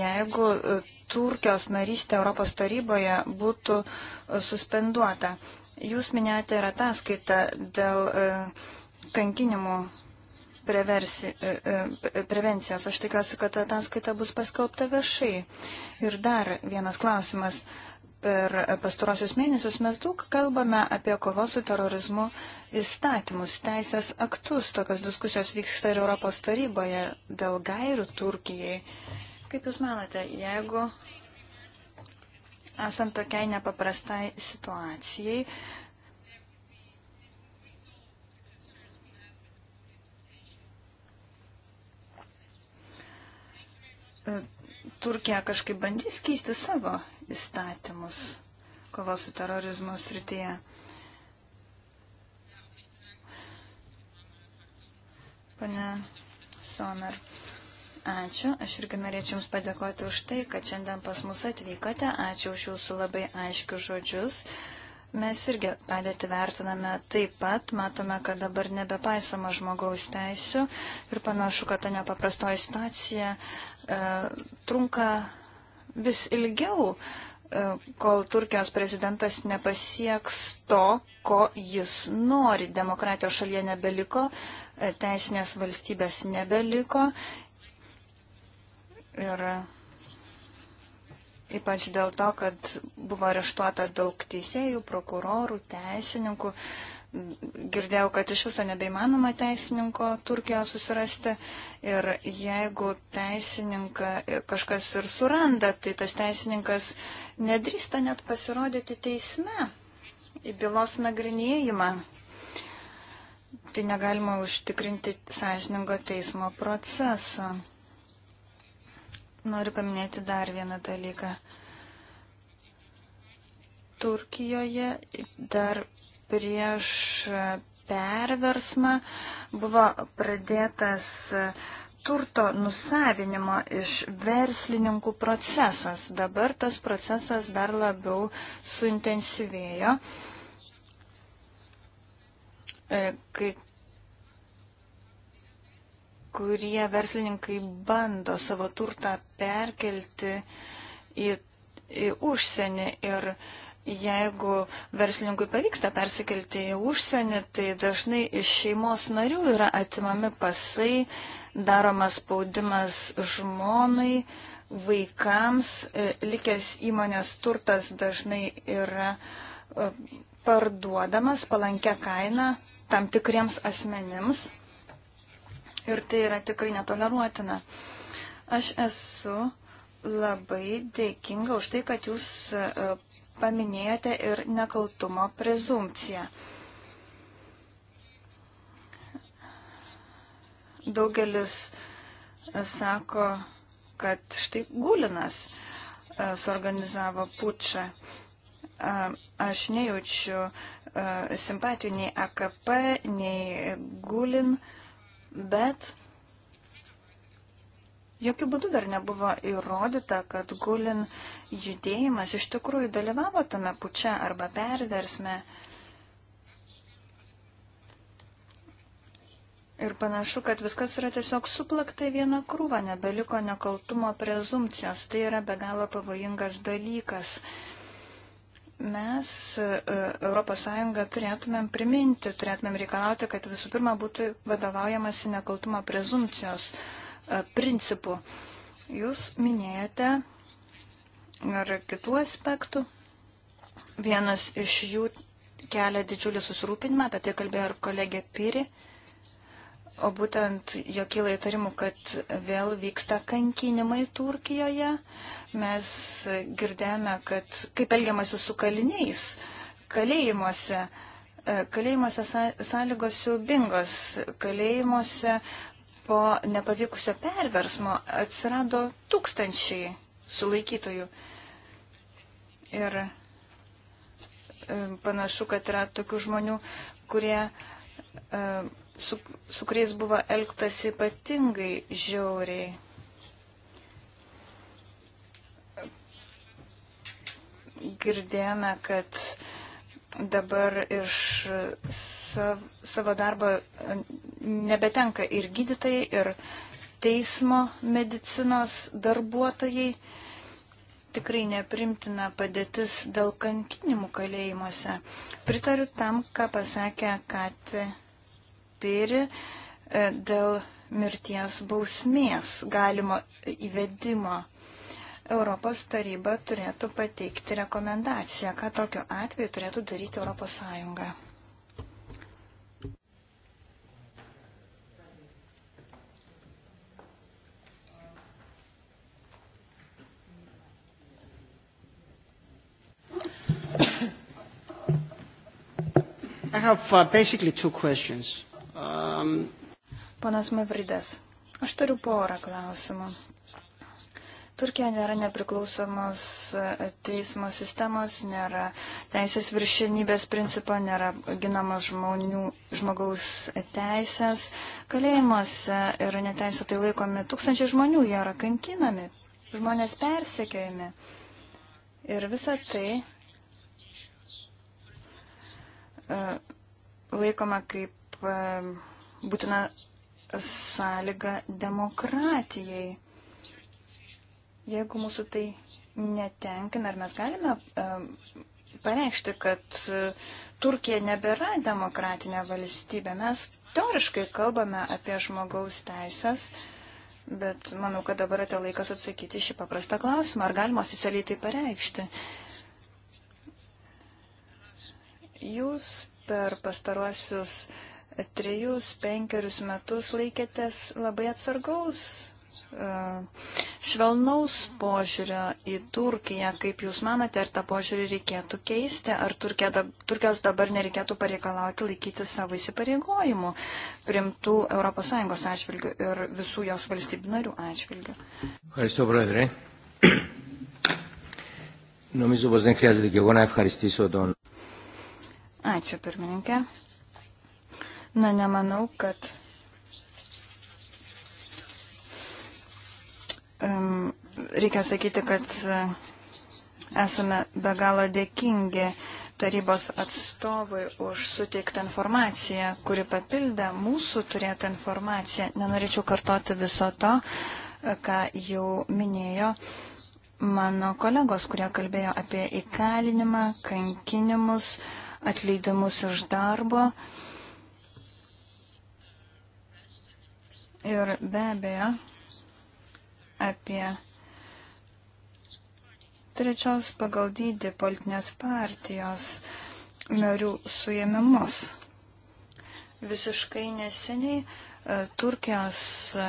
jeigu Turkijos narystė Europos taryboje būtų suspenduota. Jūs minėjote ir ataskaitą dėl kankinimų preversi, e, e, e, prevencijos. Aš tikiuosi, kad ataskaita bus paskelbta viešai. Ir dar vienas klausimas. Per pastarosius mėnesius mes daug kalbame apie kovos su terorizmu įstatymus, teisės aktus. Tokios diskusijos vyksta ir Europos taryboje dėl gairių Turkijai. Kaip Jūs manote, jeigu esant tokiai nepaprastai situacijai, E, Turkija kažkaip bandys keisti savo įstatymus kovos su terorizmo srityje. Pane Somer, ačiū. Aš irgi norėčiau Jums padėkoti už tai, kad šiandien pas mus atvykote. Ačiū už Jūsų labai aiškius žodžius. Mes irgi padėti vertiname taip pat, matome, kad dabar nebepaisoma žmogaus teisų ir panašu, kad ta nepaprastoji situacija E, trunka vis ilgiau, e, kol Turkijos prezidentas nepasieks to, ko jis nori. Demokratijos šalyje nebeliko, e, teisinės valstybės nebeliko. Ir ypač dėl to, kad buvo areštuota daug teisėjų, prokurorų, teisininkų. Uh, girdėjau, kad iš viso nebeįmanoma teisininko Turkijoje susirasti ir jeigu teisininką e, kažkas ir suranda, tai tas teisininkas nedrįsta net pasirodyti teisme į bylos nagrinėjimą. Tai negalima užtikrinti sąžiningo teismo proceso. Noriu paminėti dar vieną dalyką. Turkijoje dar prieš perversmą buvo pradėtas turto nusavinimo iš verslininkų procesas. Dabar tas procesas dar labiau suintensyvėjo. E, kai kurie verslininkai bando savo turtą perkelti į, į užsienį ir uh, Jeigu verslininkui pavyksta persikelti į užsienį, tai dažnai iš šeimos narių yra atimami pasai, daromas spaudimas žmonai, vaikams, e, likęs įmonės turtas dažnai yra e, parduodamas palankia kaina tam tikriems asmenims. Ir tai yra tikrai netoleruotina. Aš esu labai dėkinga už tai, kad jūs e, paminėjote ir nekaltumo prezumciją. Daugelis e, sako, kad štai Gulinas e, suorganizavo pučą. Aš nejaučiu e, simpatijų nei AKP, nei Gulin, bet Jokių būdų dar nebuvo įrodyta, kad Gulin judėjimas iš tikrųjų dalyvavo tame pučia arba perversme. Ir panašu, kad viskas yra tiesiog suplakta į vieną krūvą, nebeliko nekaltumo prezumcijos. Tai yra be galo pavojingas dalykas. Mes, ES, turėtumėm priminti, turėtumėm reikalauti, kad visų pirma būtų vadovaujamasi nekaltumo prezumcijos. Uh, E, principų. Jūs minėjote ir kitų aspektų. Vienas iš jų kelia didžiulį susirūpinimą, apie tai kalbėjo ir kolegė Piri, o būtent jo kyla įtarimų, kad vėl vyksta kankinimai Turkijoje. Mes girdėjome, kad kaip elgiamasi su kaliniais kalėjimuose. E, kalėjimuose sąlygos siubingos, kalėjimuose po nepavykusio perversmo atsirado tūkstančiai sulaikytojų. Ir e, panašu, kad yra tokių žmonių, kurie, e, su, su kuriais buvo elgtas ypatingai žiauriai. Girdėjome, kad uh, dabar iš sav, savo darbo e, nebetenka ir gydytojai, ir teismo medicinos darbuotojai. Tikrai neprimtina padėtis dėl kankinimų kalėjimuose. Pritariu tam, ką pasakė Katė Piri e, dėl mirties bausmės galimo įvedimo. Europos taryba turėtų pateikti rekomendaciją, ką tokiu atveju turėtų daryti Europos Sąjunga. I have uh, basically two questions. Um... Ponas Mavridas, aš turiu porą klausimų. Turkija nėra nepriklausomos e, teismo sistemos, nėra teisės viršienybės principo, nėra ginamos žmonių, žmogaus teisės. Kalėjimuose yra e, neteisėtai laikomi tūkstančiai žmonių, jie yra kankinami, žmonės persekiojami. Ir visa tai e, laikoma kaip būtina sąlyga demokratijai. Jeigu mūsų tai netenkina, ar mes galime e, pareikšti, kad e, Turkija nebėra demokratinė valstybė. Mes teoriškai kalbame apie žmogaus teisės, bet manau, kad dabar atėjo laikas atsakyti šį paprastą klausimą. Ar galima oficialiai tai pareikšti? Jūs per pastaruosius trejus, penkerius metus laikėtės labai atsargaus E, švelnaus požiūrio į Turkiją. Kaip Jūs manate, ar tą požiūrį reikėtų keisti, ar Turkija, Turkijos dabar nereikėtų pareikalauti laikyti savo įsipareigojimų primtų ES atžvilgių ir visų jos valstybių narių atžvilgių? Ευχαριστώ, Πρόεδρε. Νομίζω πως δεν χρειάζεται και εγώ να ευχαριστήσω τον. Ačiū, pirmininkė. Na, nemanau, kad reikia sakyti, kad e, esame be galo dėkingi tarybos atstovui už suteiktą informaciją, kuri papildė mūsų turėtą informaciją. Nenorėčiau kartoti viso to, e, ką jau minėjo mano kolegos, kurie kalbėjo apie įkalinimą, kankinimus, atleidimus iš darbo. Ir be abejo, apie trečios pagal dydį politinės partijos narių suėmimus. Visiškai neseniai e, Turkijos e,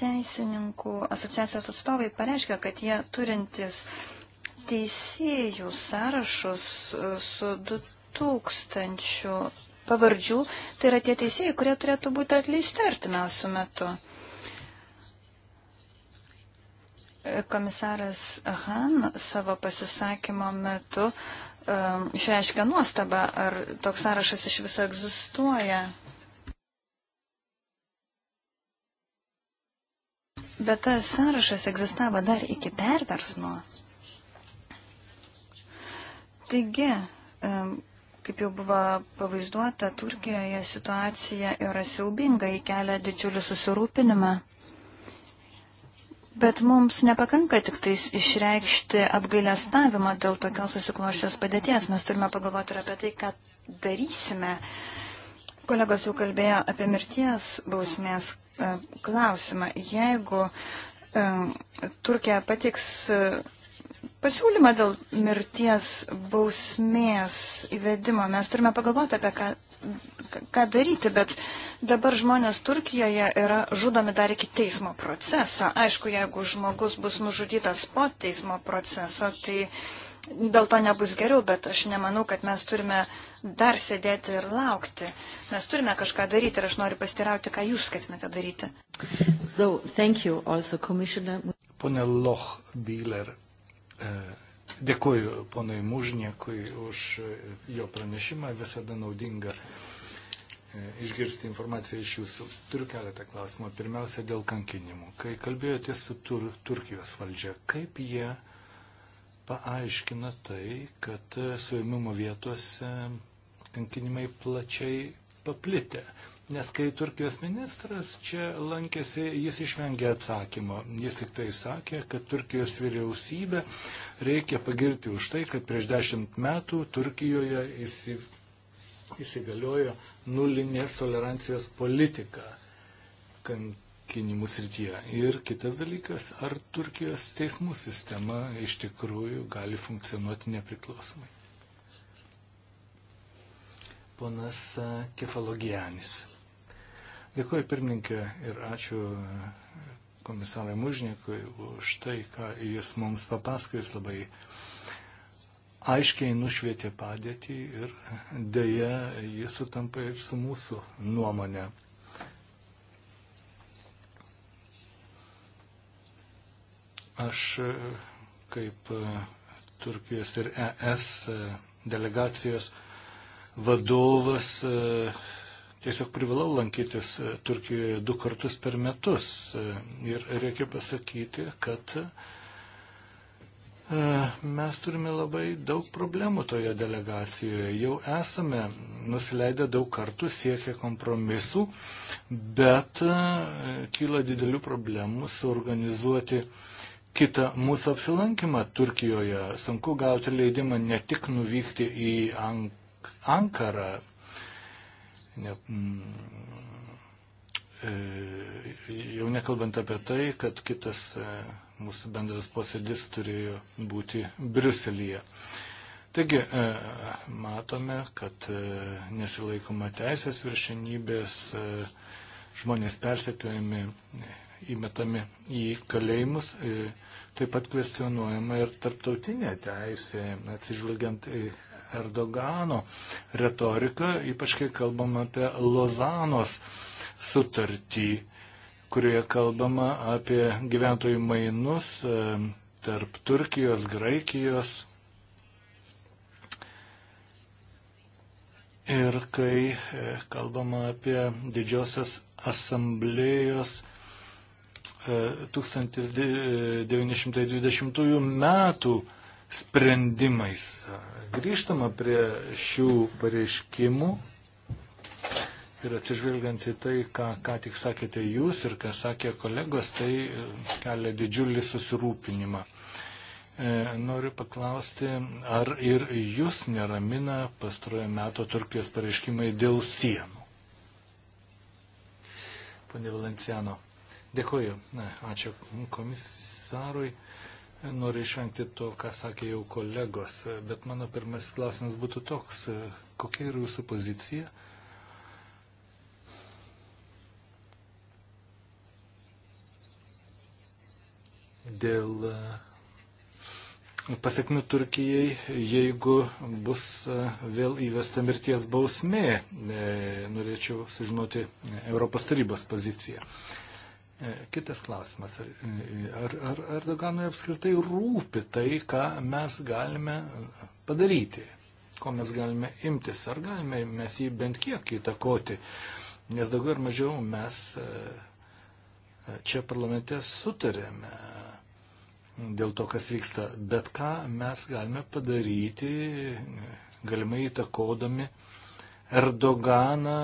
teisininkų asociacijos atstovai pareiškia, kad jie turintys teisėjų sąrašus e, su 2000 pavardžių, tai yra tie teisėjai, kurie turėtų būti atleisti artimiausių metų. Komisaras Han savo pasisakymo metu um, išreiškia nuostabą, ar toks sąrašas iš viso egzistuoja. Bet tas sąrašas egzistavo dar iki perversmo. Taigi, um, Kaip jau buvo pavaizduota, Turkijoje situacija yra siaubinga, jį kelia didžiulį susirūpinimą. Bet mums nepakanka tik tais išreikšti apgailestavimą dėl tokios susikloščios padėties. Mes turime pagalvoti ir apie tai, ką darysime. Kolegos jau kalbėjo apie mirties bausmės e, klausimą. Jeigu e, Turkija patiks e, pasiūlymą dėl mirties bausmės įvedimo. Mes turime pagalvoti apie ką, ką daryti, bet dabar žmonės Turkijoje yra žudomi dar iki teismo proceso. Aišku, jeigu žmogus bus nužudytas po teismo proceso, tai dėl to nebus geriau, bet aš nemanau, kad mes turime dar sėdėti ir laukti. Mes turime kažką daryti ir aš noriu pastirauti, ką jūs ketinate daryti. So, also, Pone Loch Bieler, E, dėkuoju ponui Mužniekui už jo pranešimą, visada naudinga e, išgirsti informaciją iš jūsų. Turiu keletą klausimų. Pirmiausia, dėl kankinimų. Kai kalbėjote su tur, Turkijos valdžia, kaip jie paaiškina tai, kad suėmimo vietose kankinimai plačiai paplitę? Nes kai Turkijos ministras čia lankėsi, jis išvengė atsakymo. Jis tik tai sakė, kad Turkijos vyriausybė reikia pagirti už tai, kad prieš dešimt metų Turkijoje įsigaliojo nulinės tolerancijos politika kankinimų srityje. Ir kitas dalykas, ar Turkijos teismų sistema iš tikrųjų gali funkcionuoti nepriklausomai. Ponas e, Kefalogianis. Dėkuoju pirmininkė ir ačiū komisarai Mužnikui už tai, ką jis mums papasakojus labai aiškiai nušvietė padėtį ir dėja jis sutampa ir su mūsų nuomonė. Aš kaip Turkijos ir ES delegacijos vadovas tiesiog privalau lankytis e, Turkijoje du kartus per metus. E, ir reikia pasakyti, kad e, mes turime labai daug problemų toje delegacijoje. Jau esame nusileidę daug kartų, siekia kompromisų, bet kyla didelių problemų suorganizuoti kitą mūsų apsilankymą Turkijoje. Sunku gauti leidimą ne tik nuvykti į Ank Ankarą, Ne, mm, e, jau nekalbant apie tai, kad kitas e, mūsų bendras posėdis turėjo būti Briuselėje. Taigi e, matome, kad nesilaikoma teisės viršenybės, žmonės persekiojami, įmetami į kalėjimus, taip pat kvestionuojama ir tarptautinė teisė, atsižvelgiant į Erdogano retoriką, ypač kai kalbam apie Lozanos sutartį, kurioje kalbama apie gyventojų mainus e, tarp Turkijos, Graikijos. Ir kai e, kalbama apie didžiosios asamblėjos 1920 e, metų sprendimais grįžtama prie šių pareiškimų ir atsižvelgiant į tai, ką, ką tik sakėte jūs ir ką sakė kolegos, tai kelia didžiulį susirūpinimą. E, noriu paklausti, ar ir jūs neramina pastarojo meto Turkijos pareiškimai dėl sienų? Pane Valenciano, dėkoju. Ačiū komisarui. Noriu išvengti to, ką sakė jau kolegos, bet mano pirmasis klausimas būtų toks, kokia yra jūsų pozicija? Dėl uh, pasiekmių Turkijai, jeigu bus uh, vėl įvesta mirties bausmė, norėčiau sužinoti uh, Europos tarybos poziciją. E, kitas klausimas, ar, ar Erdoganui apskritai rūpi tai, ką mes galime padaryti, ko mes galime imtis, ar galime mes jį bent kiek įtakoti, nes daugiau ar mažiau mes e, čia parlamente sutarėme dėl to, kas vyksta, bet ką mes galime padaryti, galimai įtakodami Erdoganą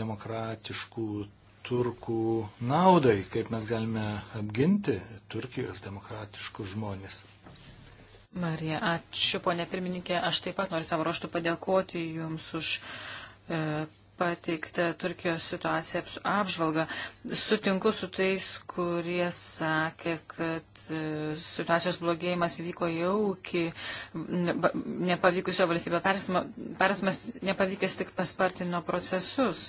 demokratiškų turkų naudai, kaip mes galime apginti Turkijos demokratiškus žmonės. Marija, ačiū, ponė pirmininkė. Aš taip pat noriu savo ruoštų padėkoti Jums už e, pateiktą Turkijos situaciją apžvalgą. Sutinku su tais, kurie sakė, kad e, situacijos blogėjimas vyko jau iki nepavykusio valstybė persmas, nepavykęs tik paspartino procesus.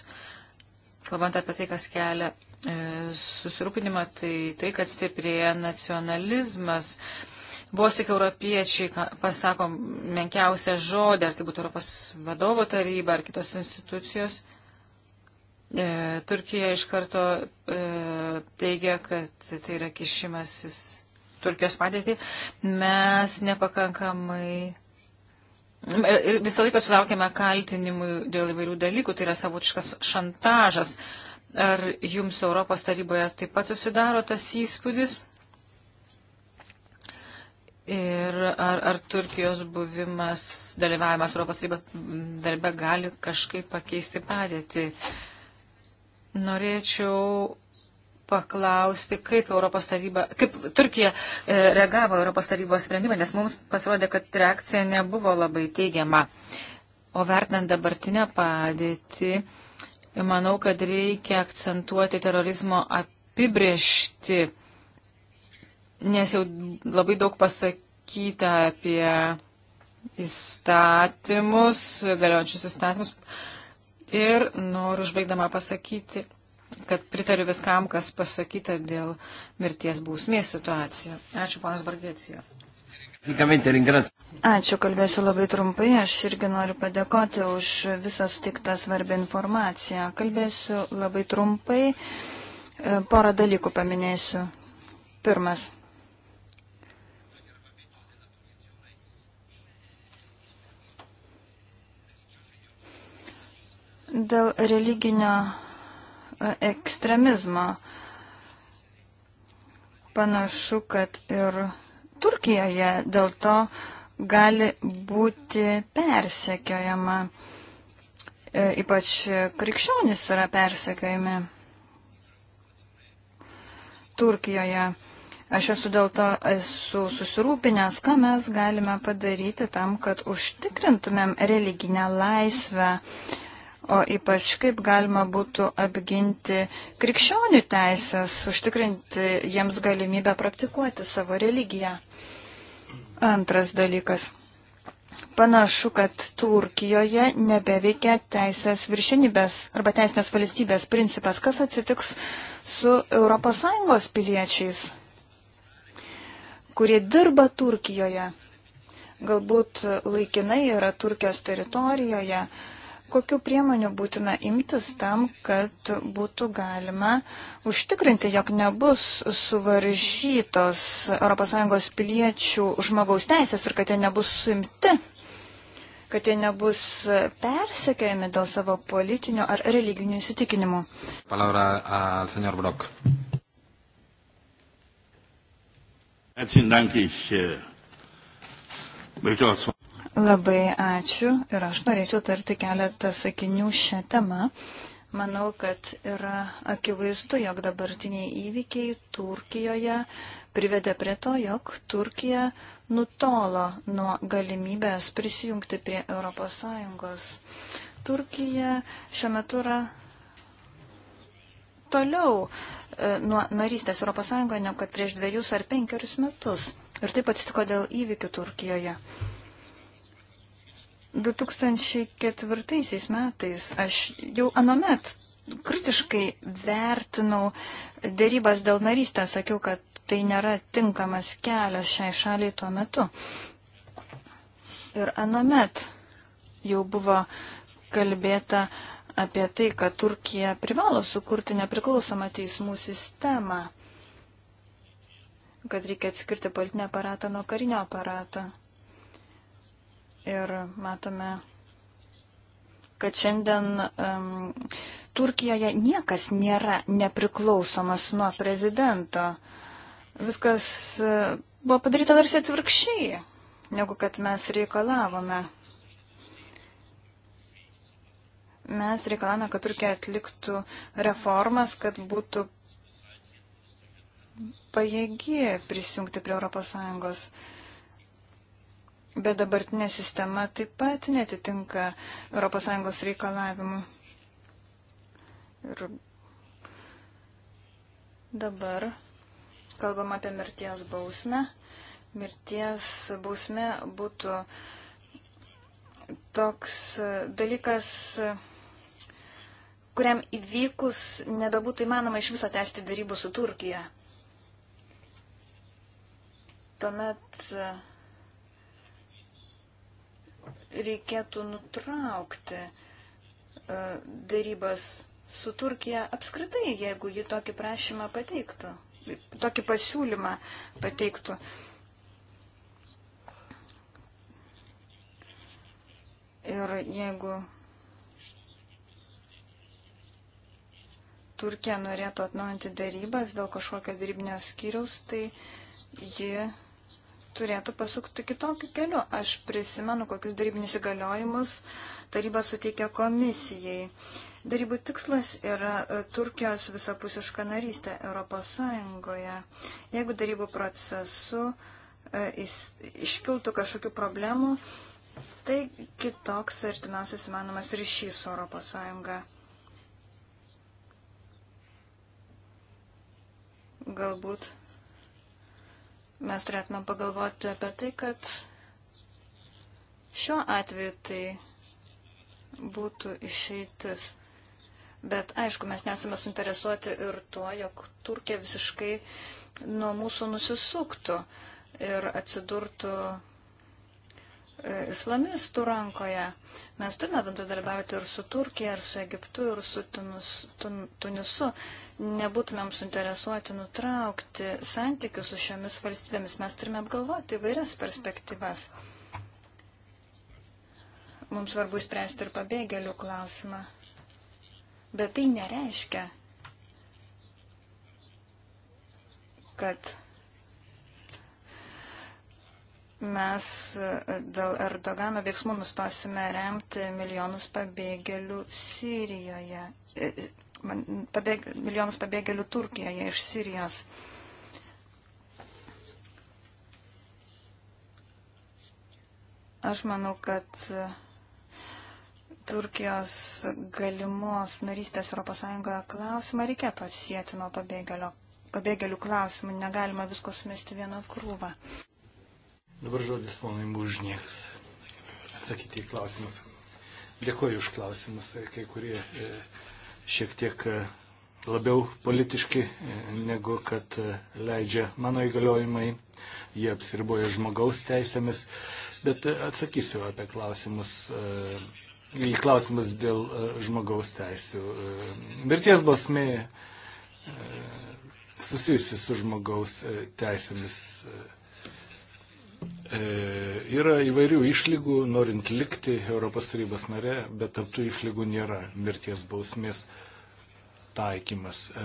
Kalbant apie tai, kas kelia e, susirūpinimą, tai tai, kad stiprėja nacionalizmas. E, Vos tik europiečiai pasako menkiausią žodį, ar tai būtų Europos vadovo taryba ar kitos institucijos, e, Turkija iš karto e, teigia, kad tai yra kišimasis Turkijos padėtį. Mes nepakankamai visą laiką sulaukėme kaltinimų dėl įvairių dalykų, tai yra savotiškas šantažas. Ar jums Europos taryboje taip pat susidaro tas įspūdis? Ir ar, ar Turkijos buvimas, dalyvavimas Europos tarybos darbe gali kažkaip pakeisti padėtį? Norėčiau paklausti, kaip, Europos taryba, kaip Turkija e, reagavo Europos tarybos sprendimą, nes mums pasirodė, kad reakcija nebuvo labai teigiama. O vertinant dabartinę padėtį, manau, kad reikia akcentuoti terorizmo apibriešti nes jau labai daug pasakyta apie įstatymus, galiojančius įstatymus. Ir noriu užbaigdama pasakyti, kad pritariu viskam, kas pasakyta dėl mirties bausmės situacijų. Ačiū, ponas Bargėcijo. Ačiū, kalbėsiu labai trumpai. Aš irgi noriu padėkoti už visą sutiktą svarbę informaciją. Kalbėsiu labai trumpai. E, porą dalykų paminėsiu. Pirmas. Dėl religinio e, ekstremizmo panašu, kad ir Turkijoje dėl to gali būti persekiojama. E, ypač krikščionys yra persekiojami Turkijoje. Aš esu dėl to esu susirūpinęs, ką mes galime padaryti tam, kad užtikrintumėm religinę laisvę uh, o ypač kaip galima būtų apginti krikščionių teisės, užtikrinti jiems galimybę praktikuoti savo religiją. Antras dalykas. Panašu, kad Turkijoje nebeveikia teisės viršinybės arba teisinės valstybės principas. Kas atsitiks su ES piliečiais, kurie dirba Turkijoje? Galbūt laikinai yra Turkijos teritorijoje, uh, kokiu priemoniu būtina imtis tam, kad būtų galima užtikrinti, jog nebus suvaržytos ES piliečių žmogaus teisės ir kad jie nebus suimti, kad jie nebus persekiojami dėl savo politinių ar religinių įsitikinimų. Palabra al señor Brock. Herzlichen Dank. Ich äh, möchte auch Labai ačiū ir aš norėčiau tarti keletą sakinių šią temą. Manau, kad yra akivaizdu, jog dabartiniai įvykiai Turkijoje privedė prie to, jog Turkija nutolo nuo galimybės prisijungti prie ES. Turkija šiuo metu yra toliau e, nuo narystės ES, negu kad prieš dviejus ar penkerius metus. Ir taip atsitiko dėl įvykių Turkijoje. 2004 metais aš jau anomet kritiškai vertinau dėrybas dėl narystės, sakiau, kad tai nėra tinkamas kelias šiai šaliai tuo metu. Ir anomet jau buvo kalbėta apie tai, kad Turkija privalo sukurti nepriklausomą teismų sistemą, kad reikia atskirti politinę aparatą nuo karinio aparatą ir matome, kad šiandien um, Turkijoje niekas nėra nepriklausomas nuo prezidento. Viskas uh, buvo padaryta tarsi atvirkščiai, negu kad mes reikalavome. Mes reikalavome, kad Turkija atliktų reformas, kad būtų pajėgi prisijungti prie ES bet dabartinė sistema taip pat netitinka ES reikalavimų. Ir dabar kalbam apie mirties bausmę. Mirties bausmė būtų toks dalykas, kuriam įvykus nebebūtų įmanoma iš viso tęsti darybų su Turkija. Tuomet uh, reikėtų nutraukti e, darybas su Turkija apskritai, jeigu ji tokį prašymą pateiktų, tokį pasiūlymą pateiktų. Ir jeigu Turkija norėtų atnaujinti darybas dėl kažkokio darybinio skyriaus, tai ji turėtų pasukti kitokiu keliu. Aš prisimenu, kokius darybinius įgaliojimus taryba suteikė komisijai. Darybų tikslas yra e, Turkijos visapusiška narystė Europos Sąjungoje. Jeigu darybų procesu e, iškiltų kažkokių problemų, tai kitoks artimiausias įmanomas ryšys su Europos Sąjunga. Galbūt mes turėtume pagalvoti apie tai, kad šiuo atveju tai būtų išeitis. Bet aišku, mes nesame suinteresuoti ir tuo, jog Turkija visiškai nuo mūsų nusisuktų ir atsidurtų E, islamistų rankoje. Mes turime bendradarbiauti ir su Turkija, ir su Egiptu, ir su Tunus, tun, Tunisu. Nebūtumėm suinteresuoti nutraukti santykių su šiomis valstybėmis. Mes turime apgalvoti vairias perspektyvas. Mums svarbu spręsti ir pabėgėlių klausimą. Bet tai nereiškia, kad mes e, dėl Erdogano veiksmų nustosime remti milijonus pabėgėlių Sirijoje, e, e, pabėg, milijonus pabėgėlių Turkijoje iš Sirijos. Aš manau, kad Turkijos galimos narystės ES klausimą reikėtų atsijėti nuo pabėgėlių klausimų. Negalima visko sumesti vieną krūvą. Dabar žodis ponui Būžnieks atsakyti į klausimus. Dėkuoju už klausimus, e, kai kurie e, šiek tiek e, labiau politiški, negu kad leidžia mano įgaliojimai. Jie apsiriboja žmogaus teisėmis, bet atsakysiu apie klausimus. Į klausimus dėl žmogaus teisų. Mirties bausmė susijusi su žmogaus teisėmis E, yra įvairių išlygų, norint likti Europos tarybos nare, bet tarptų išlygų nėra mirties bausmės taikymas. E,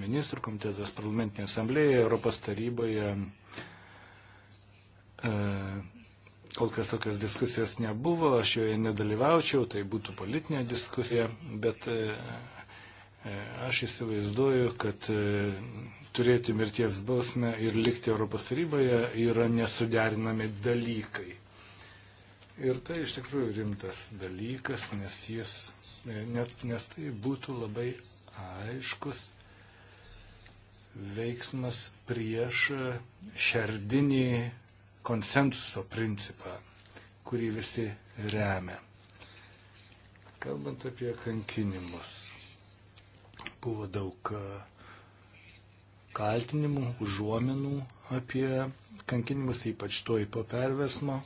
ministrų komitetas parlamentinė asamblėje Europos taryboje e, kol kas tokios diskusijos nebuvo, aš joje nedalyvaučiau, tai būtų politinė diskusija, bet aš įsivaizduoju, kad turėti mirties bausmę ir likti Europos taryboje yra nesuderinami dalykai. Ir tai iš tikrųjų rimtas dalykas, nes, jis, e, net, nes tai būtų labai aiškus veiksmas prieš šerdinį konsensuso principą, kurį visi remia. Kalbant apie kankinimus, buvo daug e, kaltinimų, užuominų apie kankinimus, ypač tuoj po perversmo.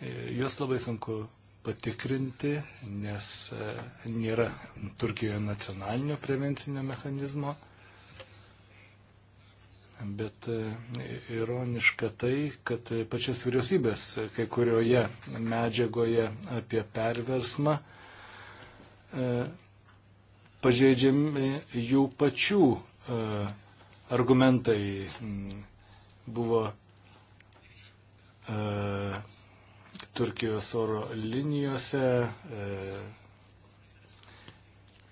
E, juos labai sunku patikrinti, nes e, nėra Turkijoje nacionalinio prevencinio mechanizmo. Bet e, ironiška tai, kad pačias vyriausybės kai kurioje medžiagoje apie perversmą pažeidžiami jų pačių argumentai mm, buvo e, Turkijos oro linijose e,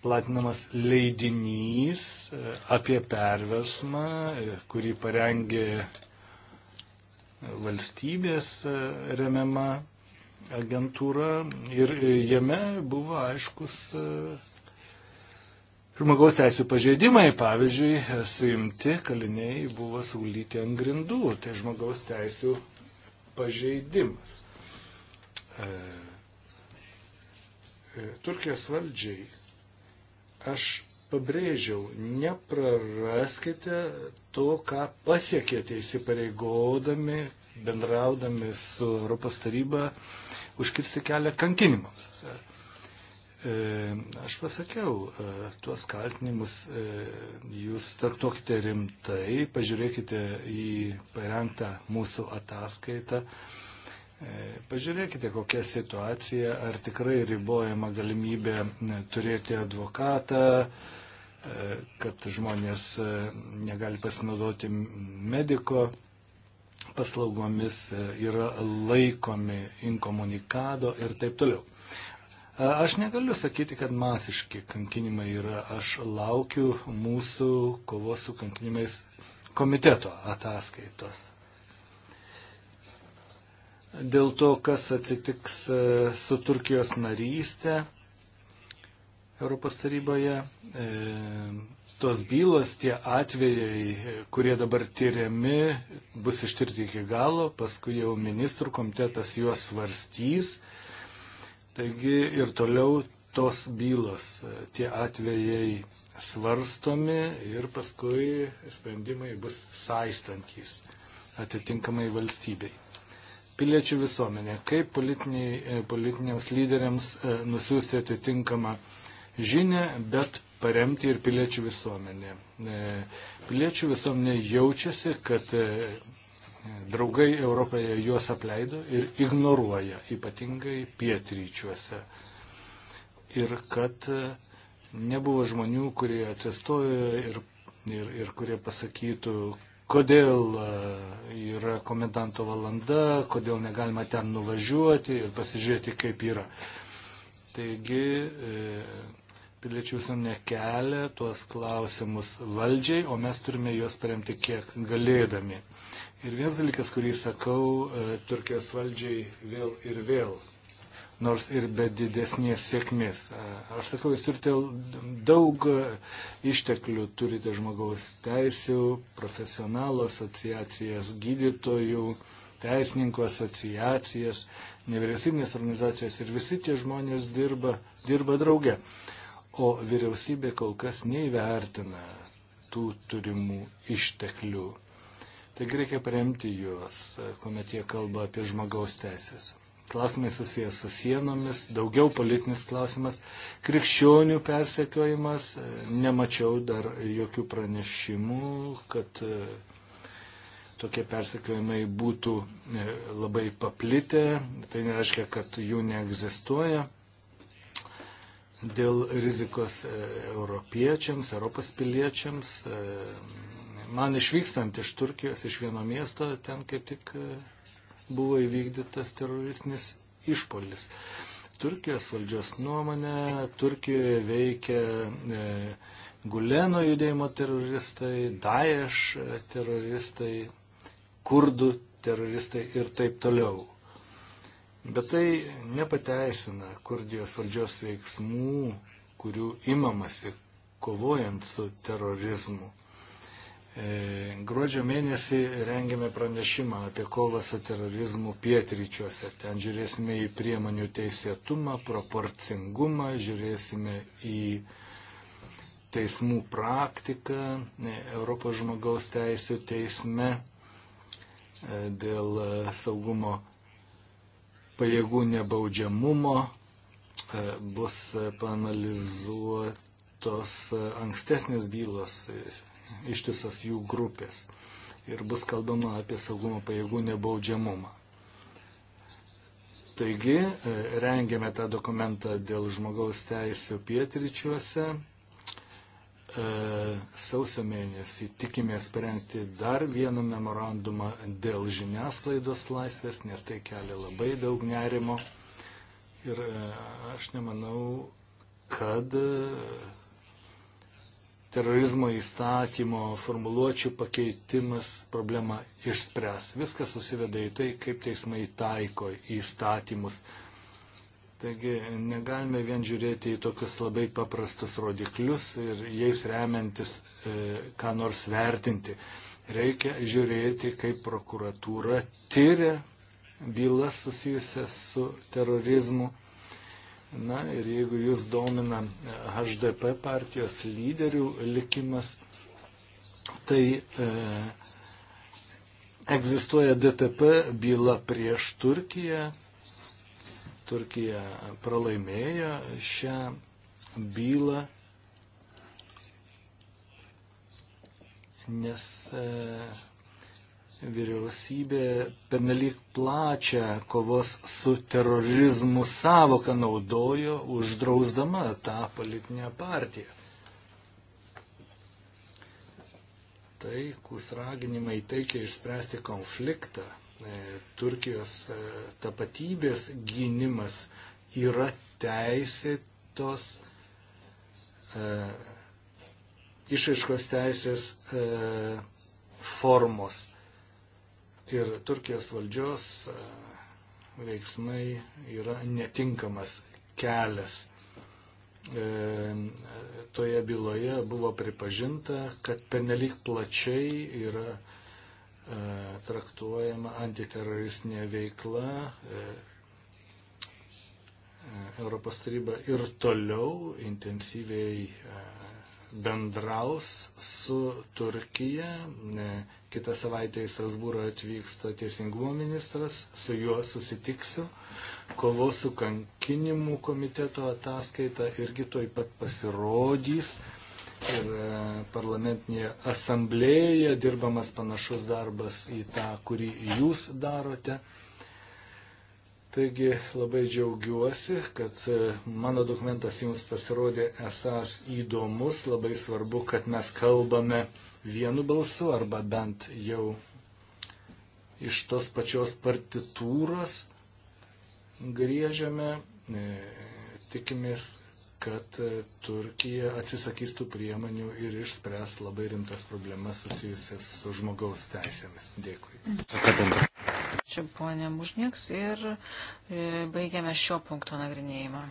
platinamas leidinys e, apie perversmą, e, kurį parengė valstybės e, remiama agentūra ir jame buvo aiškus e, Žmogaus teisų pažeidimai, pavyzdžiui, suimti kaliniai buvo suguldyti ant grindų, tai žmogaus teisų pažeidimas. E, e, Turkijos valdžiai aš pabrėžiau, nepraraskite to, ką pasiekėte įsipareigodami, bendraudami su Europos taryba, užkirsti kelią kankinimams. E, aš pasakiau, e, tuos kaltinimus e, jūs tartuokite rimtai, pažiūrėkite į parengtą mūsų ataskaitą, pažiūrėkite, kokia situacija, ar tikrai ribojama galimybė turėti advokatą, kad žmonės negali pasinaudoti mediko paslaugomis, yra laikomi inkomunikado ir taip toliau. Aš negaliu sakyti, kad masiški kankinimai yra. Aš laukiu mūsų kovos su kankinimais komiteto ataskaitos. Dėl to, kas atsitiks e, su Turkijos narystė Europos taryboje, e, tos bylos, tie atvejai, kurie dabar tyriami, bus ištirti iki galo, paskui jau ministrų komitetas juos svarstys Taigi ir toliau tos bylos, e, tie atvejai svarstomi ir paskui sprendimai bus saistantys atitinkamai valstybei. Piliečių visuomenė, kaip e, politiniams lyderiams e, nusiųsti atitinkamą žinę, bet paremti ir piliečių visuomenė. Piliečių visuomenė jaučiasi, kad Draugai Europoje juos apleido ir ignoruoja, ypatingai pietryčiuose. Ir kad nebuvo žmonių, kurie atsistojo ir, ir, ir kurie pasakytų, kodėl e, yra komendanto valanda, kodėl negalima ten nuvažiuoti ir pasižiūrėti, kaip yra. Taigi, e, piliečių visuomenė kelia tuos klausimus valdžiai, o mes turime juos paremti kiek galėdami. Ir vienas dalykas, kurį sakau e, Turkijos valdžiai vėl ir vėl, nors ir be didesnės sėkmės. E, aš sakau, jūs turite daug e, išteklių, turite žmogaus teisų, profesionalų asociacijas, gydytojų, teisininkų asociacijas, nevyriausybinės organizacijas ir visi tie žmonės dirba, dirba drauge. O vyriausybė kol kas neįvertina tų turimų išteklių. Taigi reikia paremti juos, kuomet jie kalba apie žmogaus teisės. Klausimai susijęs su sienomis, daugiau politinis klausimas, krikščionių persekiojimas, nemačiau dar jokių pranešimų, kad e, tokie persekiojimai būtų e, labai paplitę, tai nereiškia, kad jų neegzistuoja. Dėl rizikos e, europiečiams, Europos piliečiams Man išvykstant iš Turkijos, iš vieno miesto, ten kaip tik e, buvo įvykdytas teroristinis išpolis. Turkijos valdžios nuomonė, Turkijoje veikia e, Guleno judėjimo teroristai, Daesh e, teroristai, kurdų teroristai ir taip toliau. Bet tai nepateisina Kurdijos valdžios veiksmų, kurių imamasi kovojant su terorizmu. E, gruodžio mėnesį rengėme pranešimą apie kovą su terorizmu pietryčiuose. Ten žiūrėsime į priemonių teisėtumą, proporcingumą, žiūrėsime į teismų praktiką e, Europos žmogaus teisų teisme e, dėl saugumo pajėgų nebaudžiamumo bus panalizuotos ankstesnės bylos ištisos jų grupės. Ir bus kalbama apie saugumo pajėgų nebaudžiamumą. Taigi, e, rengėme tą dokumentą dėl žmogaus teisų pietryčiuose. E, sausio mėnesį tikimės parengti dar vieną memorandumą dėl žiniasklaidos laisvės, nes tai kelia labai daug nerimo. Ir e, aš nemanau, kad terorizmo įstatymo formuluočių pakeitimas problemą išspręs. Viskas susiveda į tai, kaip teismai taiko įstatymus. Taigi negalime vien žiūrėti į tokius labai paprastus rodiklius ir jais remiantis e, ką nors vertinti. Reikia žiūrėti, kaip prokuratūra tyria bylas susijusias su terorizmu Na ir jeigu jūs domina e, HDP partijos lyderių likimas, tai e, egzistuoja DTP byla prieš Turkiją. Turkija pralaimėjo šią bylą, nes e, vyriausybė pernelyg plačią kovos su terorizmu savoką naudojo, uždrausdama tą politinę partiją. Tai, kus raginimai teikia išspręsti konfliktą, e, Turkijos e, tapatybės gynimas yra teisėtos e, išaiškos teisės formos ir Turkijos valdžios e, veiksmai yra netinkamas kelias. E, toje byloje buvo pripažinta, kad pernelyg plačiai yra e, traktuojama antiteroristinė veikla. Europos taryba ir toliau intensyviai bendraus su Turkija. Kitą savaitę į Strasbūrą atvyksta teisingumo ministras, su juo susitiksiu. Kovos su kankinimu komiteto ataskaita irgi toj pat pasirodys. Ir e, parlamentinėje asamblėje dirbamas panašus darbas į tą, kurį jūs darote. Taigi labai džiaugiuosi, kad e, mano dokumentas jums pasirodė esas įdomus, labai svarbu, kad mes kalbame vienu balsu arba bent jau iš tos pačios partitūros griežiame. E, tikimės, kad e, Turkija atsisakys tų priemonių ir išspręs labai rimtas problemas susijusias su žmogaus teisėmis. Dėkui. Čia ponė Mužnieks ir e, baigiame šio punkto nagrinėjimą.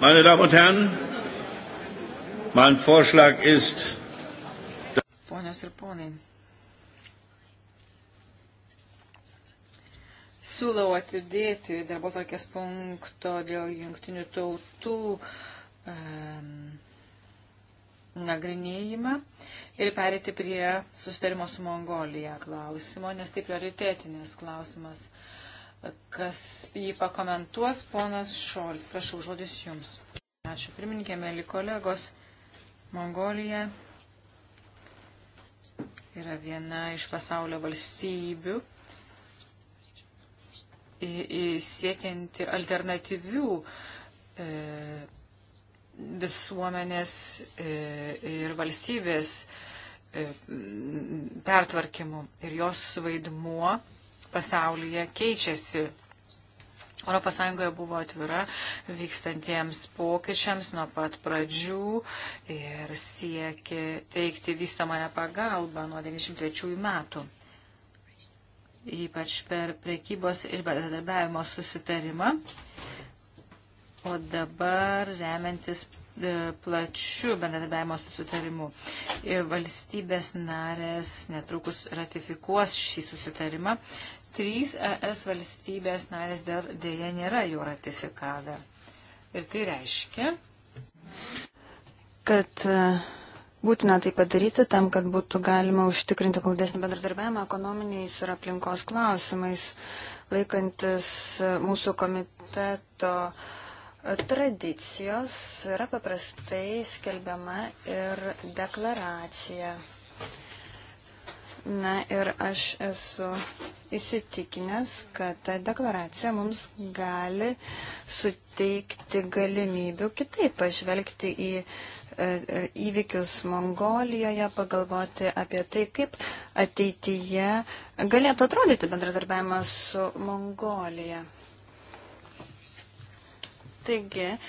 Meine Damen und Herren, mein Vorschlag ist. Ponios ir ponai, siūlau atidėti darbo tvarkės punkto dėl jungtinių tautų um, nagrinėjimą ir perėti prie sustarimo su Mongolija klausimo, nes tai prioritėtinis klausimas. Uh, kas jį pakomentuos, ponas Šolis. Prašau, žodis jums. Ačiū pirmininkė, mėly kolegos. Mongolija yra viena iš pasaulio valstybių siekianti alternatyvių e, visuomenės e, ir valstybės e, pertvarkymų. Ir jos vaidmuo pasaulyje keičiasi. ES buvo atvira vykstantiems pokyčiams nuo pat pradžių ir siekė teikti vystamąją pagalbą nuo 1993 metų. Ypač per prekybos ir bendradarbiavimo susitarimą. O dabar remiantis e, plačių bendradarbiavimo susitarimų. Valstybės narės netrukus ratifikuos šį susitarimą Trys ES valstybės narės dėl dėja nėra jų ratifikavę. Ir tai reiškia, kad e, būtina tai padaryti tam, kad būtų galima užtikrinti glaudesnį bendradarbiavimą ekonominiais ir aplinkos klausimais, laikantis e, mūsų komiteto e, tradicijos yra paprastai skelbiama ir deklaracija. Na ir aš esu įsitikinęs, kad ta deklaracija mums gali suteikti galimybių kitaip pažvelgti į e, e, įvykius Mongolijoje, pagalvoti apie tai, kaip ateityje galėtų atrodyti bendradarbiavimas su Mongolija. Taigi, e,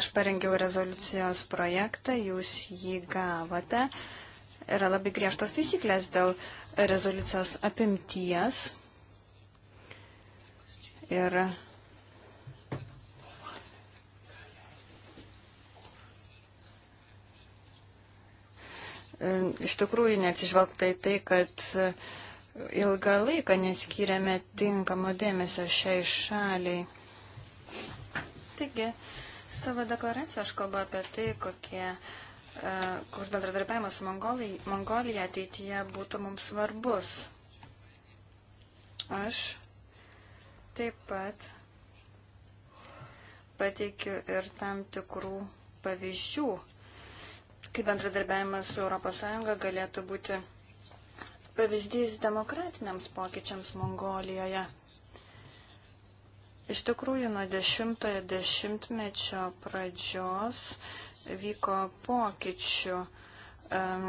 aš parengiau rezoliucijos projektą, jūs jį gavote. Uh, Yra labai griežtos taisyklės dėl rezoliucijos apimties. Ir iš tikrųjų neatsižvelgta į tai, kad ilgą laiką neskiriame tinkamo dėmesio šiai šaliai. Taigi, savo deklaraciją aš kalbu apie tai, kokie uh, E, koks bendradarbiavimas su Mongolija, Mongolija ateityje būtų mums svarbus. Aš taip pat pateikiu ir tam tikrų pavyzdžių, kaip bendradarbiavimas su ES galėtų būti pavyzdys demokratiniams pokyčiams Mongolijoje. Iš tikrųjų, nuo 10-mečio pradžios uh, vyko pokyčių um,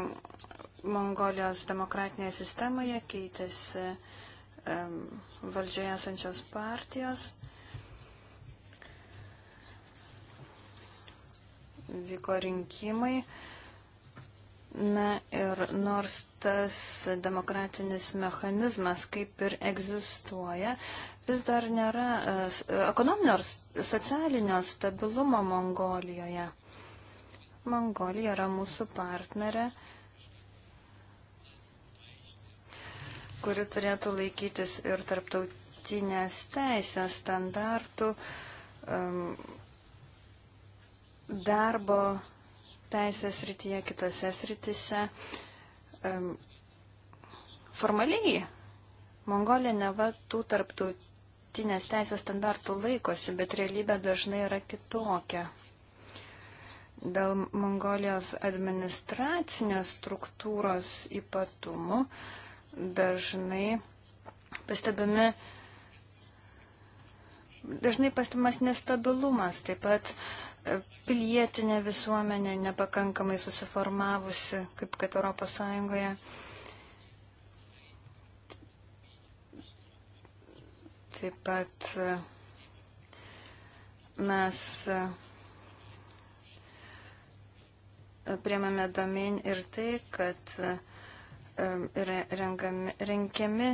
Mongolijos demokratinėje sistemoje, keitėsi um, valdžioje esančios partijos. Vyko rinkimai. Na ir nors tas demokratinis mechanizmas kaip ir egzistuoja, vis dar nėra e, ekonominio ar socialinio stabilumo Mongolijoje. Mongolija yra mūsų partnerė, kuri turėtų laikytis ir tarptautinės teisės standartų, um, darbo teisės rytyje, kitose srityse. Um, formaliai Mongolija neva tų tarptautinės teisės standartų laikosi, bet realybė dažnai yra kitokia dėl Mongolijos administracinės struktūros ypatumų dažnai pastebimi dažnai pastimas nestabilumas, taip pat e, pilietinė visuomenė nepakankamai susiformavusi, kaip kad Europos Sąjungoje. Taip pat e, mes e, priemame domen ir tai, kad rengiami, rengiami,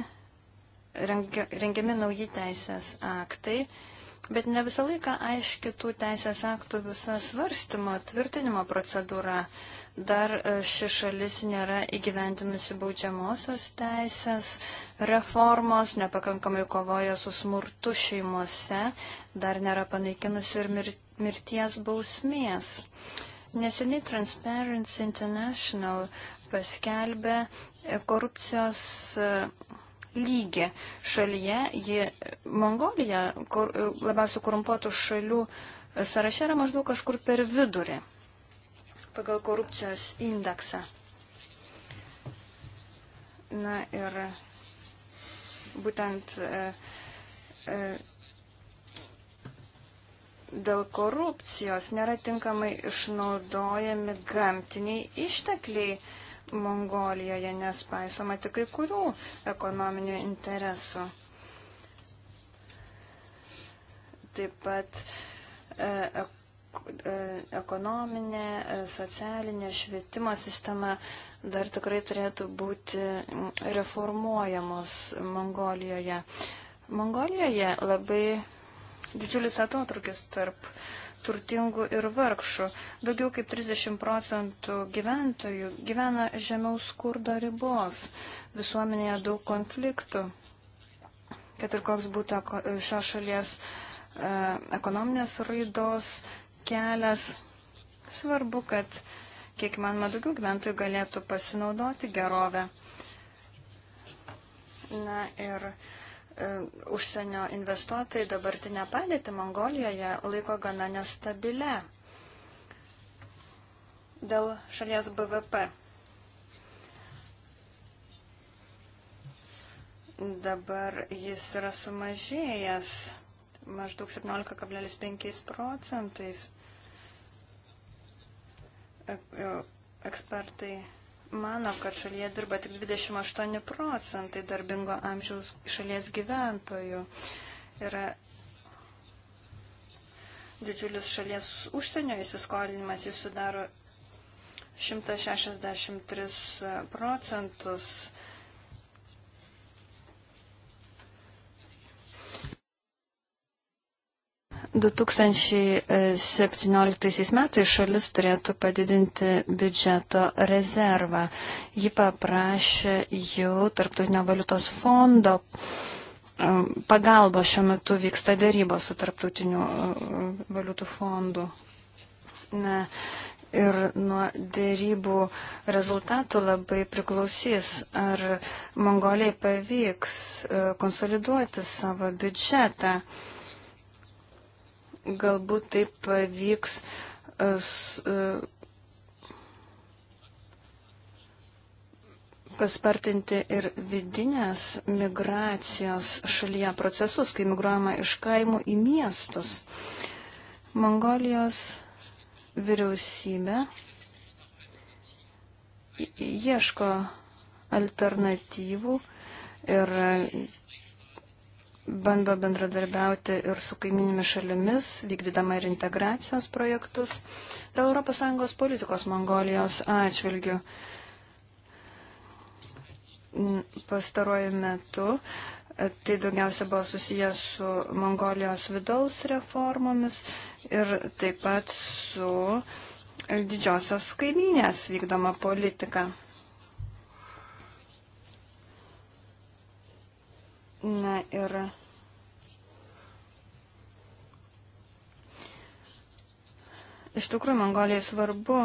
rengiami nauji teisės aktai, bet ne visą laiką aiški tų teisės aktų visa svarstymo, tvirtinimo procedūra. Dar e, ši šalis nėra įgyventinusi baudžiamosios teisės, reformos, nepakankamai kovoja su smurtu šeimuose, dar nėra panaikinusi ir mirties bausmės. Uh, Neseniai Transparency International paskelbė e, korupcijos e, lygį šalyje. Ji Mongolija, kur, e, labiausiai korumpuotų šalių sąraše yra maždaug kažkur per vidurį pagal korupcijos indeksą. Na ir būtent e, e, dėl korupcijos, nėra tinkamai išnaudojami gamtiniai ištekliai Mongolijoje, nes paisoma tik kai kurių ekonominių interesų. Taip pat e, e, ekonominė, e, socialinė švietimo sistema dar tikrai turėtų būti reformuojamos Mongolijoje. Mongolijoje labai didžiulis atotrukis tarp turtingų ir vargšų. Daugiau kaip 30 procentų gyventojų gyvena žemiau skurdo ribos. Visuomenėje daug konfliktų. Kad ir koks būtų šios šalies e, ekonominės raidos kelias, svarbu, kad kiek manoma daugiau gyventojų galėtų pasinaudoti gerovę. Na ir e, E, užsienio investuotojai dabartinę padėtį Mongolijoje laiko gana nestabilę dėl šalies BVP. Dabar jis yra sumažėjęs maždaug 17,5 procentais. E, e, ekspertai mano, kad šalyje dirba tik 28 procentai darbingo amžiaus šalies gyventojų. Yra didžiulis šalies užsienio įsiskolinimas, jis sudaro 163 procentus 2017 metais šalis turėtų padidinti biudžeto rezervą. Ji paprašė jau Tarptautinio valiutos fondo e, pagalbos šiuo metu vyksta dėrybos su Tarptautiniu e, valiutų fondu. Na, ir nuo dėrybų rezultatų labai priklausys, ar Mongolijai pavyks e, konsoliduoti savo biudžetą. Uh, galbūt taip pavyks e, e, paspartinti ir vidinės migracijos šalyje procesus, kai migruojama iš kaimų į miestus. Mongolijos vyriausybė ieško alternatyvų ir bando bendradarbiauti ir su kaiminėmis šalimis, vykdydama ir integracijos projektus dėl ES politikos Mongolijos atžvilgių. Pastaruoju metu e, tai daugiausia buvo susijęs su Mongolijos vidaus reformomis ir taip pat su didžiosios kaiminės vykdoma politika. Na ir iš tikrųjų Mongolijai svarbu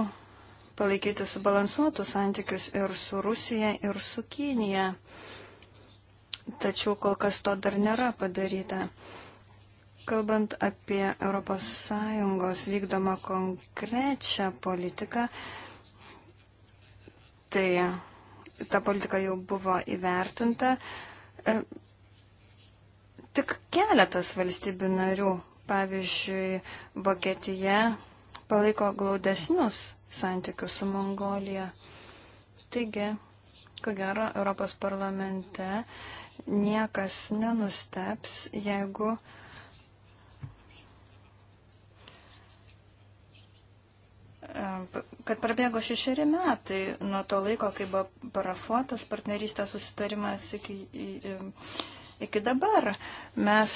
palaikyti subalansuotus santykius ir su Rusija, ir su Kinija. Tačiau kol kas to dar nėra padaryta. Kalbant apie ES vykdomą konkrečią politiką, tai ta politika jau buvo įvertinta tik keletas valstybių narių. Pavyzdžiui, Vokietija palaiko glaudesnius santykius su Mongolija. Taigi, ko gero, Europos parlamente niekas nenusteps, jeigu kad prabėgo šešeri metai nuo to laiko, kai buvo parafuotas partnerystės susitarimas iki, Iki dabar mes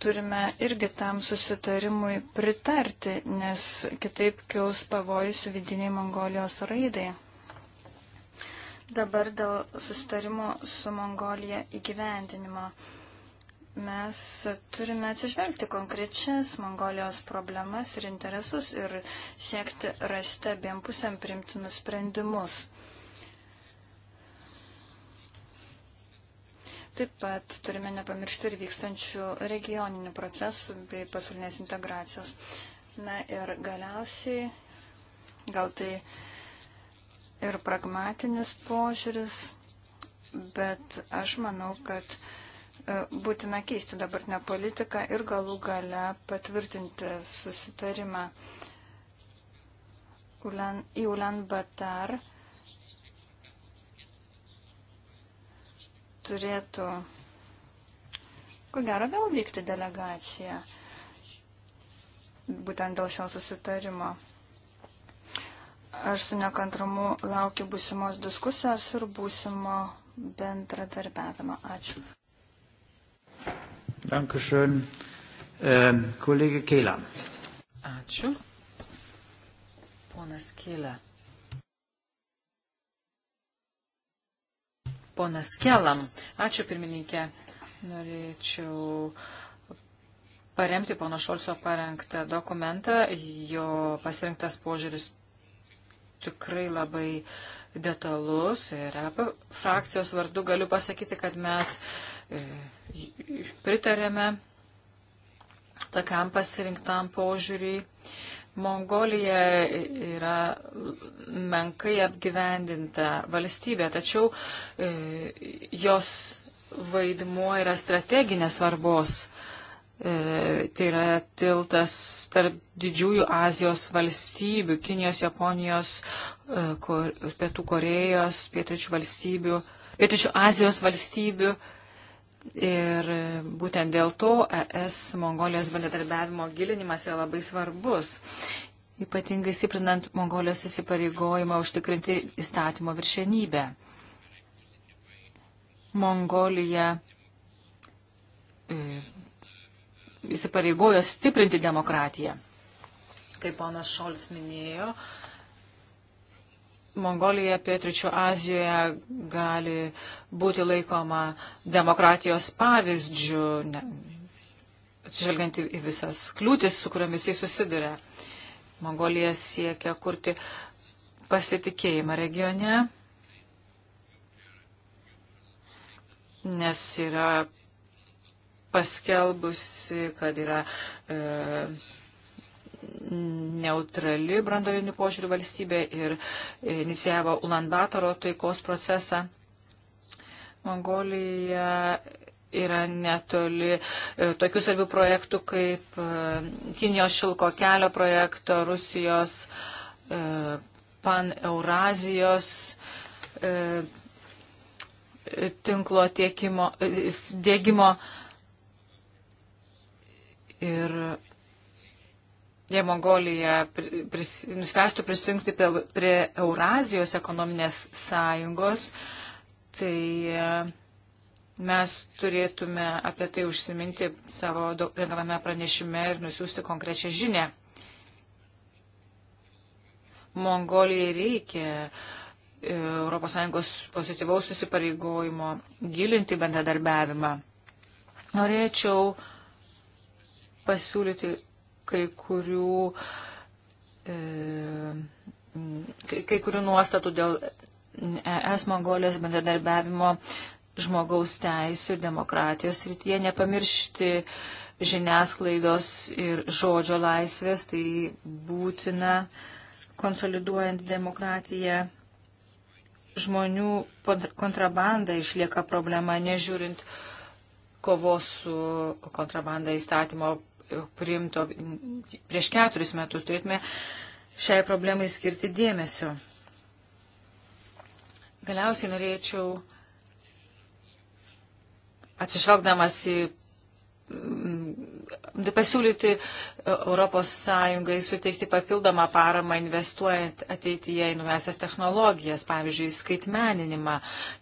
turime irgi tam susitarimui pritarti, nes kitaip kils pavojus vidiniai Mongolijos raidai. Dabar dėl susitarimo su Mongolija įgyvendinimo mes turime atsižvelgti konkrečias Mongolijos problemas ir interesus ir siekti rasti abiem pusėm primtinus sprendimus. Taip pat turime nepamiršti ir vykstančių regioninių procesų bei pasaulinės integracijos. Na ir galiausiai, gal tai ir pragmatinis požiūris, bet aš manau, kad e, būtina keisti dabartinę politiką ir galų gale patvirtinti susitarimą Ulan, į Ulan Batar turėtų, ko gero, vėl vykti delegacija būtent dėl šio susitarimo. Aš su nekantrumu laukiu būsimos diskusijos ir būsimo bendradarbiavimo. Ačiū. Dankeschön. Ähm, Kolegė Keila. Ačiū. Ponas Keila. Ponas Kelam. Ačiū pirmininkė. Norėčiau paremti pono Šolco parengtą dokumentą. Jo pasirinktas požiūris tikrai labai detalus ir apie frakcijos vardu galiu pasakyti, kad mes e, pritarėme tokiam pasirinktam požiūriui. Mongolija yra menkai apgyvendinta valstybė, tačiau e, jos vaidmuo yra strateginės svarbos. E, tai yra tiltas tarp didžiųjų Azijos valstybių - Kinijos, Japonijos, e, Kor, Pietų Korejos, Pietričių valstybių, Pietričių Azijos valstybių. E, Ir būtent dėl to ES Mongolijos bendradarbiavimo gilinimas yra labai svarbus, ypatingai stiprinant Mongolijos įsipareigojimą užtikrinti įstatymo viršenybę. Mongolija e, įsipareigojo stiprinti demokratiją. Kaip ponas Šolts minėjo, uh, Mongolija Pietričių Azijoje gali būti laikoma demokratijos pavyzdžių, ne, atsižvelgiant į visas kliūtis, su kuriomis jis susiduria. Mongolija siekia kurti pasitikėjimą regione, nes yra paskelbusi, kad yra e, neutrali brandolinių požiūrių valstybė ir inicijavo Ulanbatoro taikos procesą. Mongolija yra netoli e, tokių svarbių projektų kaip e, Kinijos šilko kelio projekto, Rusijos e, pan-Eurazijos tinklo tiekimo, dėgymo ir Jei Mongolija pris, nuspręstų prisijungti prie, prie Eurazijos ekonominės sąjungos, tai e, mes turėtume apie tai užsiminti savo renkamame pranešime ir nusiųsti konkrečią žinę. Mongolijai reikia ES pozityvaus susipareigojimo gilinti bendradarbiavimą. Norėčiau pasiūlyti kai kurių, e, kai kurių nuostatų dėl ES Mongolijos bendradarbiavimo žmogaus teisų ir demokratijos rytyje, nepamiršti žiniasklaidos ir žodžio laisvės, tai būtina konsoliduojant demokratiją. Žmonių kontrabanda išlieka problema, nežiūrint kovos su kontrabanda įstatymo priimto prieš keturis metus, turėtume šiai problemai skirti dėmesio. Galiausiai norėčiau, atsižvelgdamas į pasiūlyti ES suteikti papildomą paramą investuojant ateityje į naujasias technologijas, pavyzdžiui, skaitmeninimą.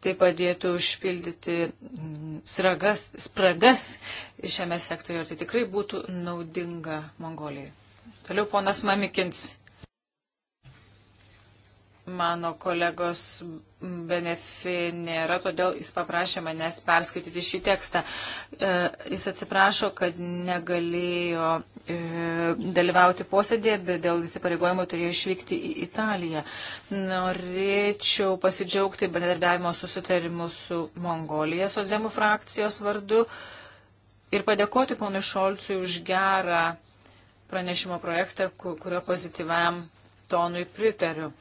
Tai padėtų užpildyti mm, sragas, spragas šiame sektoriuje ir tai tikrai būtų naudinga Mongolijai. Toliau ponas Mamikins mano kolegos Benefi nėra, todėl jis paprašė manęs perskaityti šį tekstą. E, jis atsiprašo, kad negalėjo e, dalyvauti posėdėje, bet dėl įsipareigojimo turėjo išvykti į Italiją. Norėčiau pasidžiaugti bendradarbiavimo susitarimu su Mongolija, Sozemų frakcijos vardu ir padėkoti ponui Šolcui už gerą pranešimo projektą, kurio pozityviam tonui pritariu.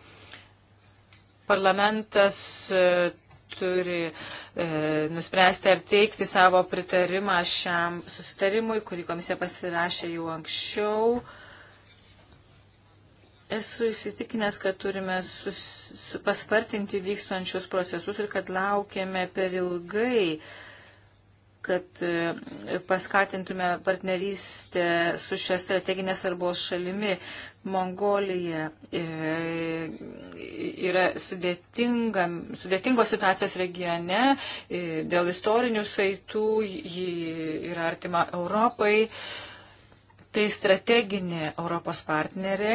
Parlamentas e, turi e, nuspręsti ar teikti savo pritarimą šiam susitarimui, kurį komisija pasirašė jau anksčiau. Esu įsitikinęs, kad turime sus, paspartinti vykstančius procesus ir kad laukiame per ilgai, kad e, paskatintume partnerystę su šia strateginė svarbos šalimi. Mongolija e, yra sudėtingos situacijos regione, e, dėl istorinių saitų ji yra artima Europai. Tai strateginė Europos partnerė.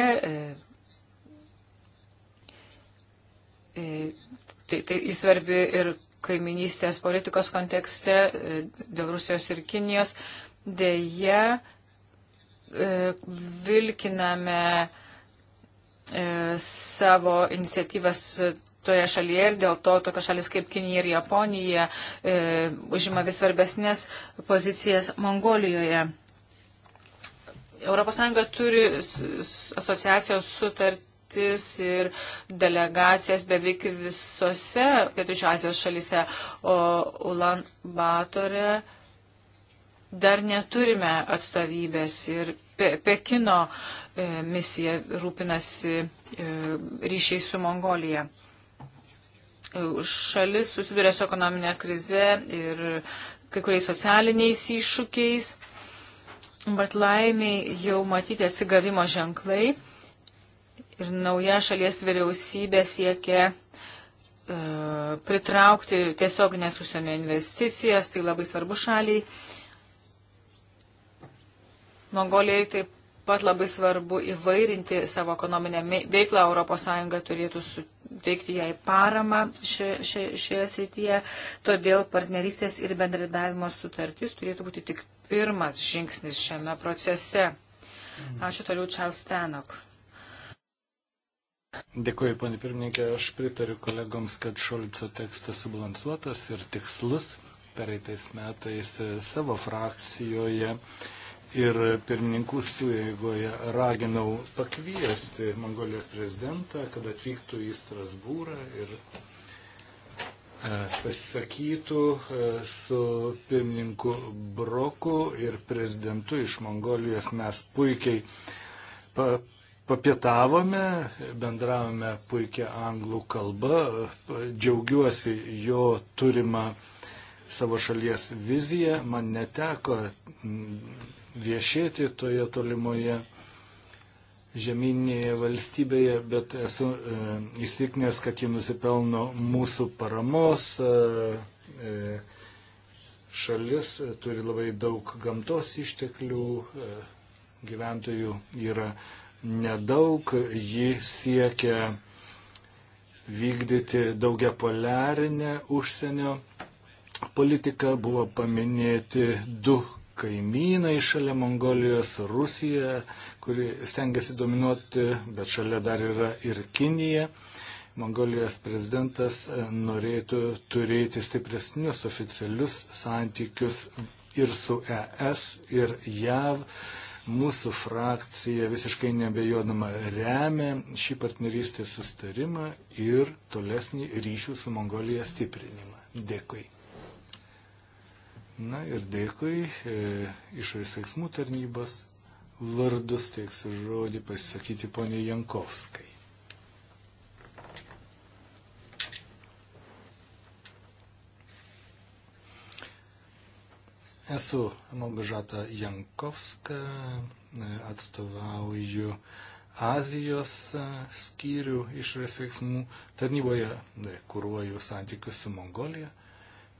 E, tai, tai įsvarbi ir kaiminystės politikos kontekste dėl Rusijos ir Kinijos. Deja, E, vilkiname e, savo iniciatyvas toje šalyje ir dėl to tokios šalis kaip Kinija ir Japonija e, užima vis svarbesnės pozicijas Mongolijoje. ES turi asociacijos sutartis ir delegacijas beveik visose Pietričio Azijos šalise, o Ulan Batore. E, dar neturime atstovybės ir Pe Pekino e, misija rūpinasi e, ryšiai su Mongolija. E, šalis susiduria su ekonominė krize ir kai kuriais socialiniais iššūkiais, bet laimiai jau matyti atsigavimo ženklai ir nauja šalies vyriausybė siekia e, pritraukti tiesioginės užsienio investicijas, tai labai svarbu šaliai. Mongolijai taip pat labai svarbu įvairinti savo ekonominę veiklą. ES turėtų suteikti jai paramą šioje srityje. Todėl partnerystės ir bendradarbiavimo sutartis turėtų būti tik pirmas žingsnis šiame procese. Ačiū toliau Charles Stanok. Dėkuoju, ponė pirmininkė. Aš pritariu kolegoms, kad Šolco tekstas subalansuotas ir tikslus. Pereitais metais savo frakcijoje uh, ir pirmininkų suėgoje raginau pakviesti Mongolijos prezidentą, kad atvyktų į Strasbūrą ir e, pasisakytų e, su pirmininku Broku ir prezidentu iš Mongolijos. Mes puikiai papietavome, bendravome puikia anglų kalba, e, džiaugiuosi jo turimą savo šalies viziją, man neteko viešėti toje tolimoje žemynėje valstybėje, bet esu e, įstiknęs, kad ji nusipelno mūsų paramos. E, e, šalis turi labai daug gamtos išteklių, e, gyventojų yra nedaug, ji siekia vykdyti daugia poliarinę užsienio politiką, buvo paminėti du kaimynai šalia Mongolijos, Rusija, kuri stengiasi dominuoti, bet šalia dar yra ir Kinija. Mongolijos prezidentas e, norėtų turėti stipresnius oficialius santykius ir su ES, ir JAV. Mūsų frakcija visiškai nebejodama remia šį partnerystės sustarimą ir tolesnį ryšių su Mongolija stiprinimą. Dėkui. Na ir dėkui e, išorės veiksmų tarnybos vardus teiksiu žodį pasisakyti poniai Jankovskai. Esu Malgožata Jankovska, e, atstovauju Azijos e, skyrių išorės veiksmų tarnyboje, e, kuruoju santykius su Mongolija.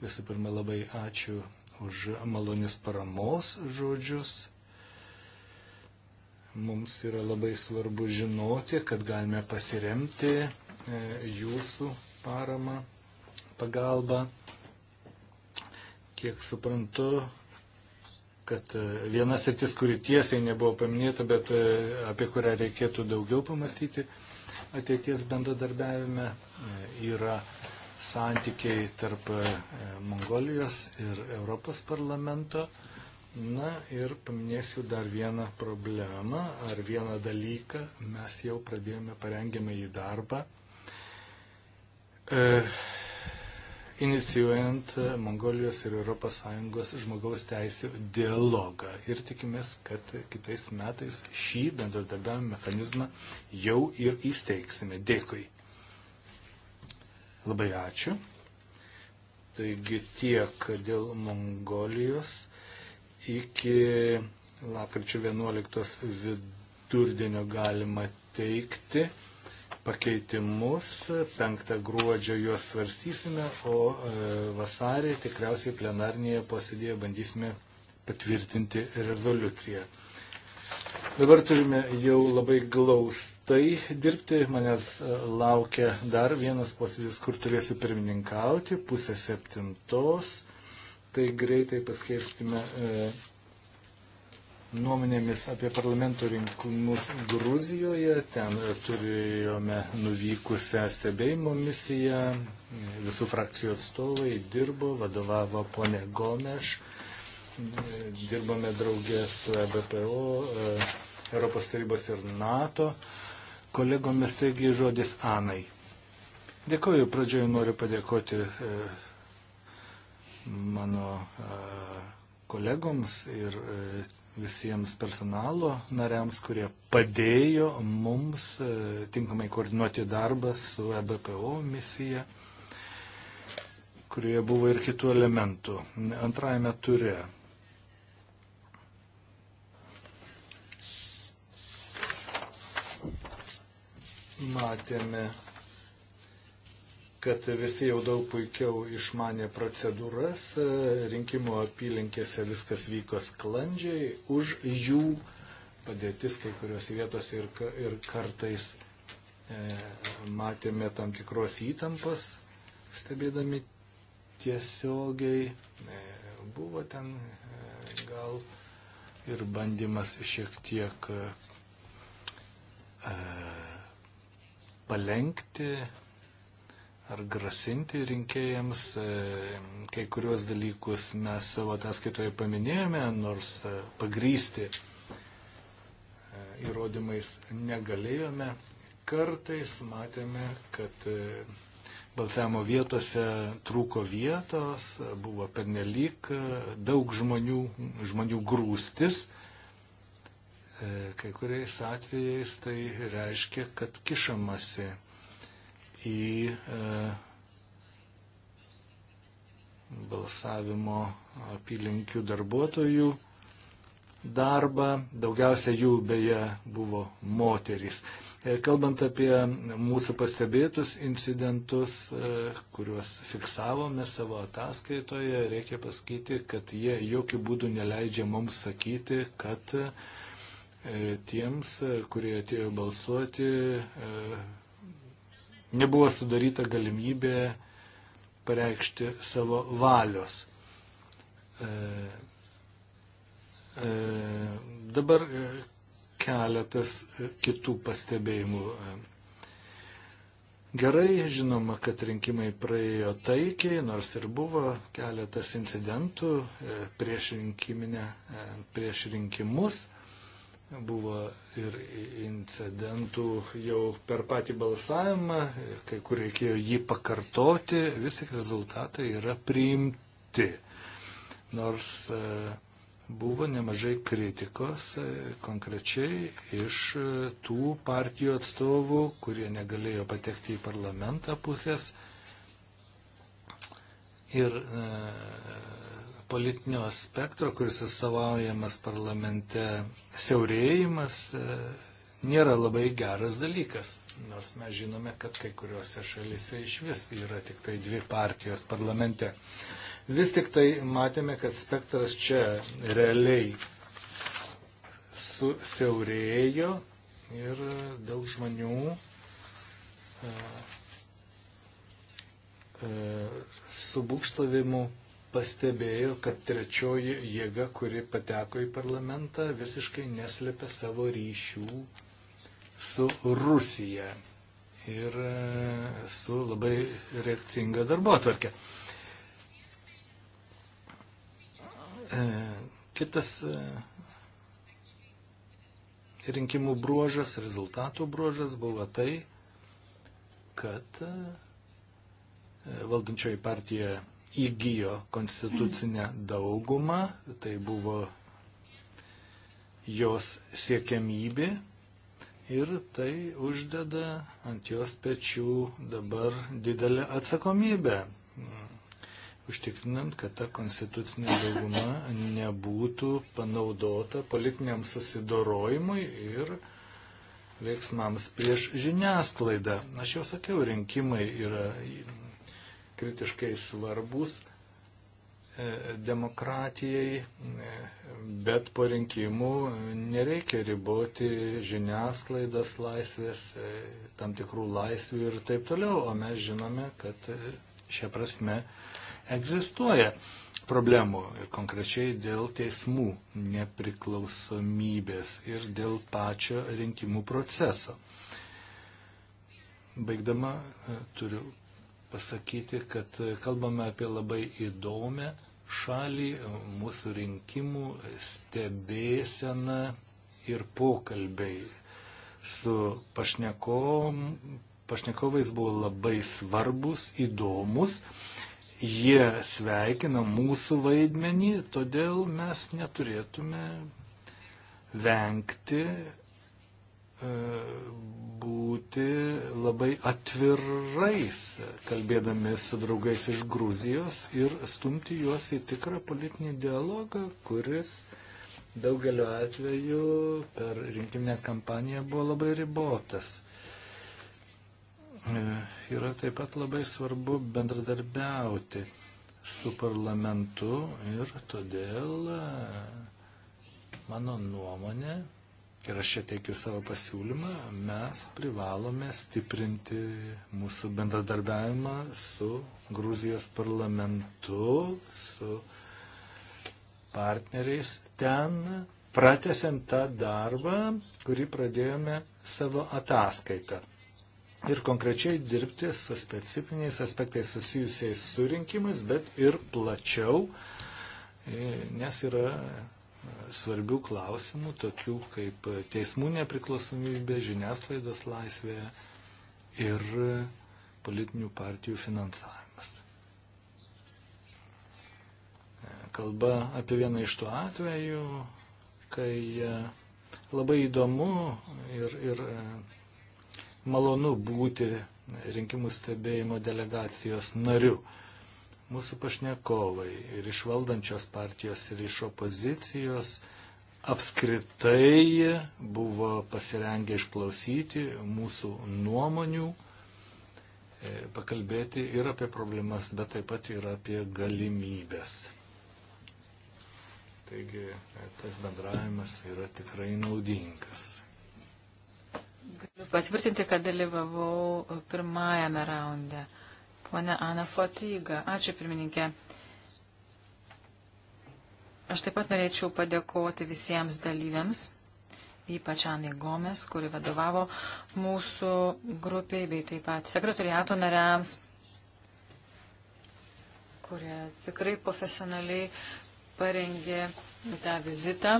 Visų pirma, labai ačiū už malonius paramos žodžius. Mums yra labai svarbu žinoti, kad galime pasiremti e, jūsų paramą, pagalbą. Kiek suprantu, kad e, vienas sritis, kuri tiesiai nebuvo paminėta, bet e, apie kurią reikėtų daugiau pamastyti ateities bendradarbiavime, yra santykiai tarp e, Mongolijos ir Europos parlamento. Na ir paminėsiu dar vieną problemą ar vieną dalyką. Mes jau pradėjome parengėme į darbą, e, inicijuojant Mongolijos ir ES žmogaus teisų dialogą. Ir tikimės, kad kitais metais šį bendradarbiavimo mechanizmą jau ir įsteigsime. Dėkui. Labai ačiū. Taigi tiek dėl Mongolijos iki lapkričio 11 vidurdienio galima teikti pakeitimus. 5 gruodžio juos svarstysime, o e, vasarį tikriausiai plenarnėje posėdėje bandysime patvirtinti rezoliuciją. Dabar turime jau labai glaustai dirbti. Manęs e, laukia dar vienas posėdis, kur turėsiu pirmininkauti pusę septintos. Tai greitai paskeiskime e, nuomonėmis apie parlamento rinkimus Gruzijoje. Ten e, turėjome nuvykusią stebėjimo misiją. Visų frakcijų atstovai dirbo, vadovavo ponė Gomeš. E, dirbame draugė su EBPO, e, Europos tarybos ir NATO kolegomis, taigi žodis Anai. Dėkoju, pradžioje noriu padėkoti e, mano e, kolegoms ir visiems personalo nariams, kurie padėjo mums tinkamai koordinuoti darbą su EBPO misija, kurioje buvo ir kitų elementų. Antrajame ture matėme, kad visi jau daug puikiau išmanė procedūras, rinkimų apylinkėse viskas vyko sklandžiai, už jų padėtis kai kurios vietos ir, ir kartais e, matėme tam tikros įtampos, stebėdami tiesiogiai, e, buvo ten e, gal ir bandymas šiek tiek e, palenkti ar grasinti rinkėjams. E, kai kuriuos dalykus mes savo ataskaitoje paminėjome, nors e, pagrysti e, įrodymais negalėjome. Kartais matėme, kad balsavimo vietose trūko vietos, buvo pernelyg daug žmonių, žmonių grūstis E, kai kuriais atvejais tai reiškia, kad kišamasi į e, balsavimo apylinkių darbuotojų darbą. Daugiausia jų beje buvo moterys. E, kalbant apie mūsų pastebėtus incidentus, kuriuos fiksavome savo ataskaitoje, reikia pasakyti, kad jie jokių būdų neleidžia mums sakyti, kad uh, E, tiems, e, kurie atėjo balsuoti, e, nebuvo sudaryta galimybė pareikšti savo valios. Dabar keletas kitų pastebėjimų. Gerai žinoma, kad rinkimai praėjo taikiai, nors ir buvo keletas incidentų prieš, prieš rinkimus. Buvo ir incidentų jau per patį balsavimą, kai kur reikėjo jį pakartoti, vis tik rezultatai yra priimti. Nors e, buvo nemažai kritikos e, konkrečiai iš e, tų partijų atstovų, kurie negalėjo patekti į parlamentą pusės. Ir e, politinio spektro, kuris atstovaujamas parlamente, siaurėjimas e, nėra labai geras dalykas. Nors mes žinome, kad kai kuriuose šalise iš vis yra tik tai dvi partijos parlamente. Vis tik tai matėme, kad spektras čia realiai susiaurėjo ir daug žmonių e, e, su būkštavimu pastebėjo, kad trečioji jėga, kuri pateko į parlamentą, visiškai neslėpė savo ryšių su Rusija ir e, su labai reakcinga darbo atvarkė. E, kitas e, rinkimų bruožas, rezultatų bruožas buvo tai, kad valdančioji partija įgyjo konstitucinę daugumą, tai buvo jos siekiamybė ir tai uždeda ant jos pečių dabar didelę atsakomybę, užtikrinant, kad ta konstitucinė dauguma nebūtų panaudota politiniam susidorojimui ir veiksmams prieš žiniasklaidą. Aš jau sakiau, rinkimai yra kritiškai svarbus e, demokratijai, e, bet po rinkimų nereikia riboti žiniasklaidas laisvės, e, tam tikrų laisvių ir taip toliau, o mes žinome, kad šia prasme egzistuoja problemų ir konkrečiai dėl teismų nepriklausomybės ir dėl pačio rinkimų proceso. Baigdama turiu pasakyti, kad kalbame apie labai įdomią šalį, mūsų rinkimų stebėsena ir pokalbiai su pašnekom, pašnekovais buvo labai svarbus, įdomus. Jie sveikina mūsų vaidmenį, todėl mes neturėtume vengti E, būti labai atvirais, kalbėdami su draugais iš Gruzijos ir stumti juos į tikrą politinį dialogą, kuris daugeliu atveju per rinkiminę kampaniją buvo labai ribotas. E, yra taip pat labai svarbu bendradarbiauti su parlamentu ir todėl e, mano nuomonė ir aš čia teikiu savo pasiūlymą, mes privalome stiprinti mūsų bendradarbiavimą su Gruzijos parlamentu, su partneriais ten, pratesiant tą darbą, kurį pradėjome savo ataskaitą. Ir konkrečiai dirbti su specifiniais aspektais susijusiais surinkimais, bet ir plačiau, e, nes yra svarbių klausimų, tokių kaip teismų nepriklausomybė, žiniasklaidos laisvė ir politinių partijų finansavimas. Kalba apie vieną iš tų atvejų, kai e, labai įdomu ir, ir e, malonu būti rinkimų stebėjimo delegacijos nariu. Mūsų pašnekovai ir iš valdančios partijos, ir iš opozicijos apskritai buvo pasirengę išklausyti mūsų nuomonių, e, pakalbėti ir apie problemas, bet taip pat ir apie galimybės. Taigi e, tas bendravimas yra tikrai naudingas. Galiu patvirtinti, kad dalyvavau pirmajame raunde. Pone Ana Fotyga. Ačiū, pirmininkė. Aš taip pat norėčiau padėkoti visiems dalyviams, ypač Anai Gomes, kuri vadovavo mūsų grupiai, bei taip pat sekretoriato nariams, kurie tikrai profesionaliai parengė tą vizitą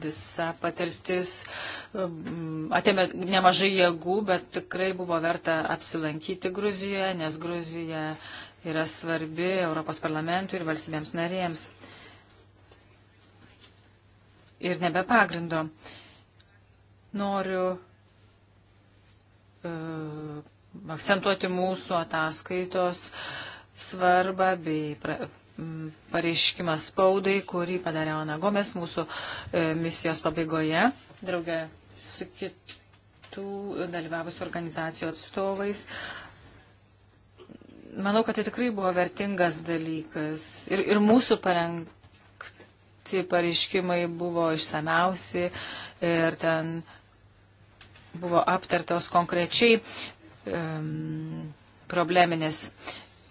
visa patirtis um, atėmė nemažai jėgų, bet tikrai buvo verta apsilankyti Gruzijoje, nes Gruzija yra svarbi Europos parlamentui ir valstybėms narėms. Ir nebe pagrindo. Noriu uh, akcentuoti mūsų ataskaitos svarbą bei pra, pareiškimas spaudai, kurį padarė Ana Gomes mūsų e, misijos pabaigoje, draugė su kitų dalyvavusių organizacijų atstovais. Manau, kad tai tikrai buvo vertingas dalykas. Ir, ir mūsų parengti pareiškimai buvo išsameusi ir ten buvo aptartos konkrečiai um, probleminės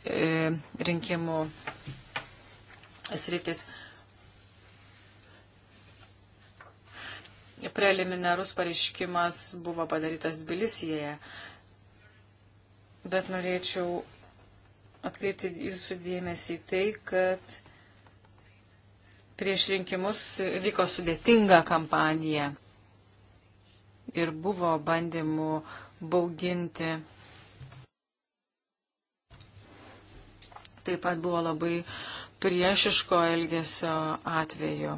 e, rinkimų sritis. Preliminarus pareiškimas buvo padarytas Tbilisijoje, bet norėčiau atkreipti jūsų dėmesį į tai, kad prieš rinkimus vyko sudėtinga kampanija ir buvo bandymų bauginti. Taip pat buvo labai uh, priešiško elgesio atveju.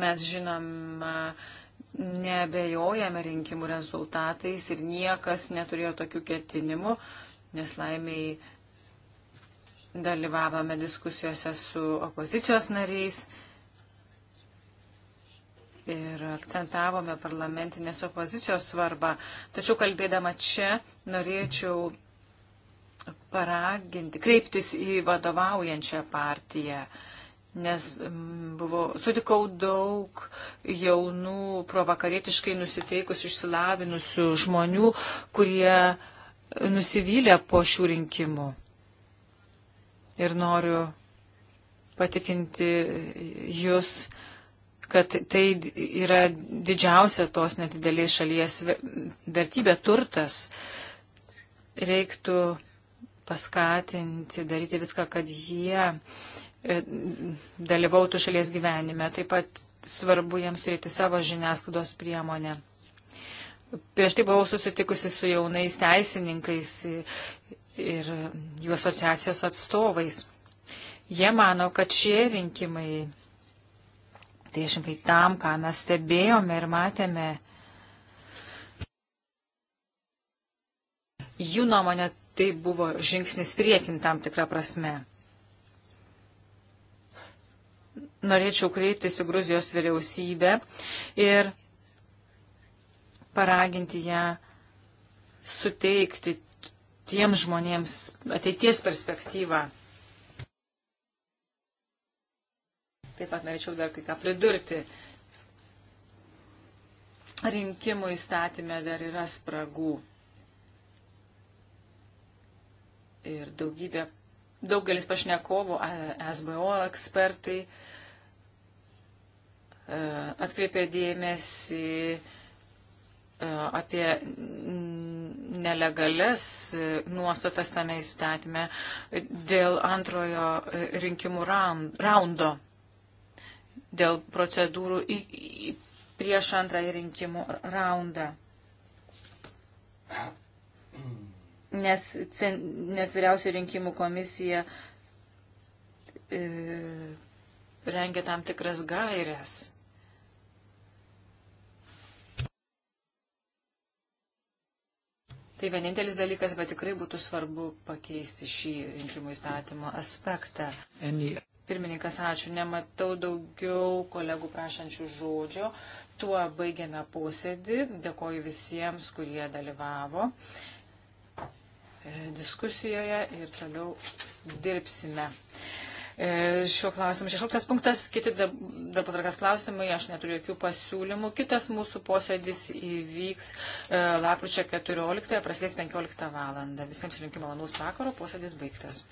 Mes žinoma, nebejojame rinkimų rezultatais ir niekas neturėjo tokių ketinimų, nes laimiai dalyvavome diskusijose su opozicijos nariais ir akcentavome parlamentinės opozicijos svarbą. Tačiau kalbėdama čia norėčiau paraginti, kreiptis į vadovaujančią partiją, nes buvo, sutikau daug jaunų, provakarietiškai nusiteikusių, išsilavinusių žmonių, kurie nusivylė po šių rinkimų. Ir noriu patikinti jūs, kad tai yra didžiausia tos nedidelės šalies vertybė, turtas. Reiktų paskatinti, daryti viską, kad jie e, dalyvautų šalies gyvenime. Taip pat svarbu jiems turėti savo žiniasklaidos priemonę. Prieš tai buvau susitikusi su jaunais teisininkais ir jų asociacijos atstovais. Jie mano, kad šie rinkimai priešingai tam, ką mes stebėjome ir matėme. Jų nuomonė tai buvo žingsnis priekin tam tikrą prasme. Norėčiau kreiptis į Gruzijos vyriausybę ir paraginti ją suteikti tiems žmonėms ateities perspektyvą. Taip pat norėčiau dar kai ką pridurti. Rinkimų įstatymė dar yra spragų. Ir daugybė, daugelis pašnekovų, SBO ekspertai e, atkreipė dėmesį e, apie nelegales e, nuostatas tame įstatymė dėl antrojo rinkimų raundo dėl procedūrų į, į, prieš antrąjį rinkimų raundą. Nes, nes vyriausių rinkimų komisija e, rengia tam tikras gairias. Tai vienintelis dalykas, bet tikrai būtų svarbu pakeisti šį rinkimų įstatymo aspektą. Any... Pirmininkas, ačiū. Nematau daugiau kolegų prašančių žodžio. Tuo baigiame posėdį. Dėkoju visiems, kurie dalyvavo e, diskusijoje ir toliau dirbsime. E, šiuo klausimu 16 punktas, kiti darbotvarkės klausimai, aš neturiu jokių pasiūlymų. Kitas mūsų posėdis įvyks e, lapkričio 14, prasidės 15 val. Visiems linkiu malonaus vakaro, posėdis baigtas.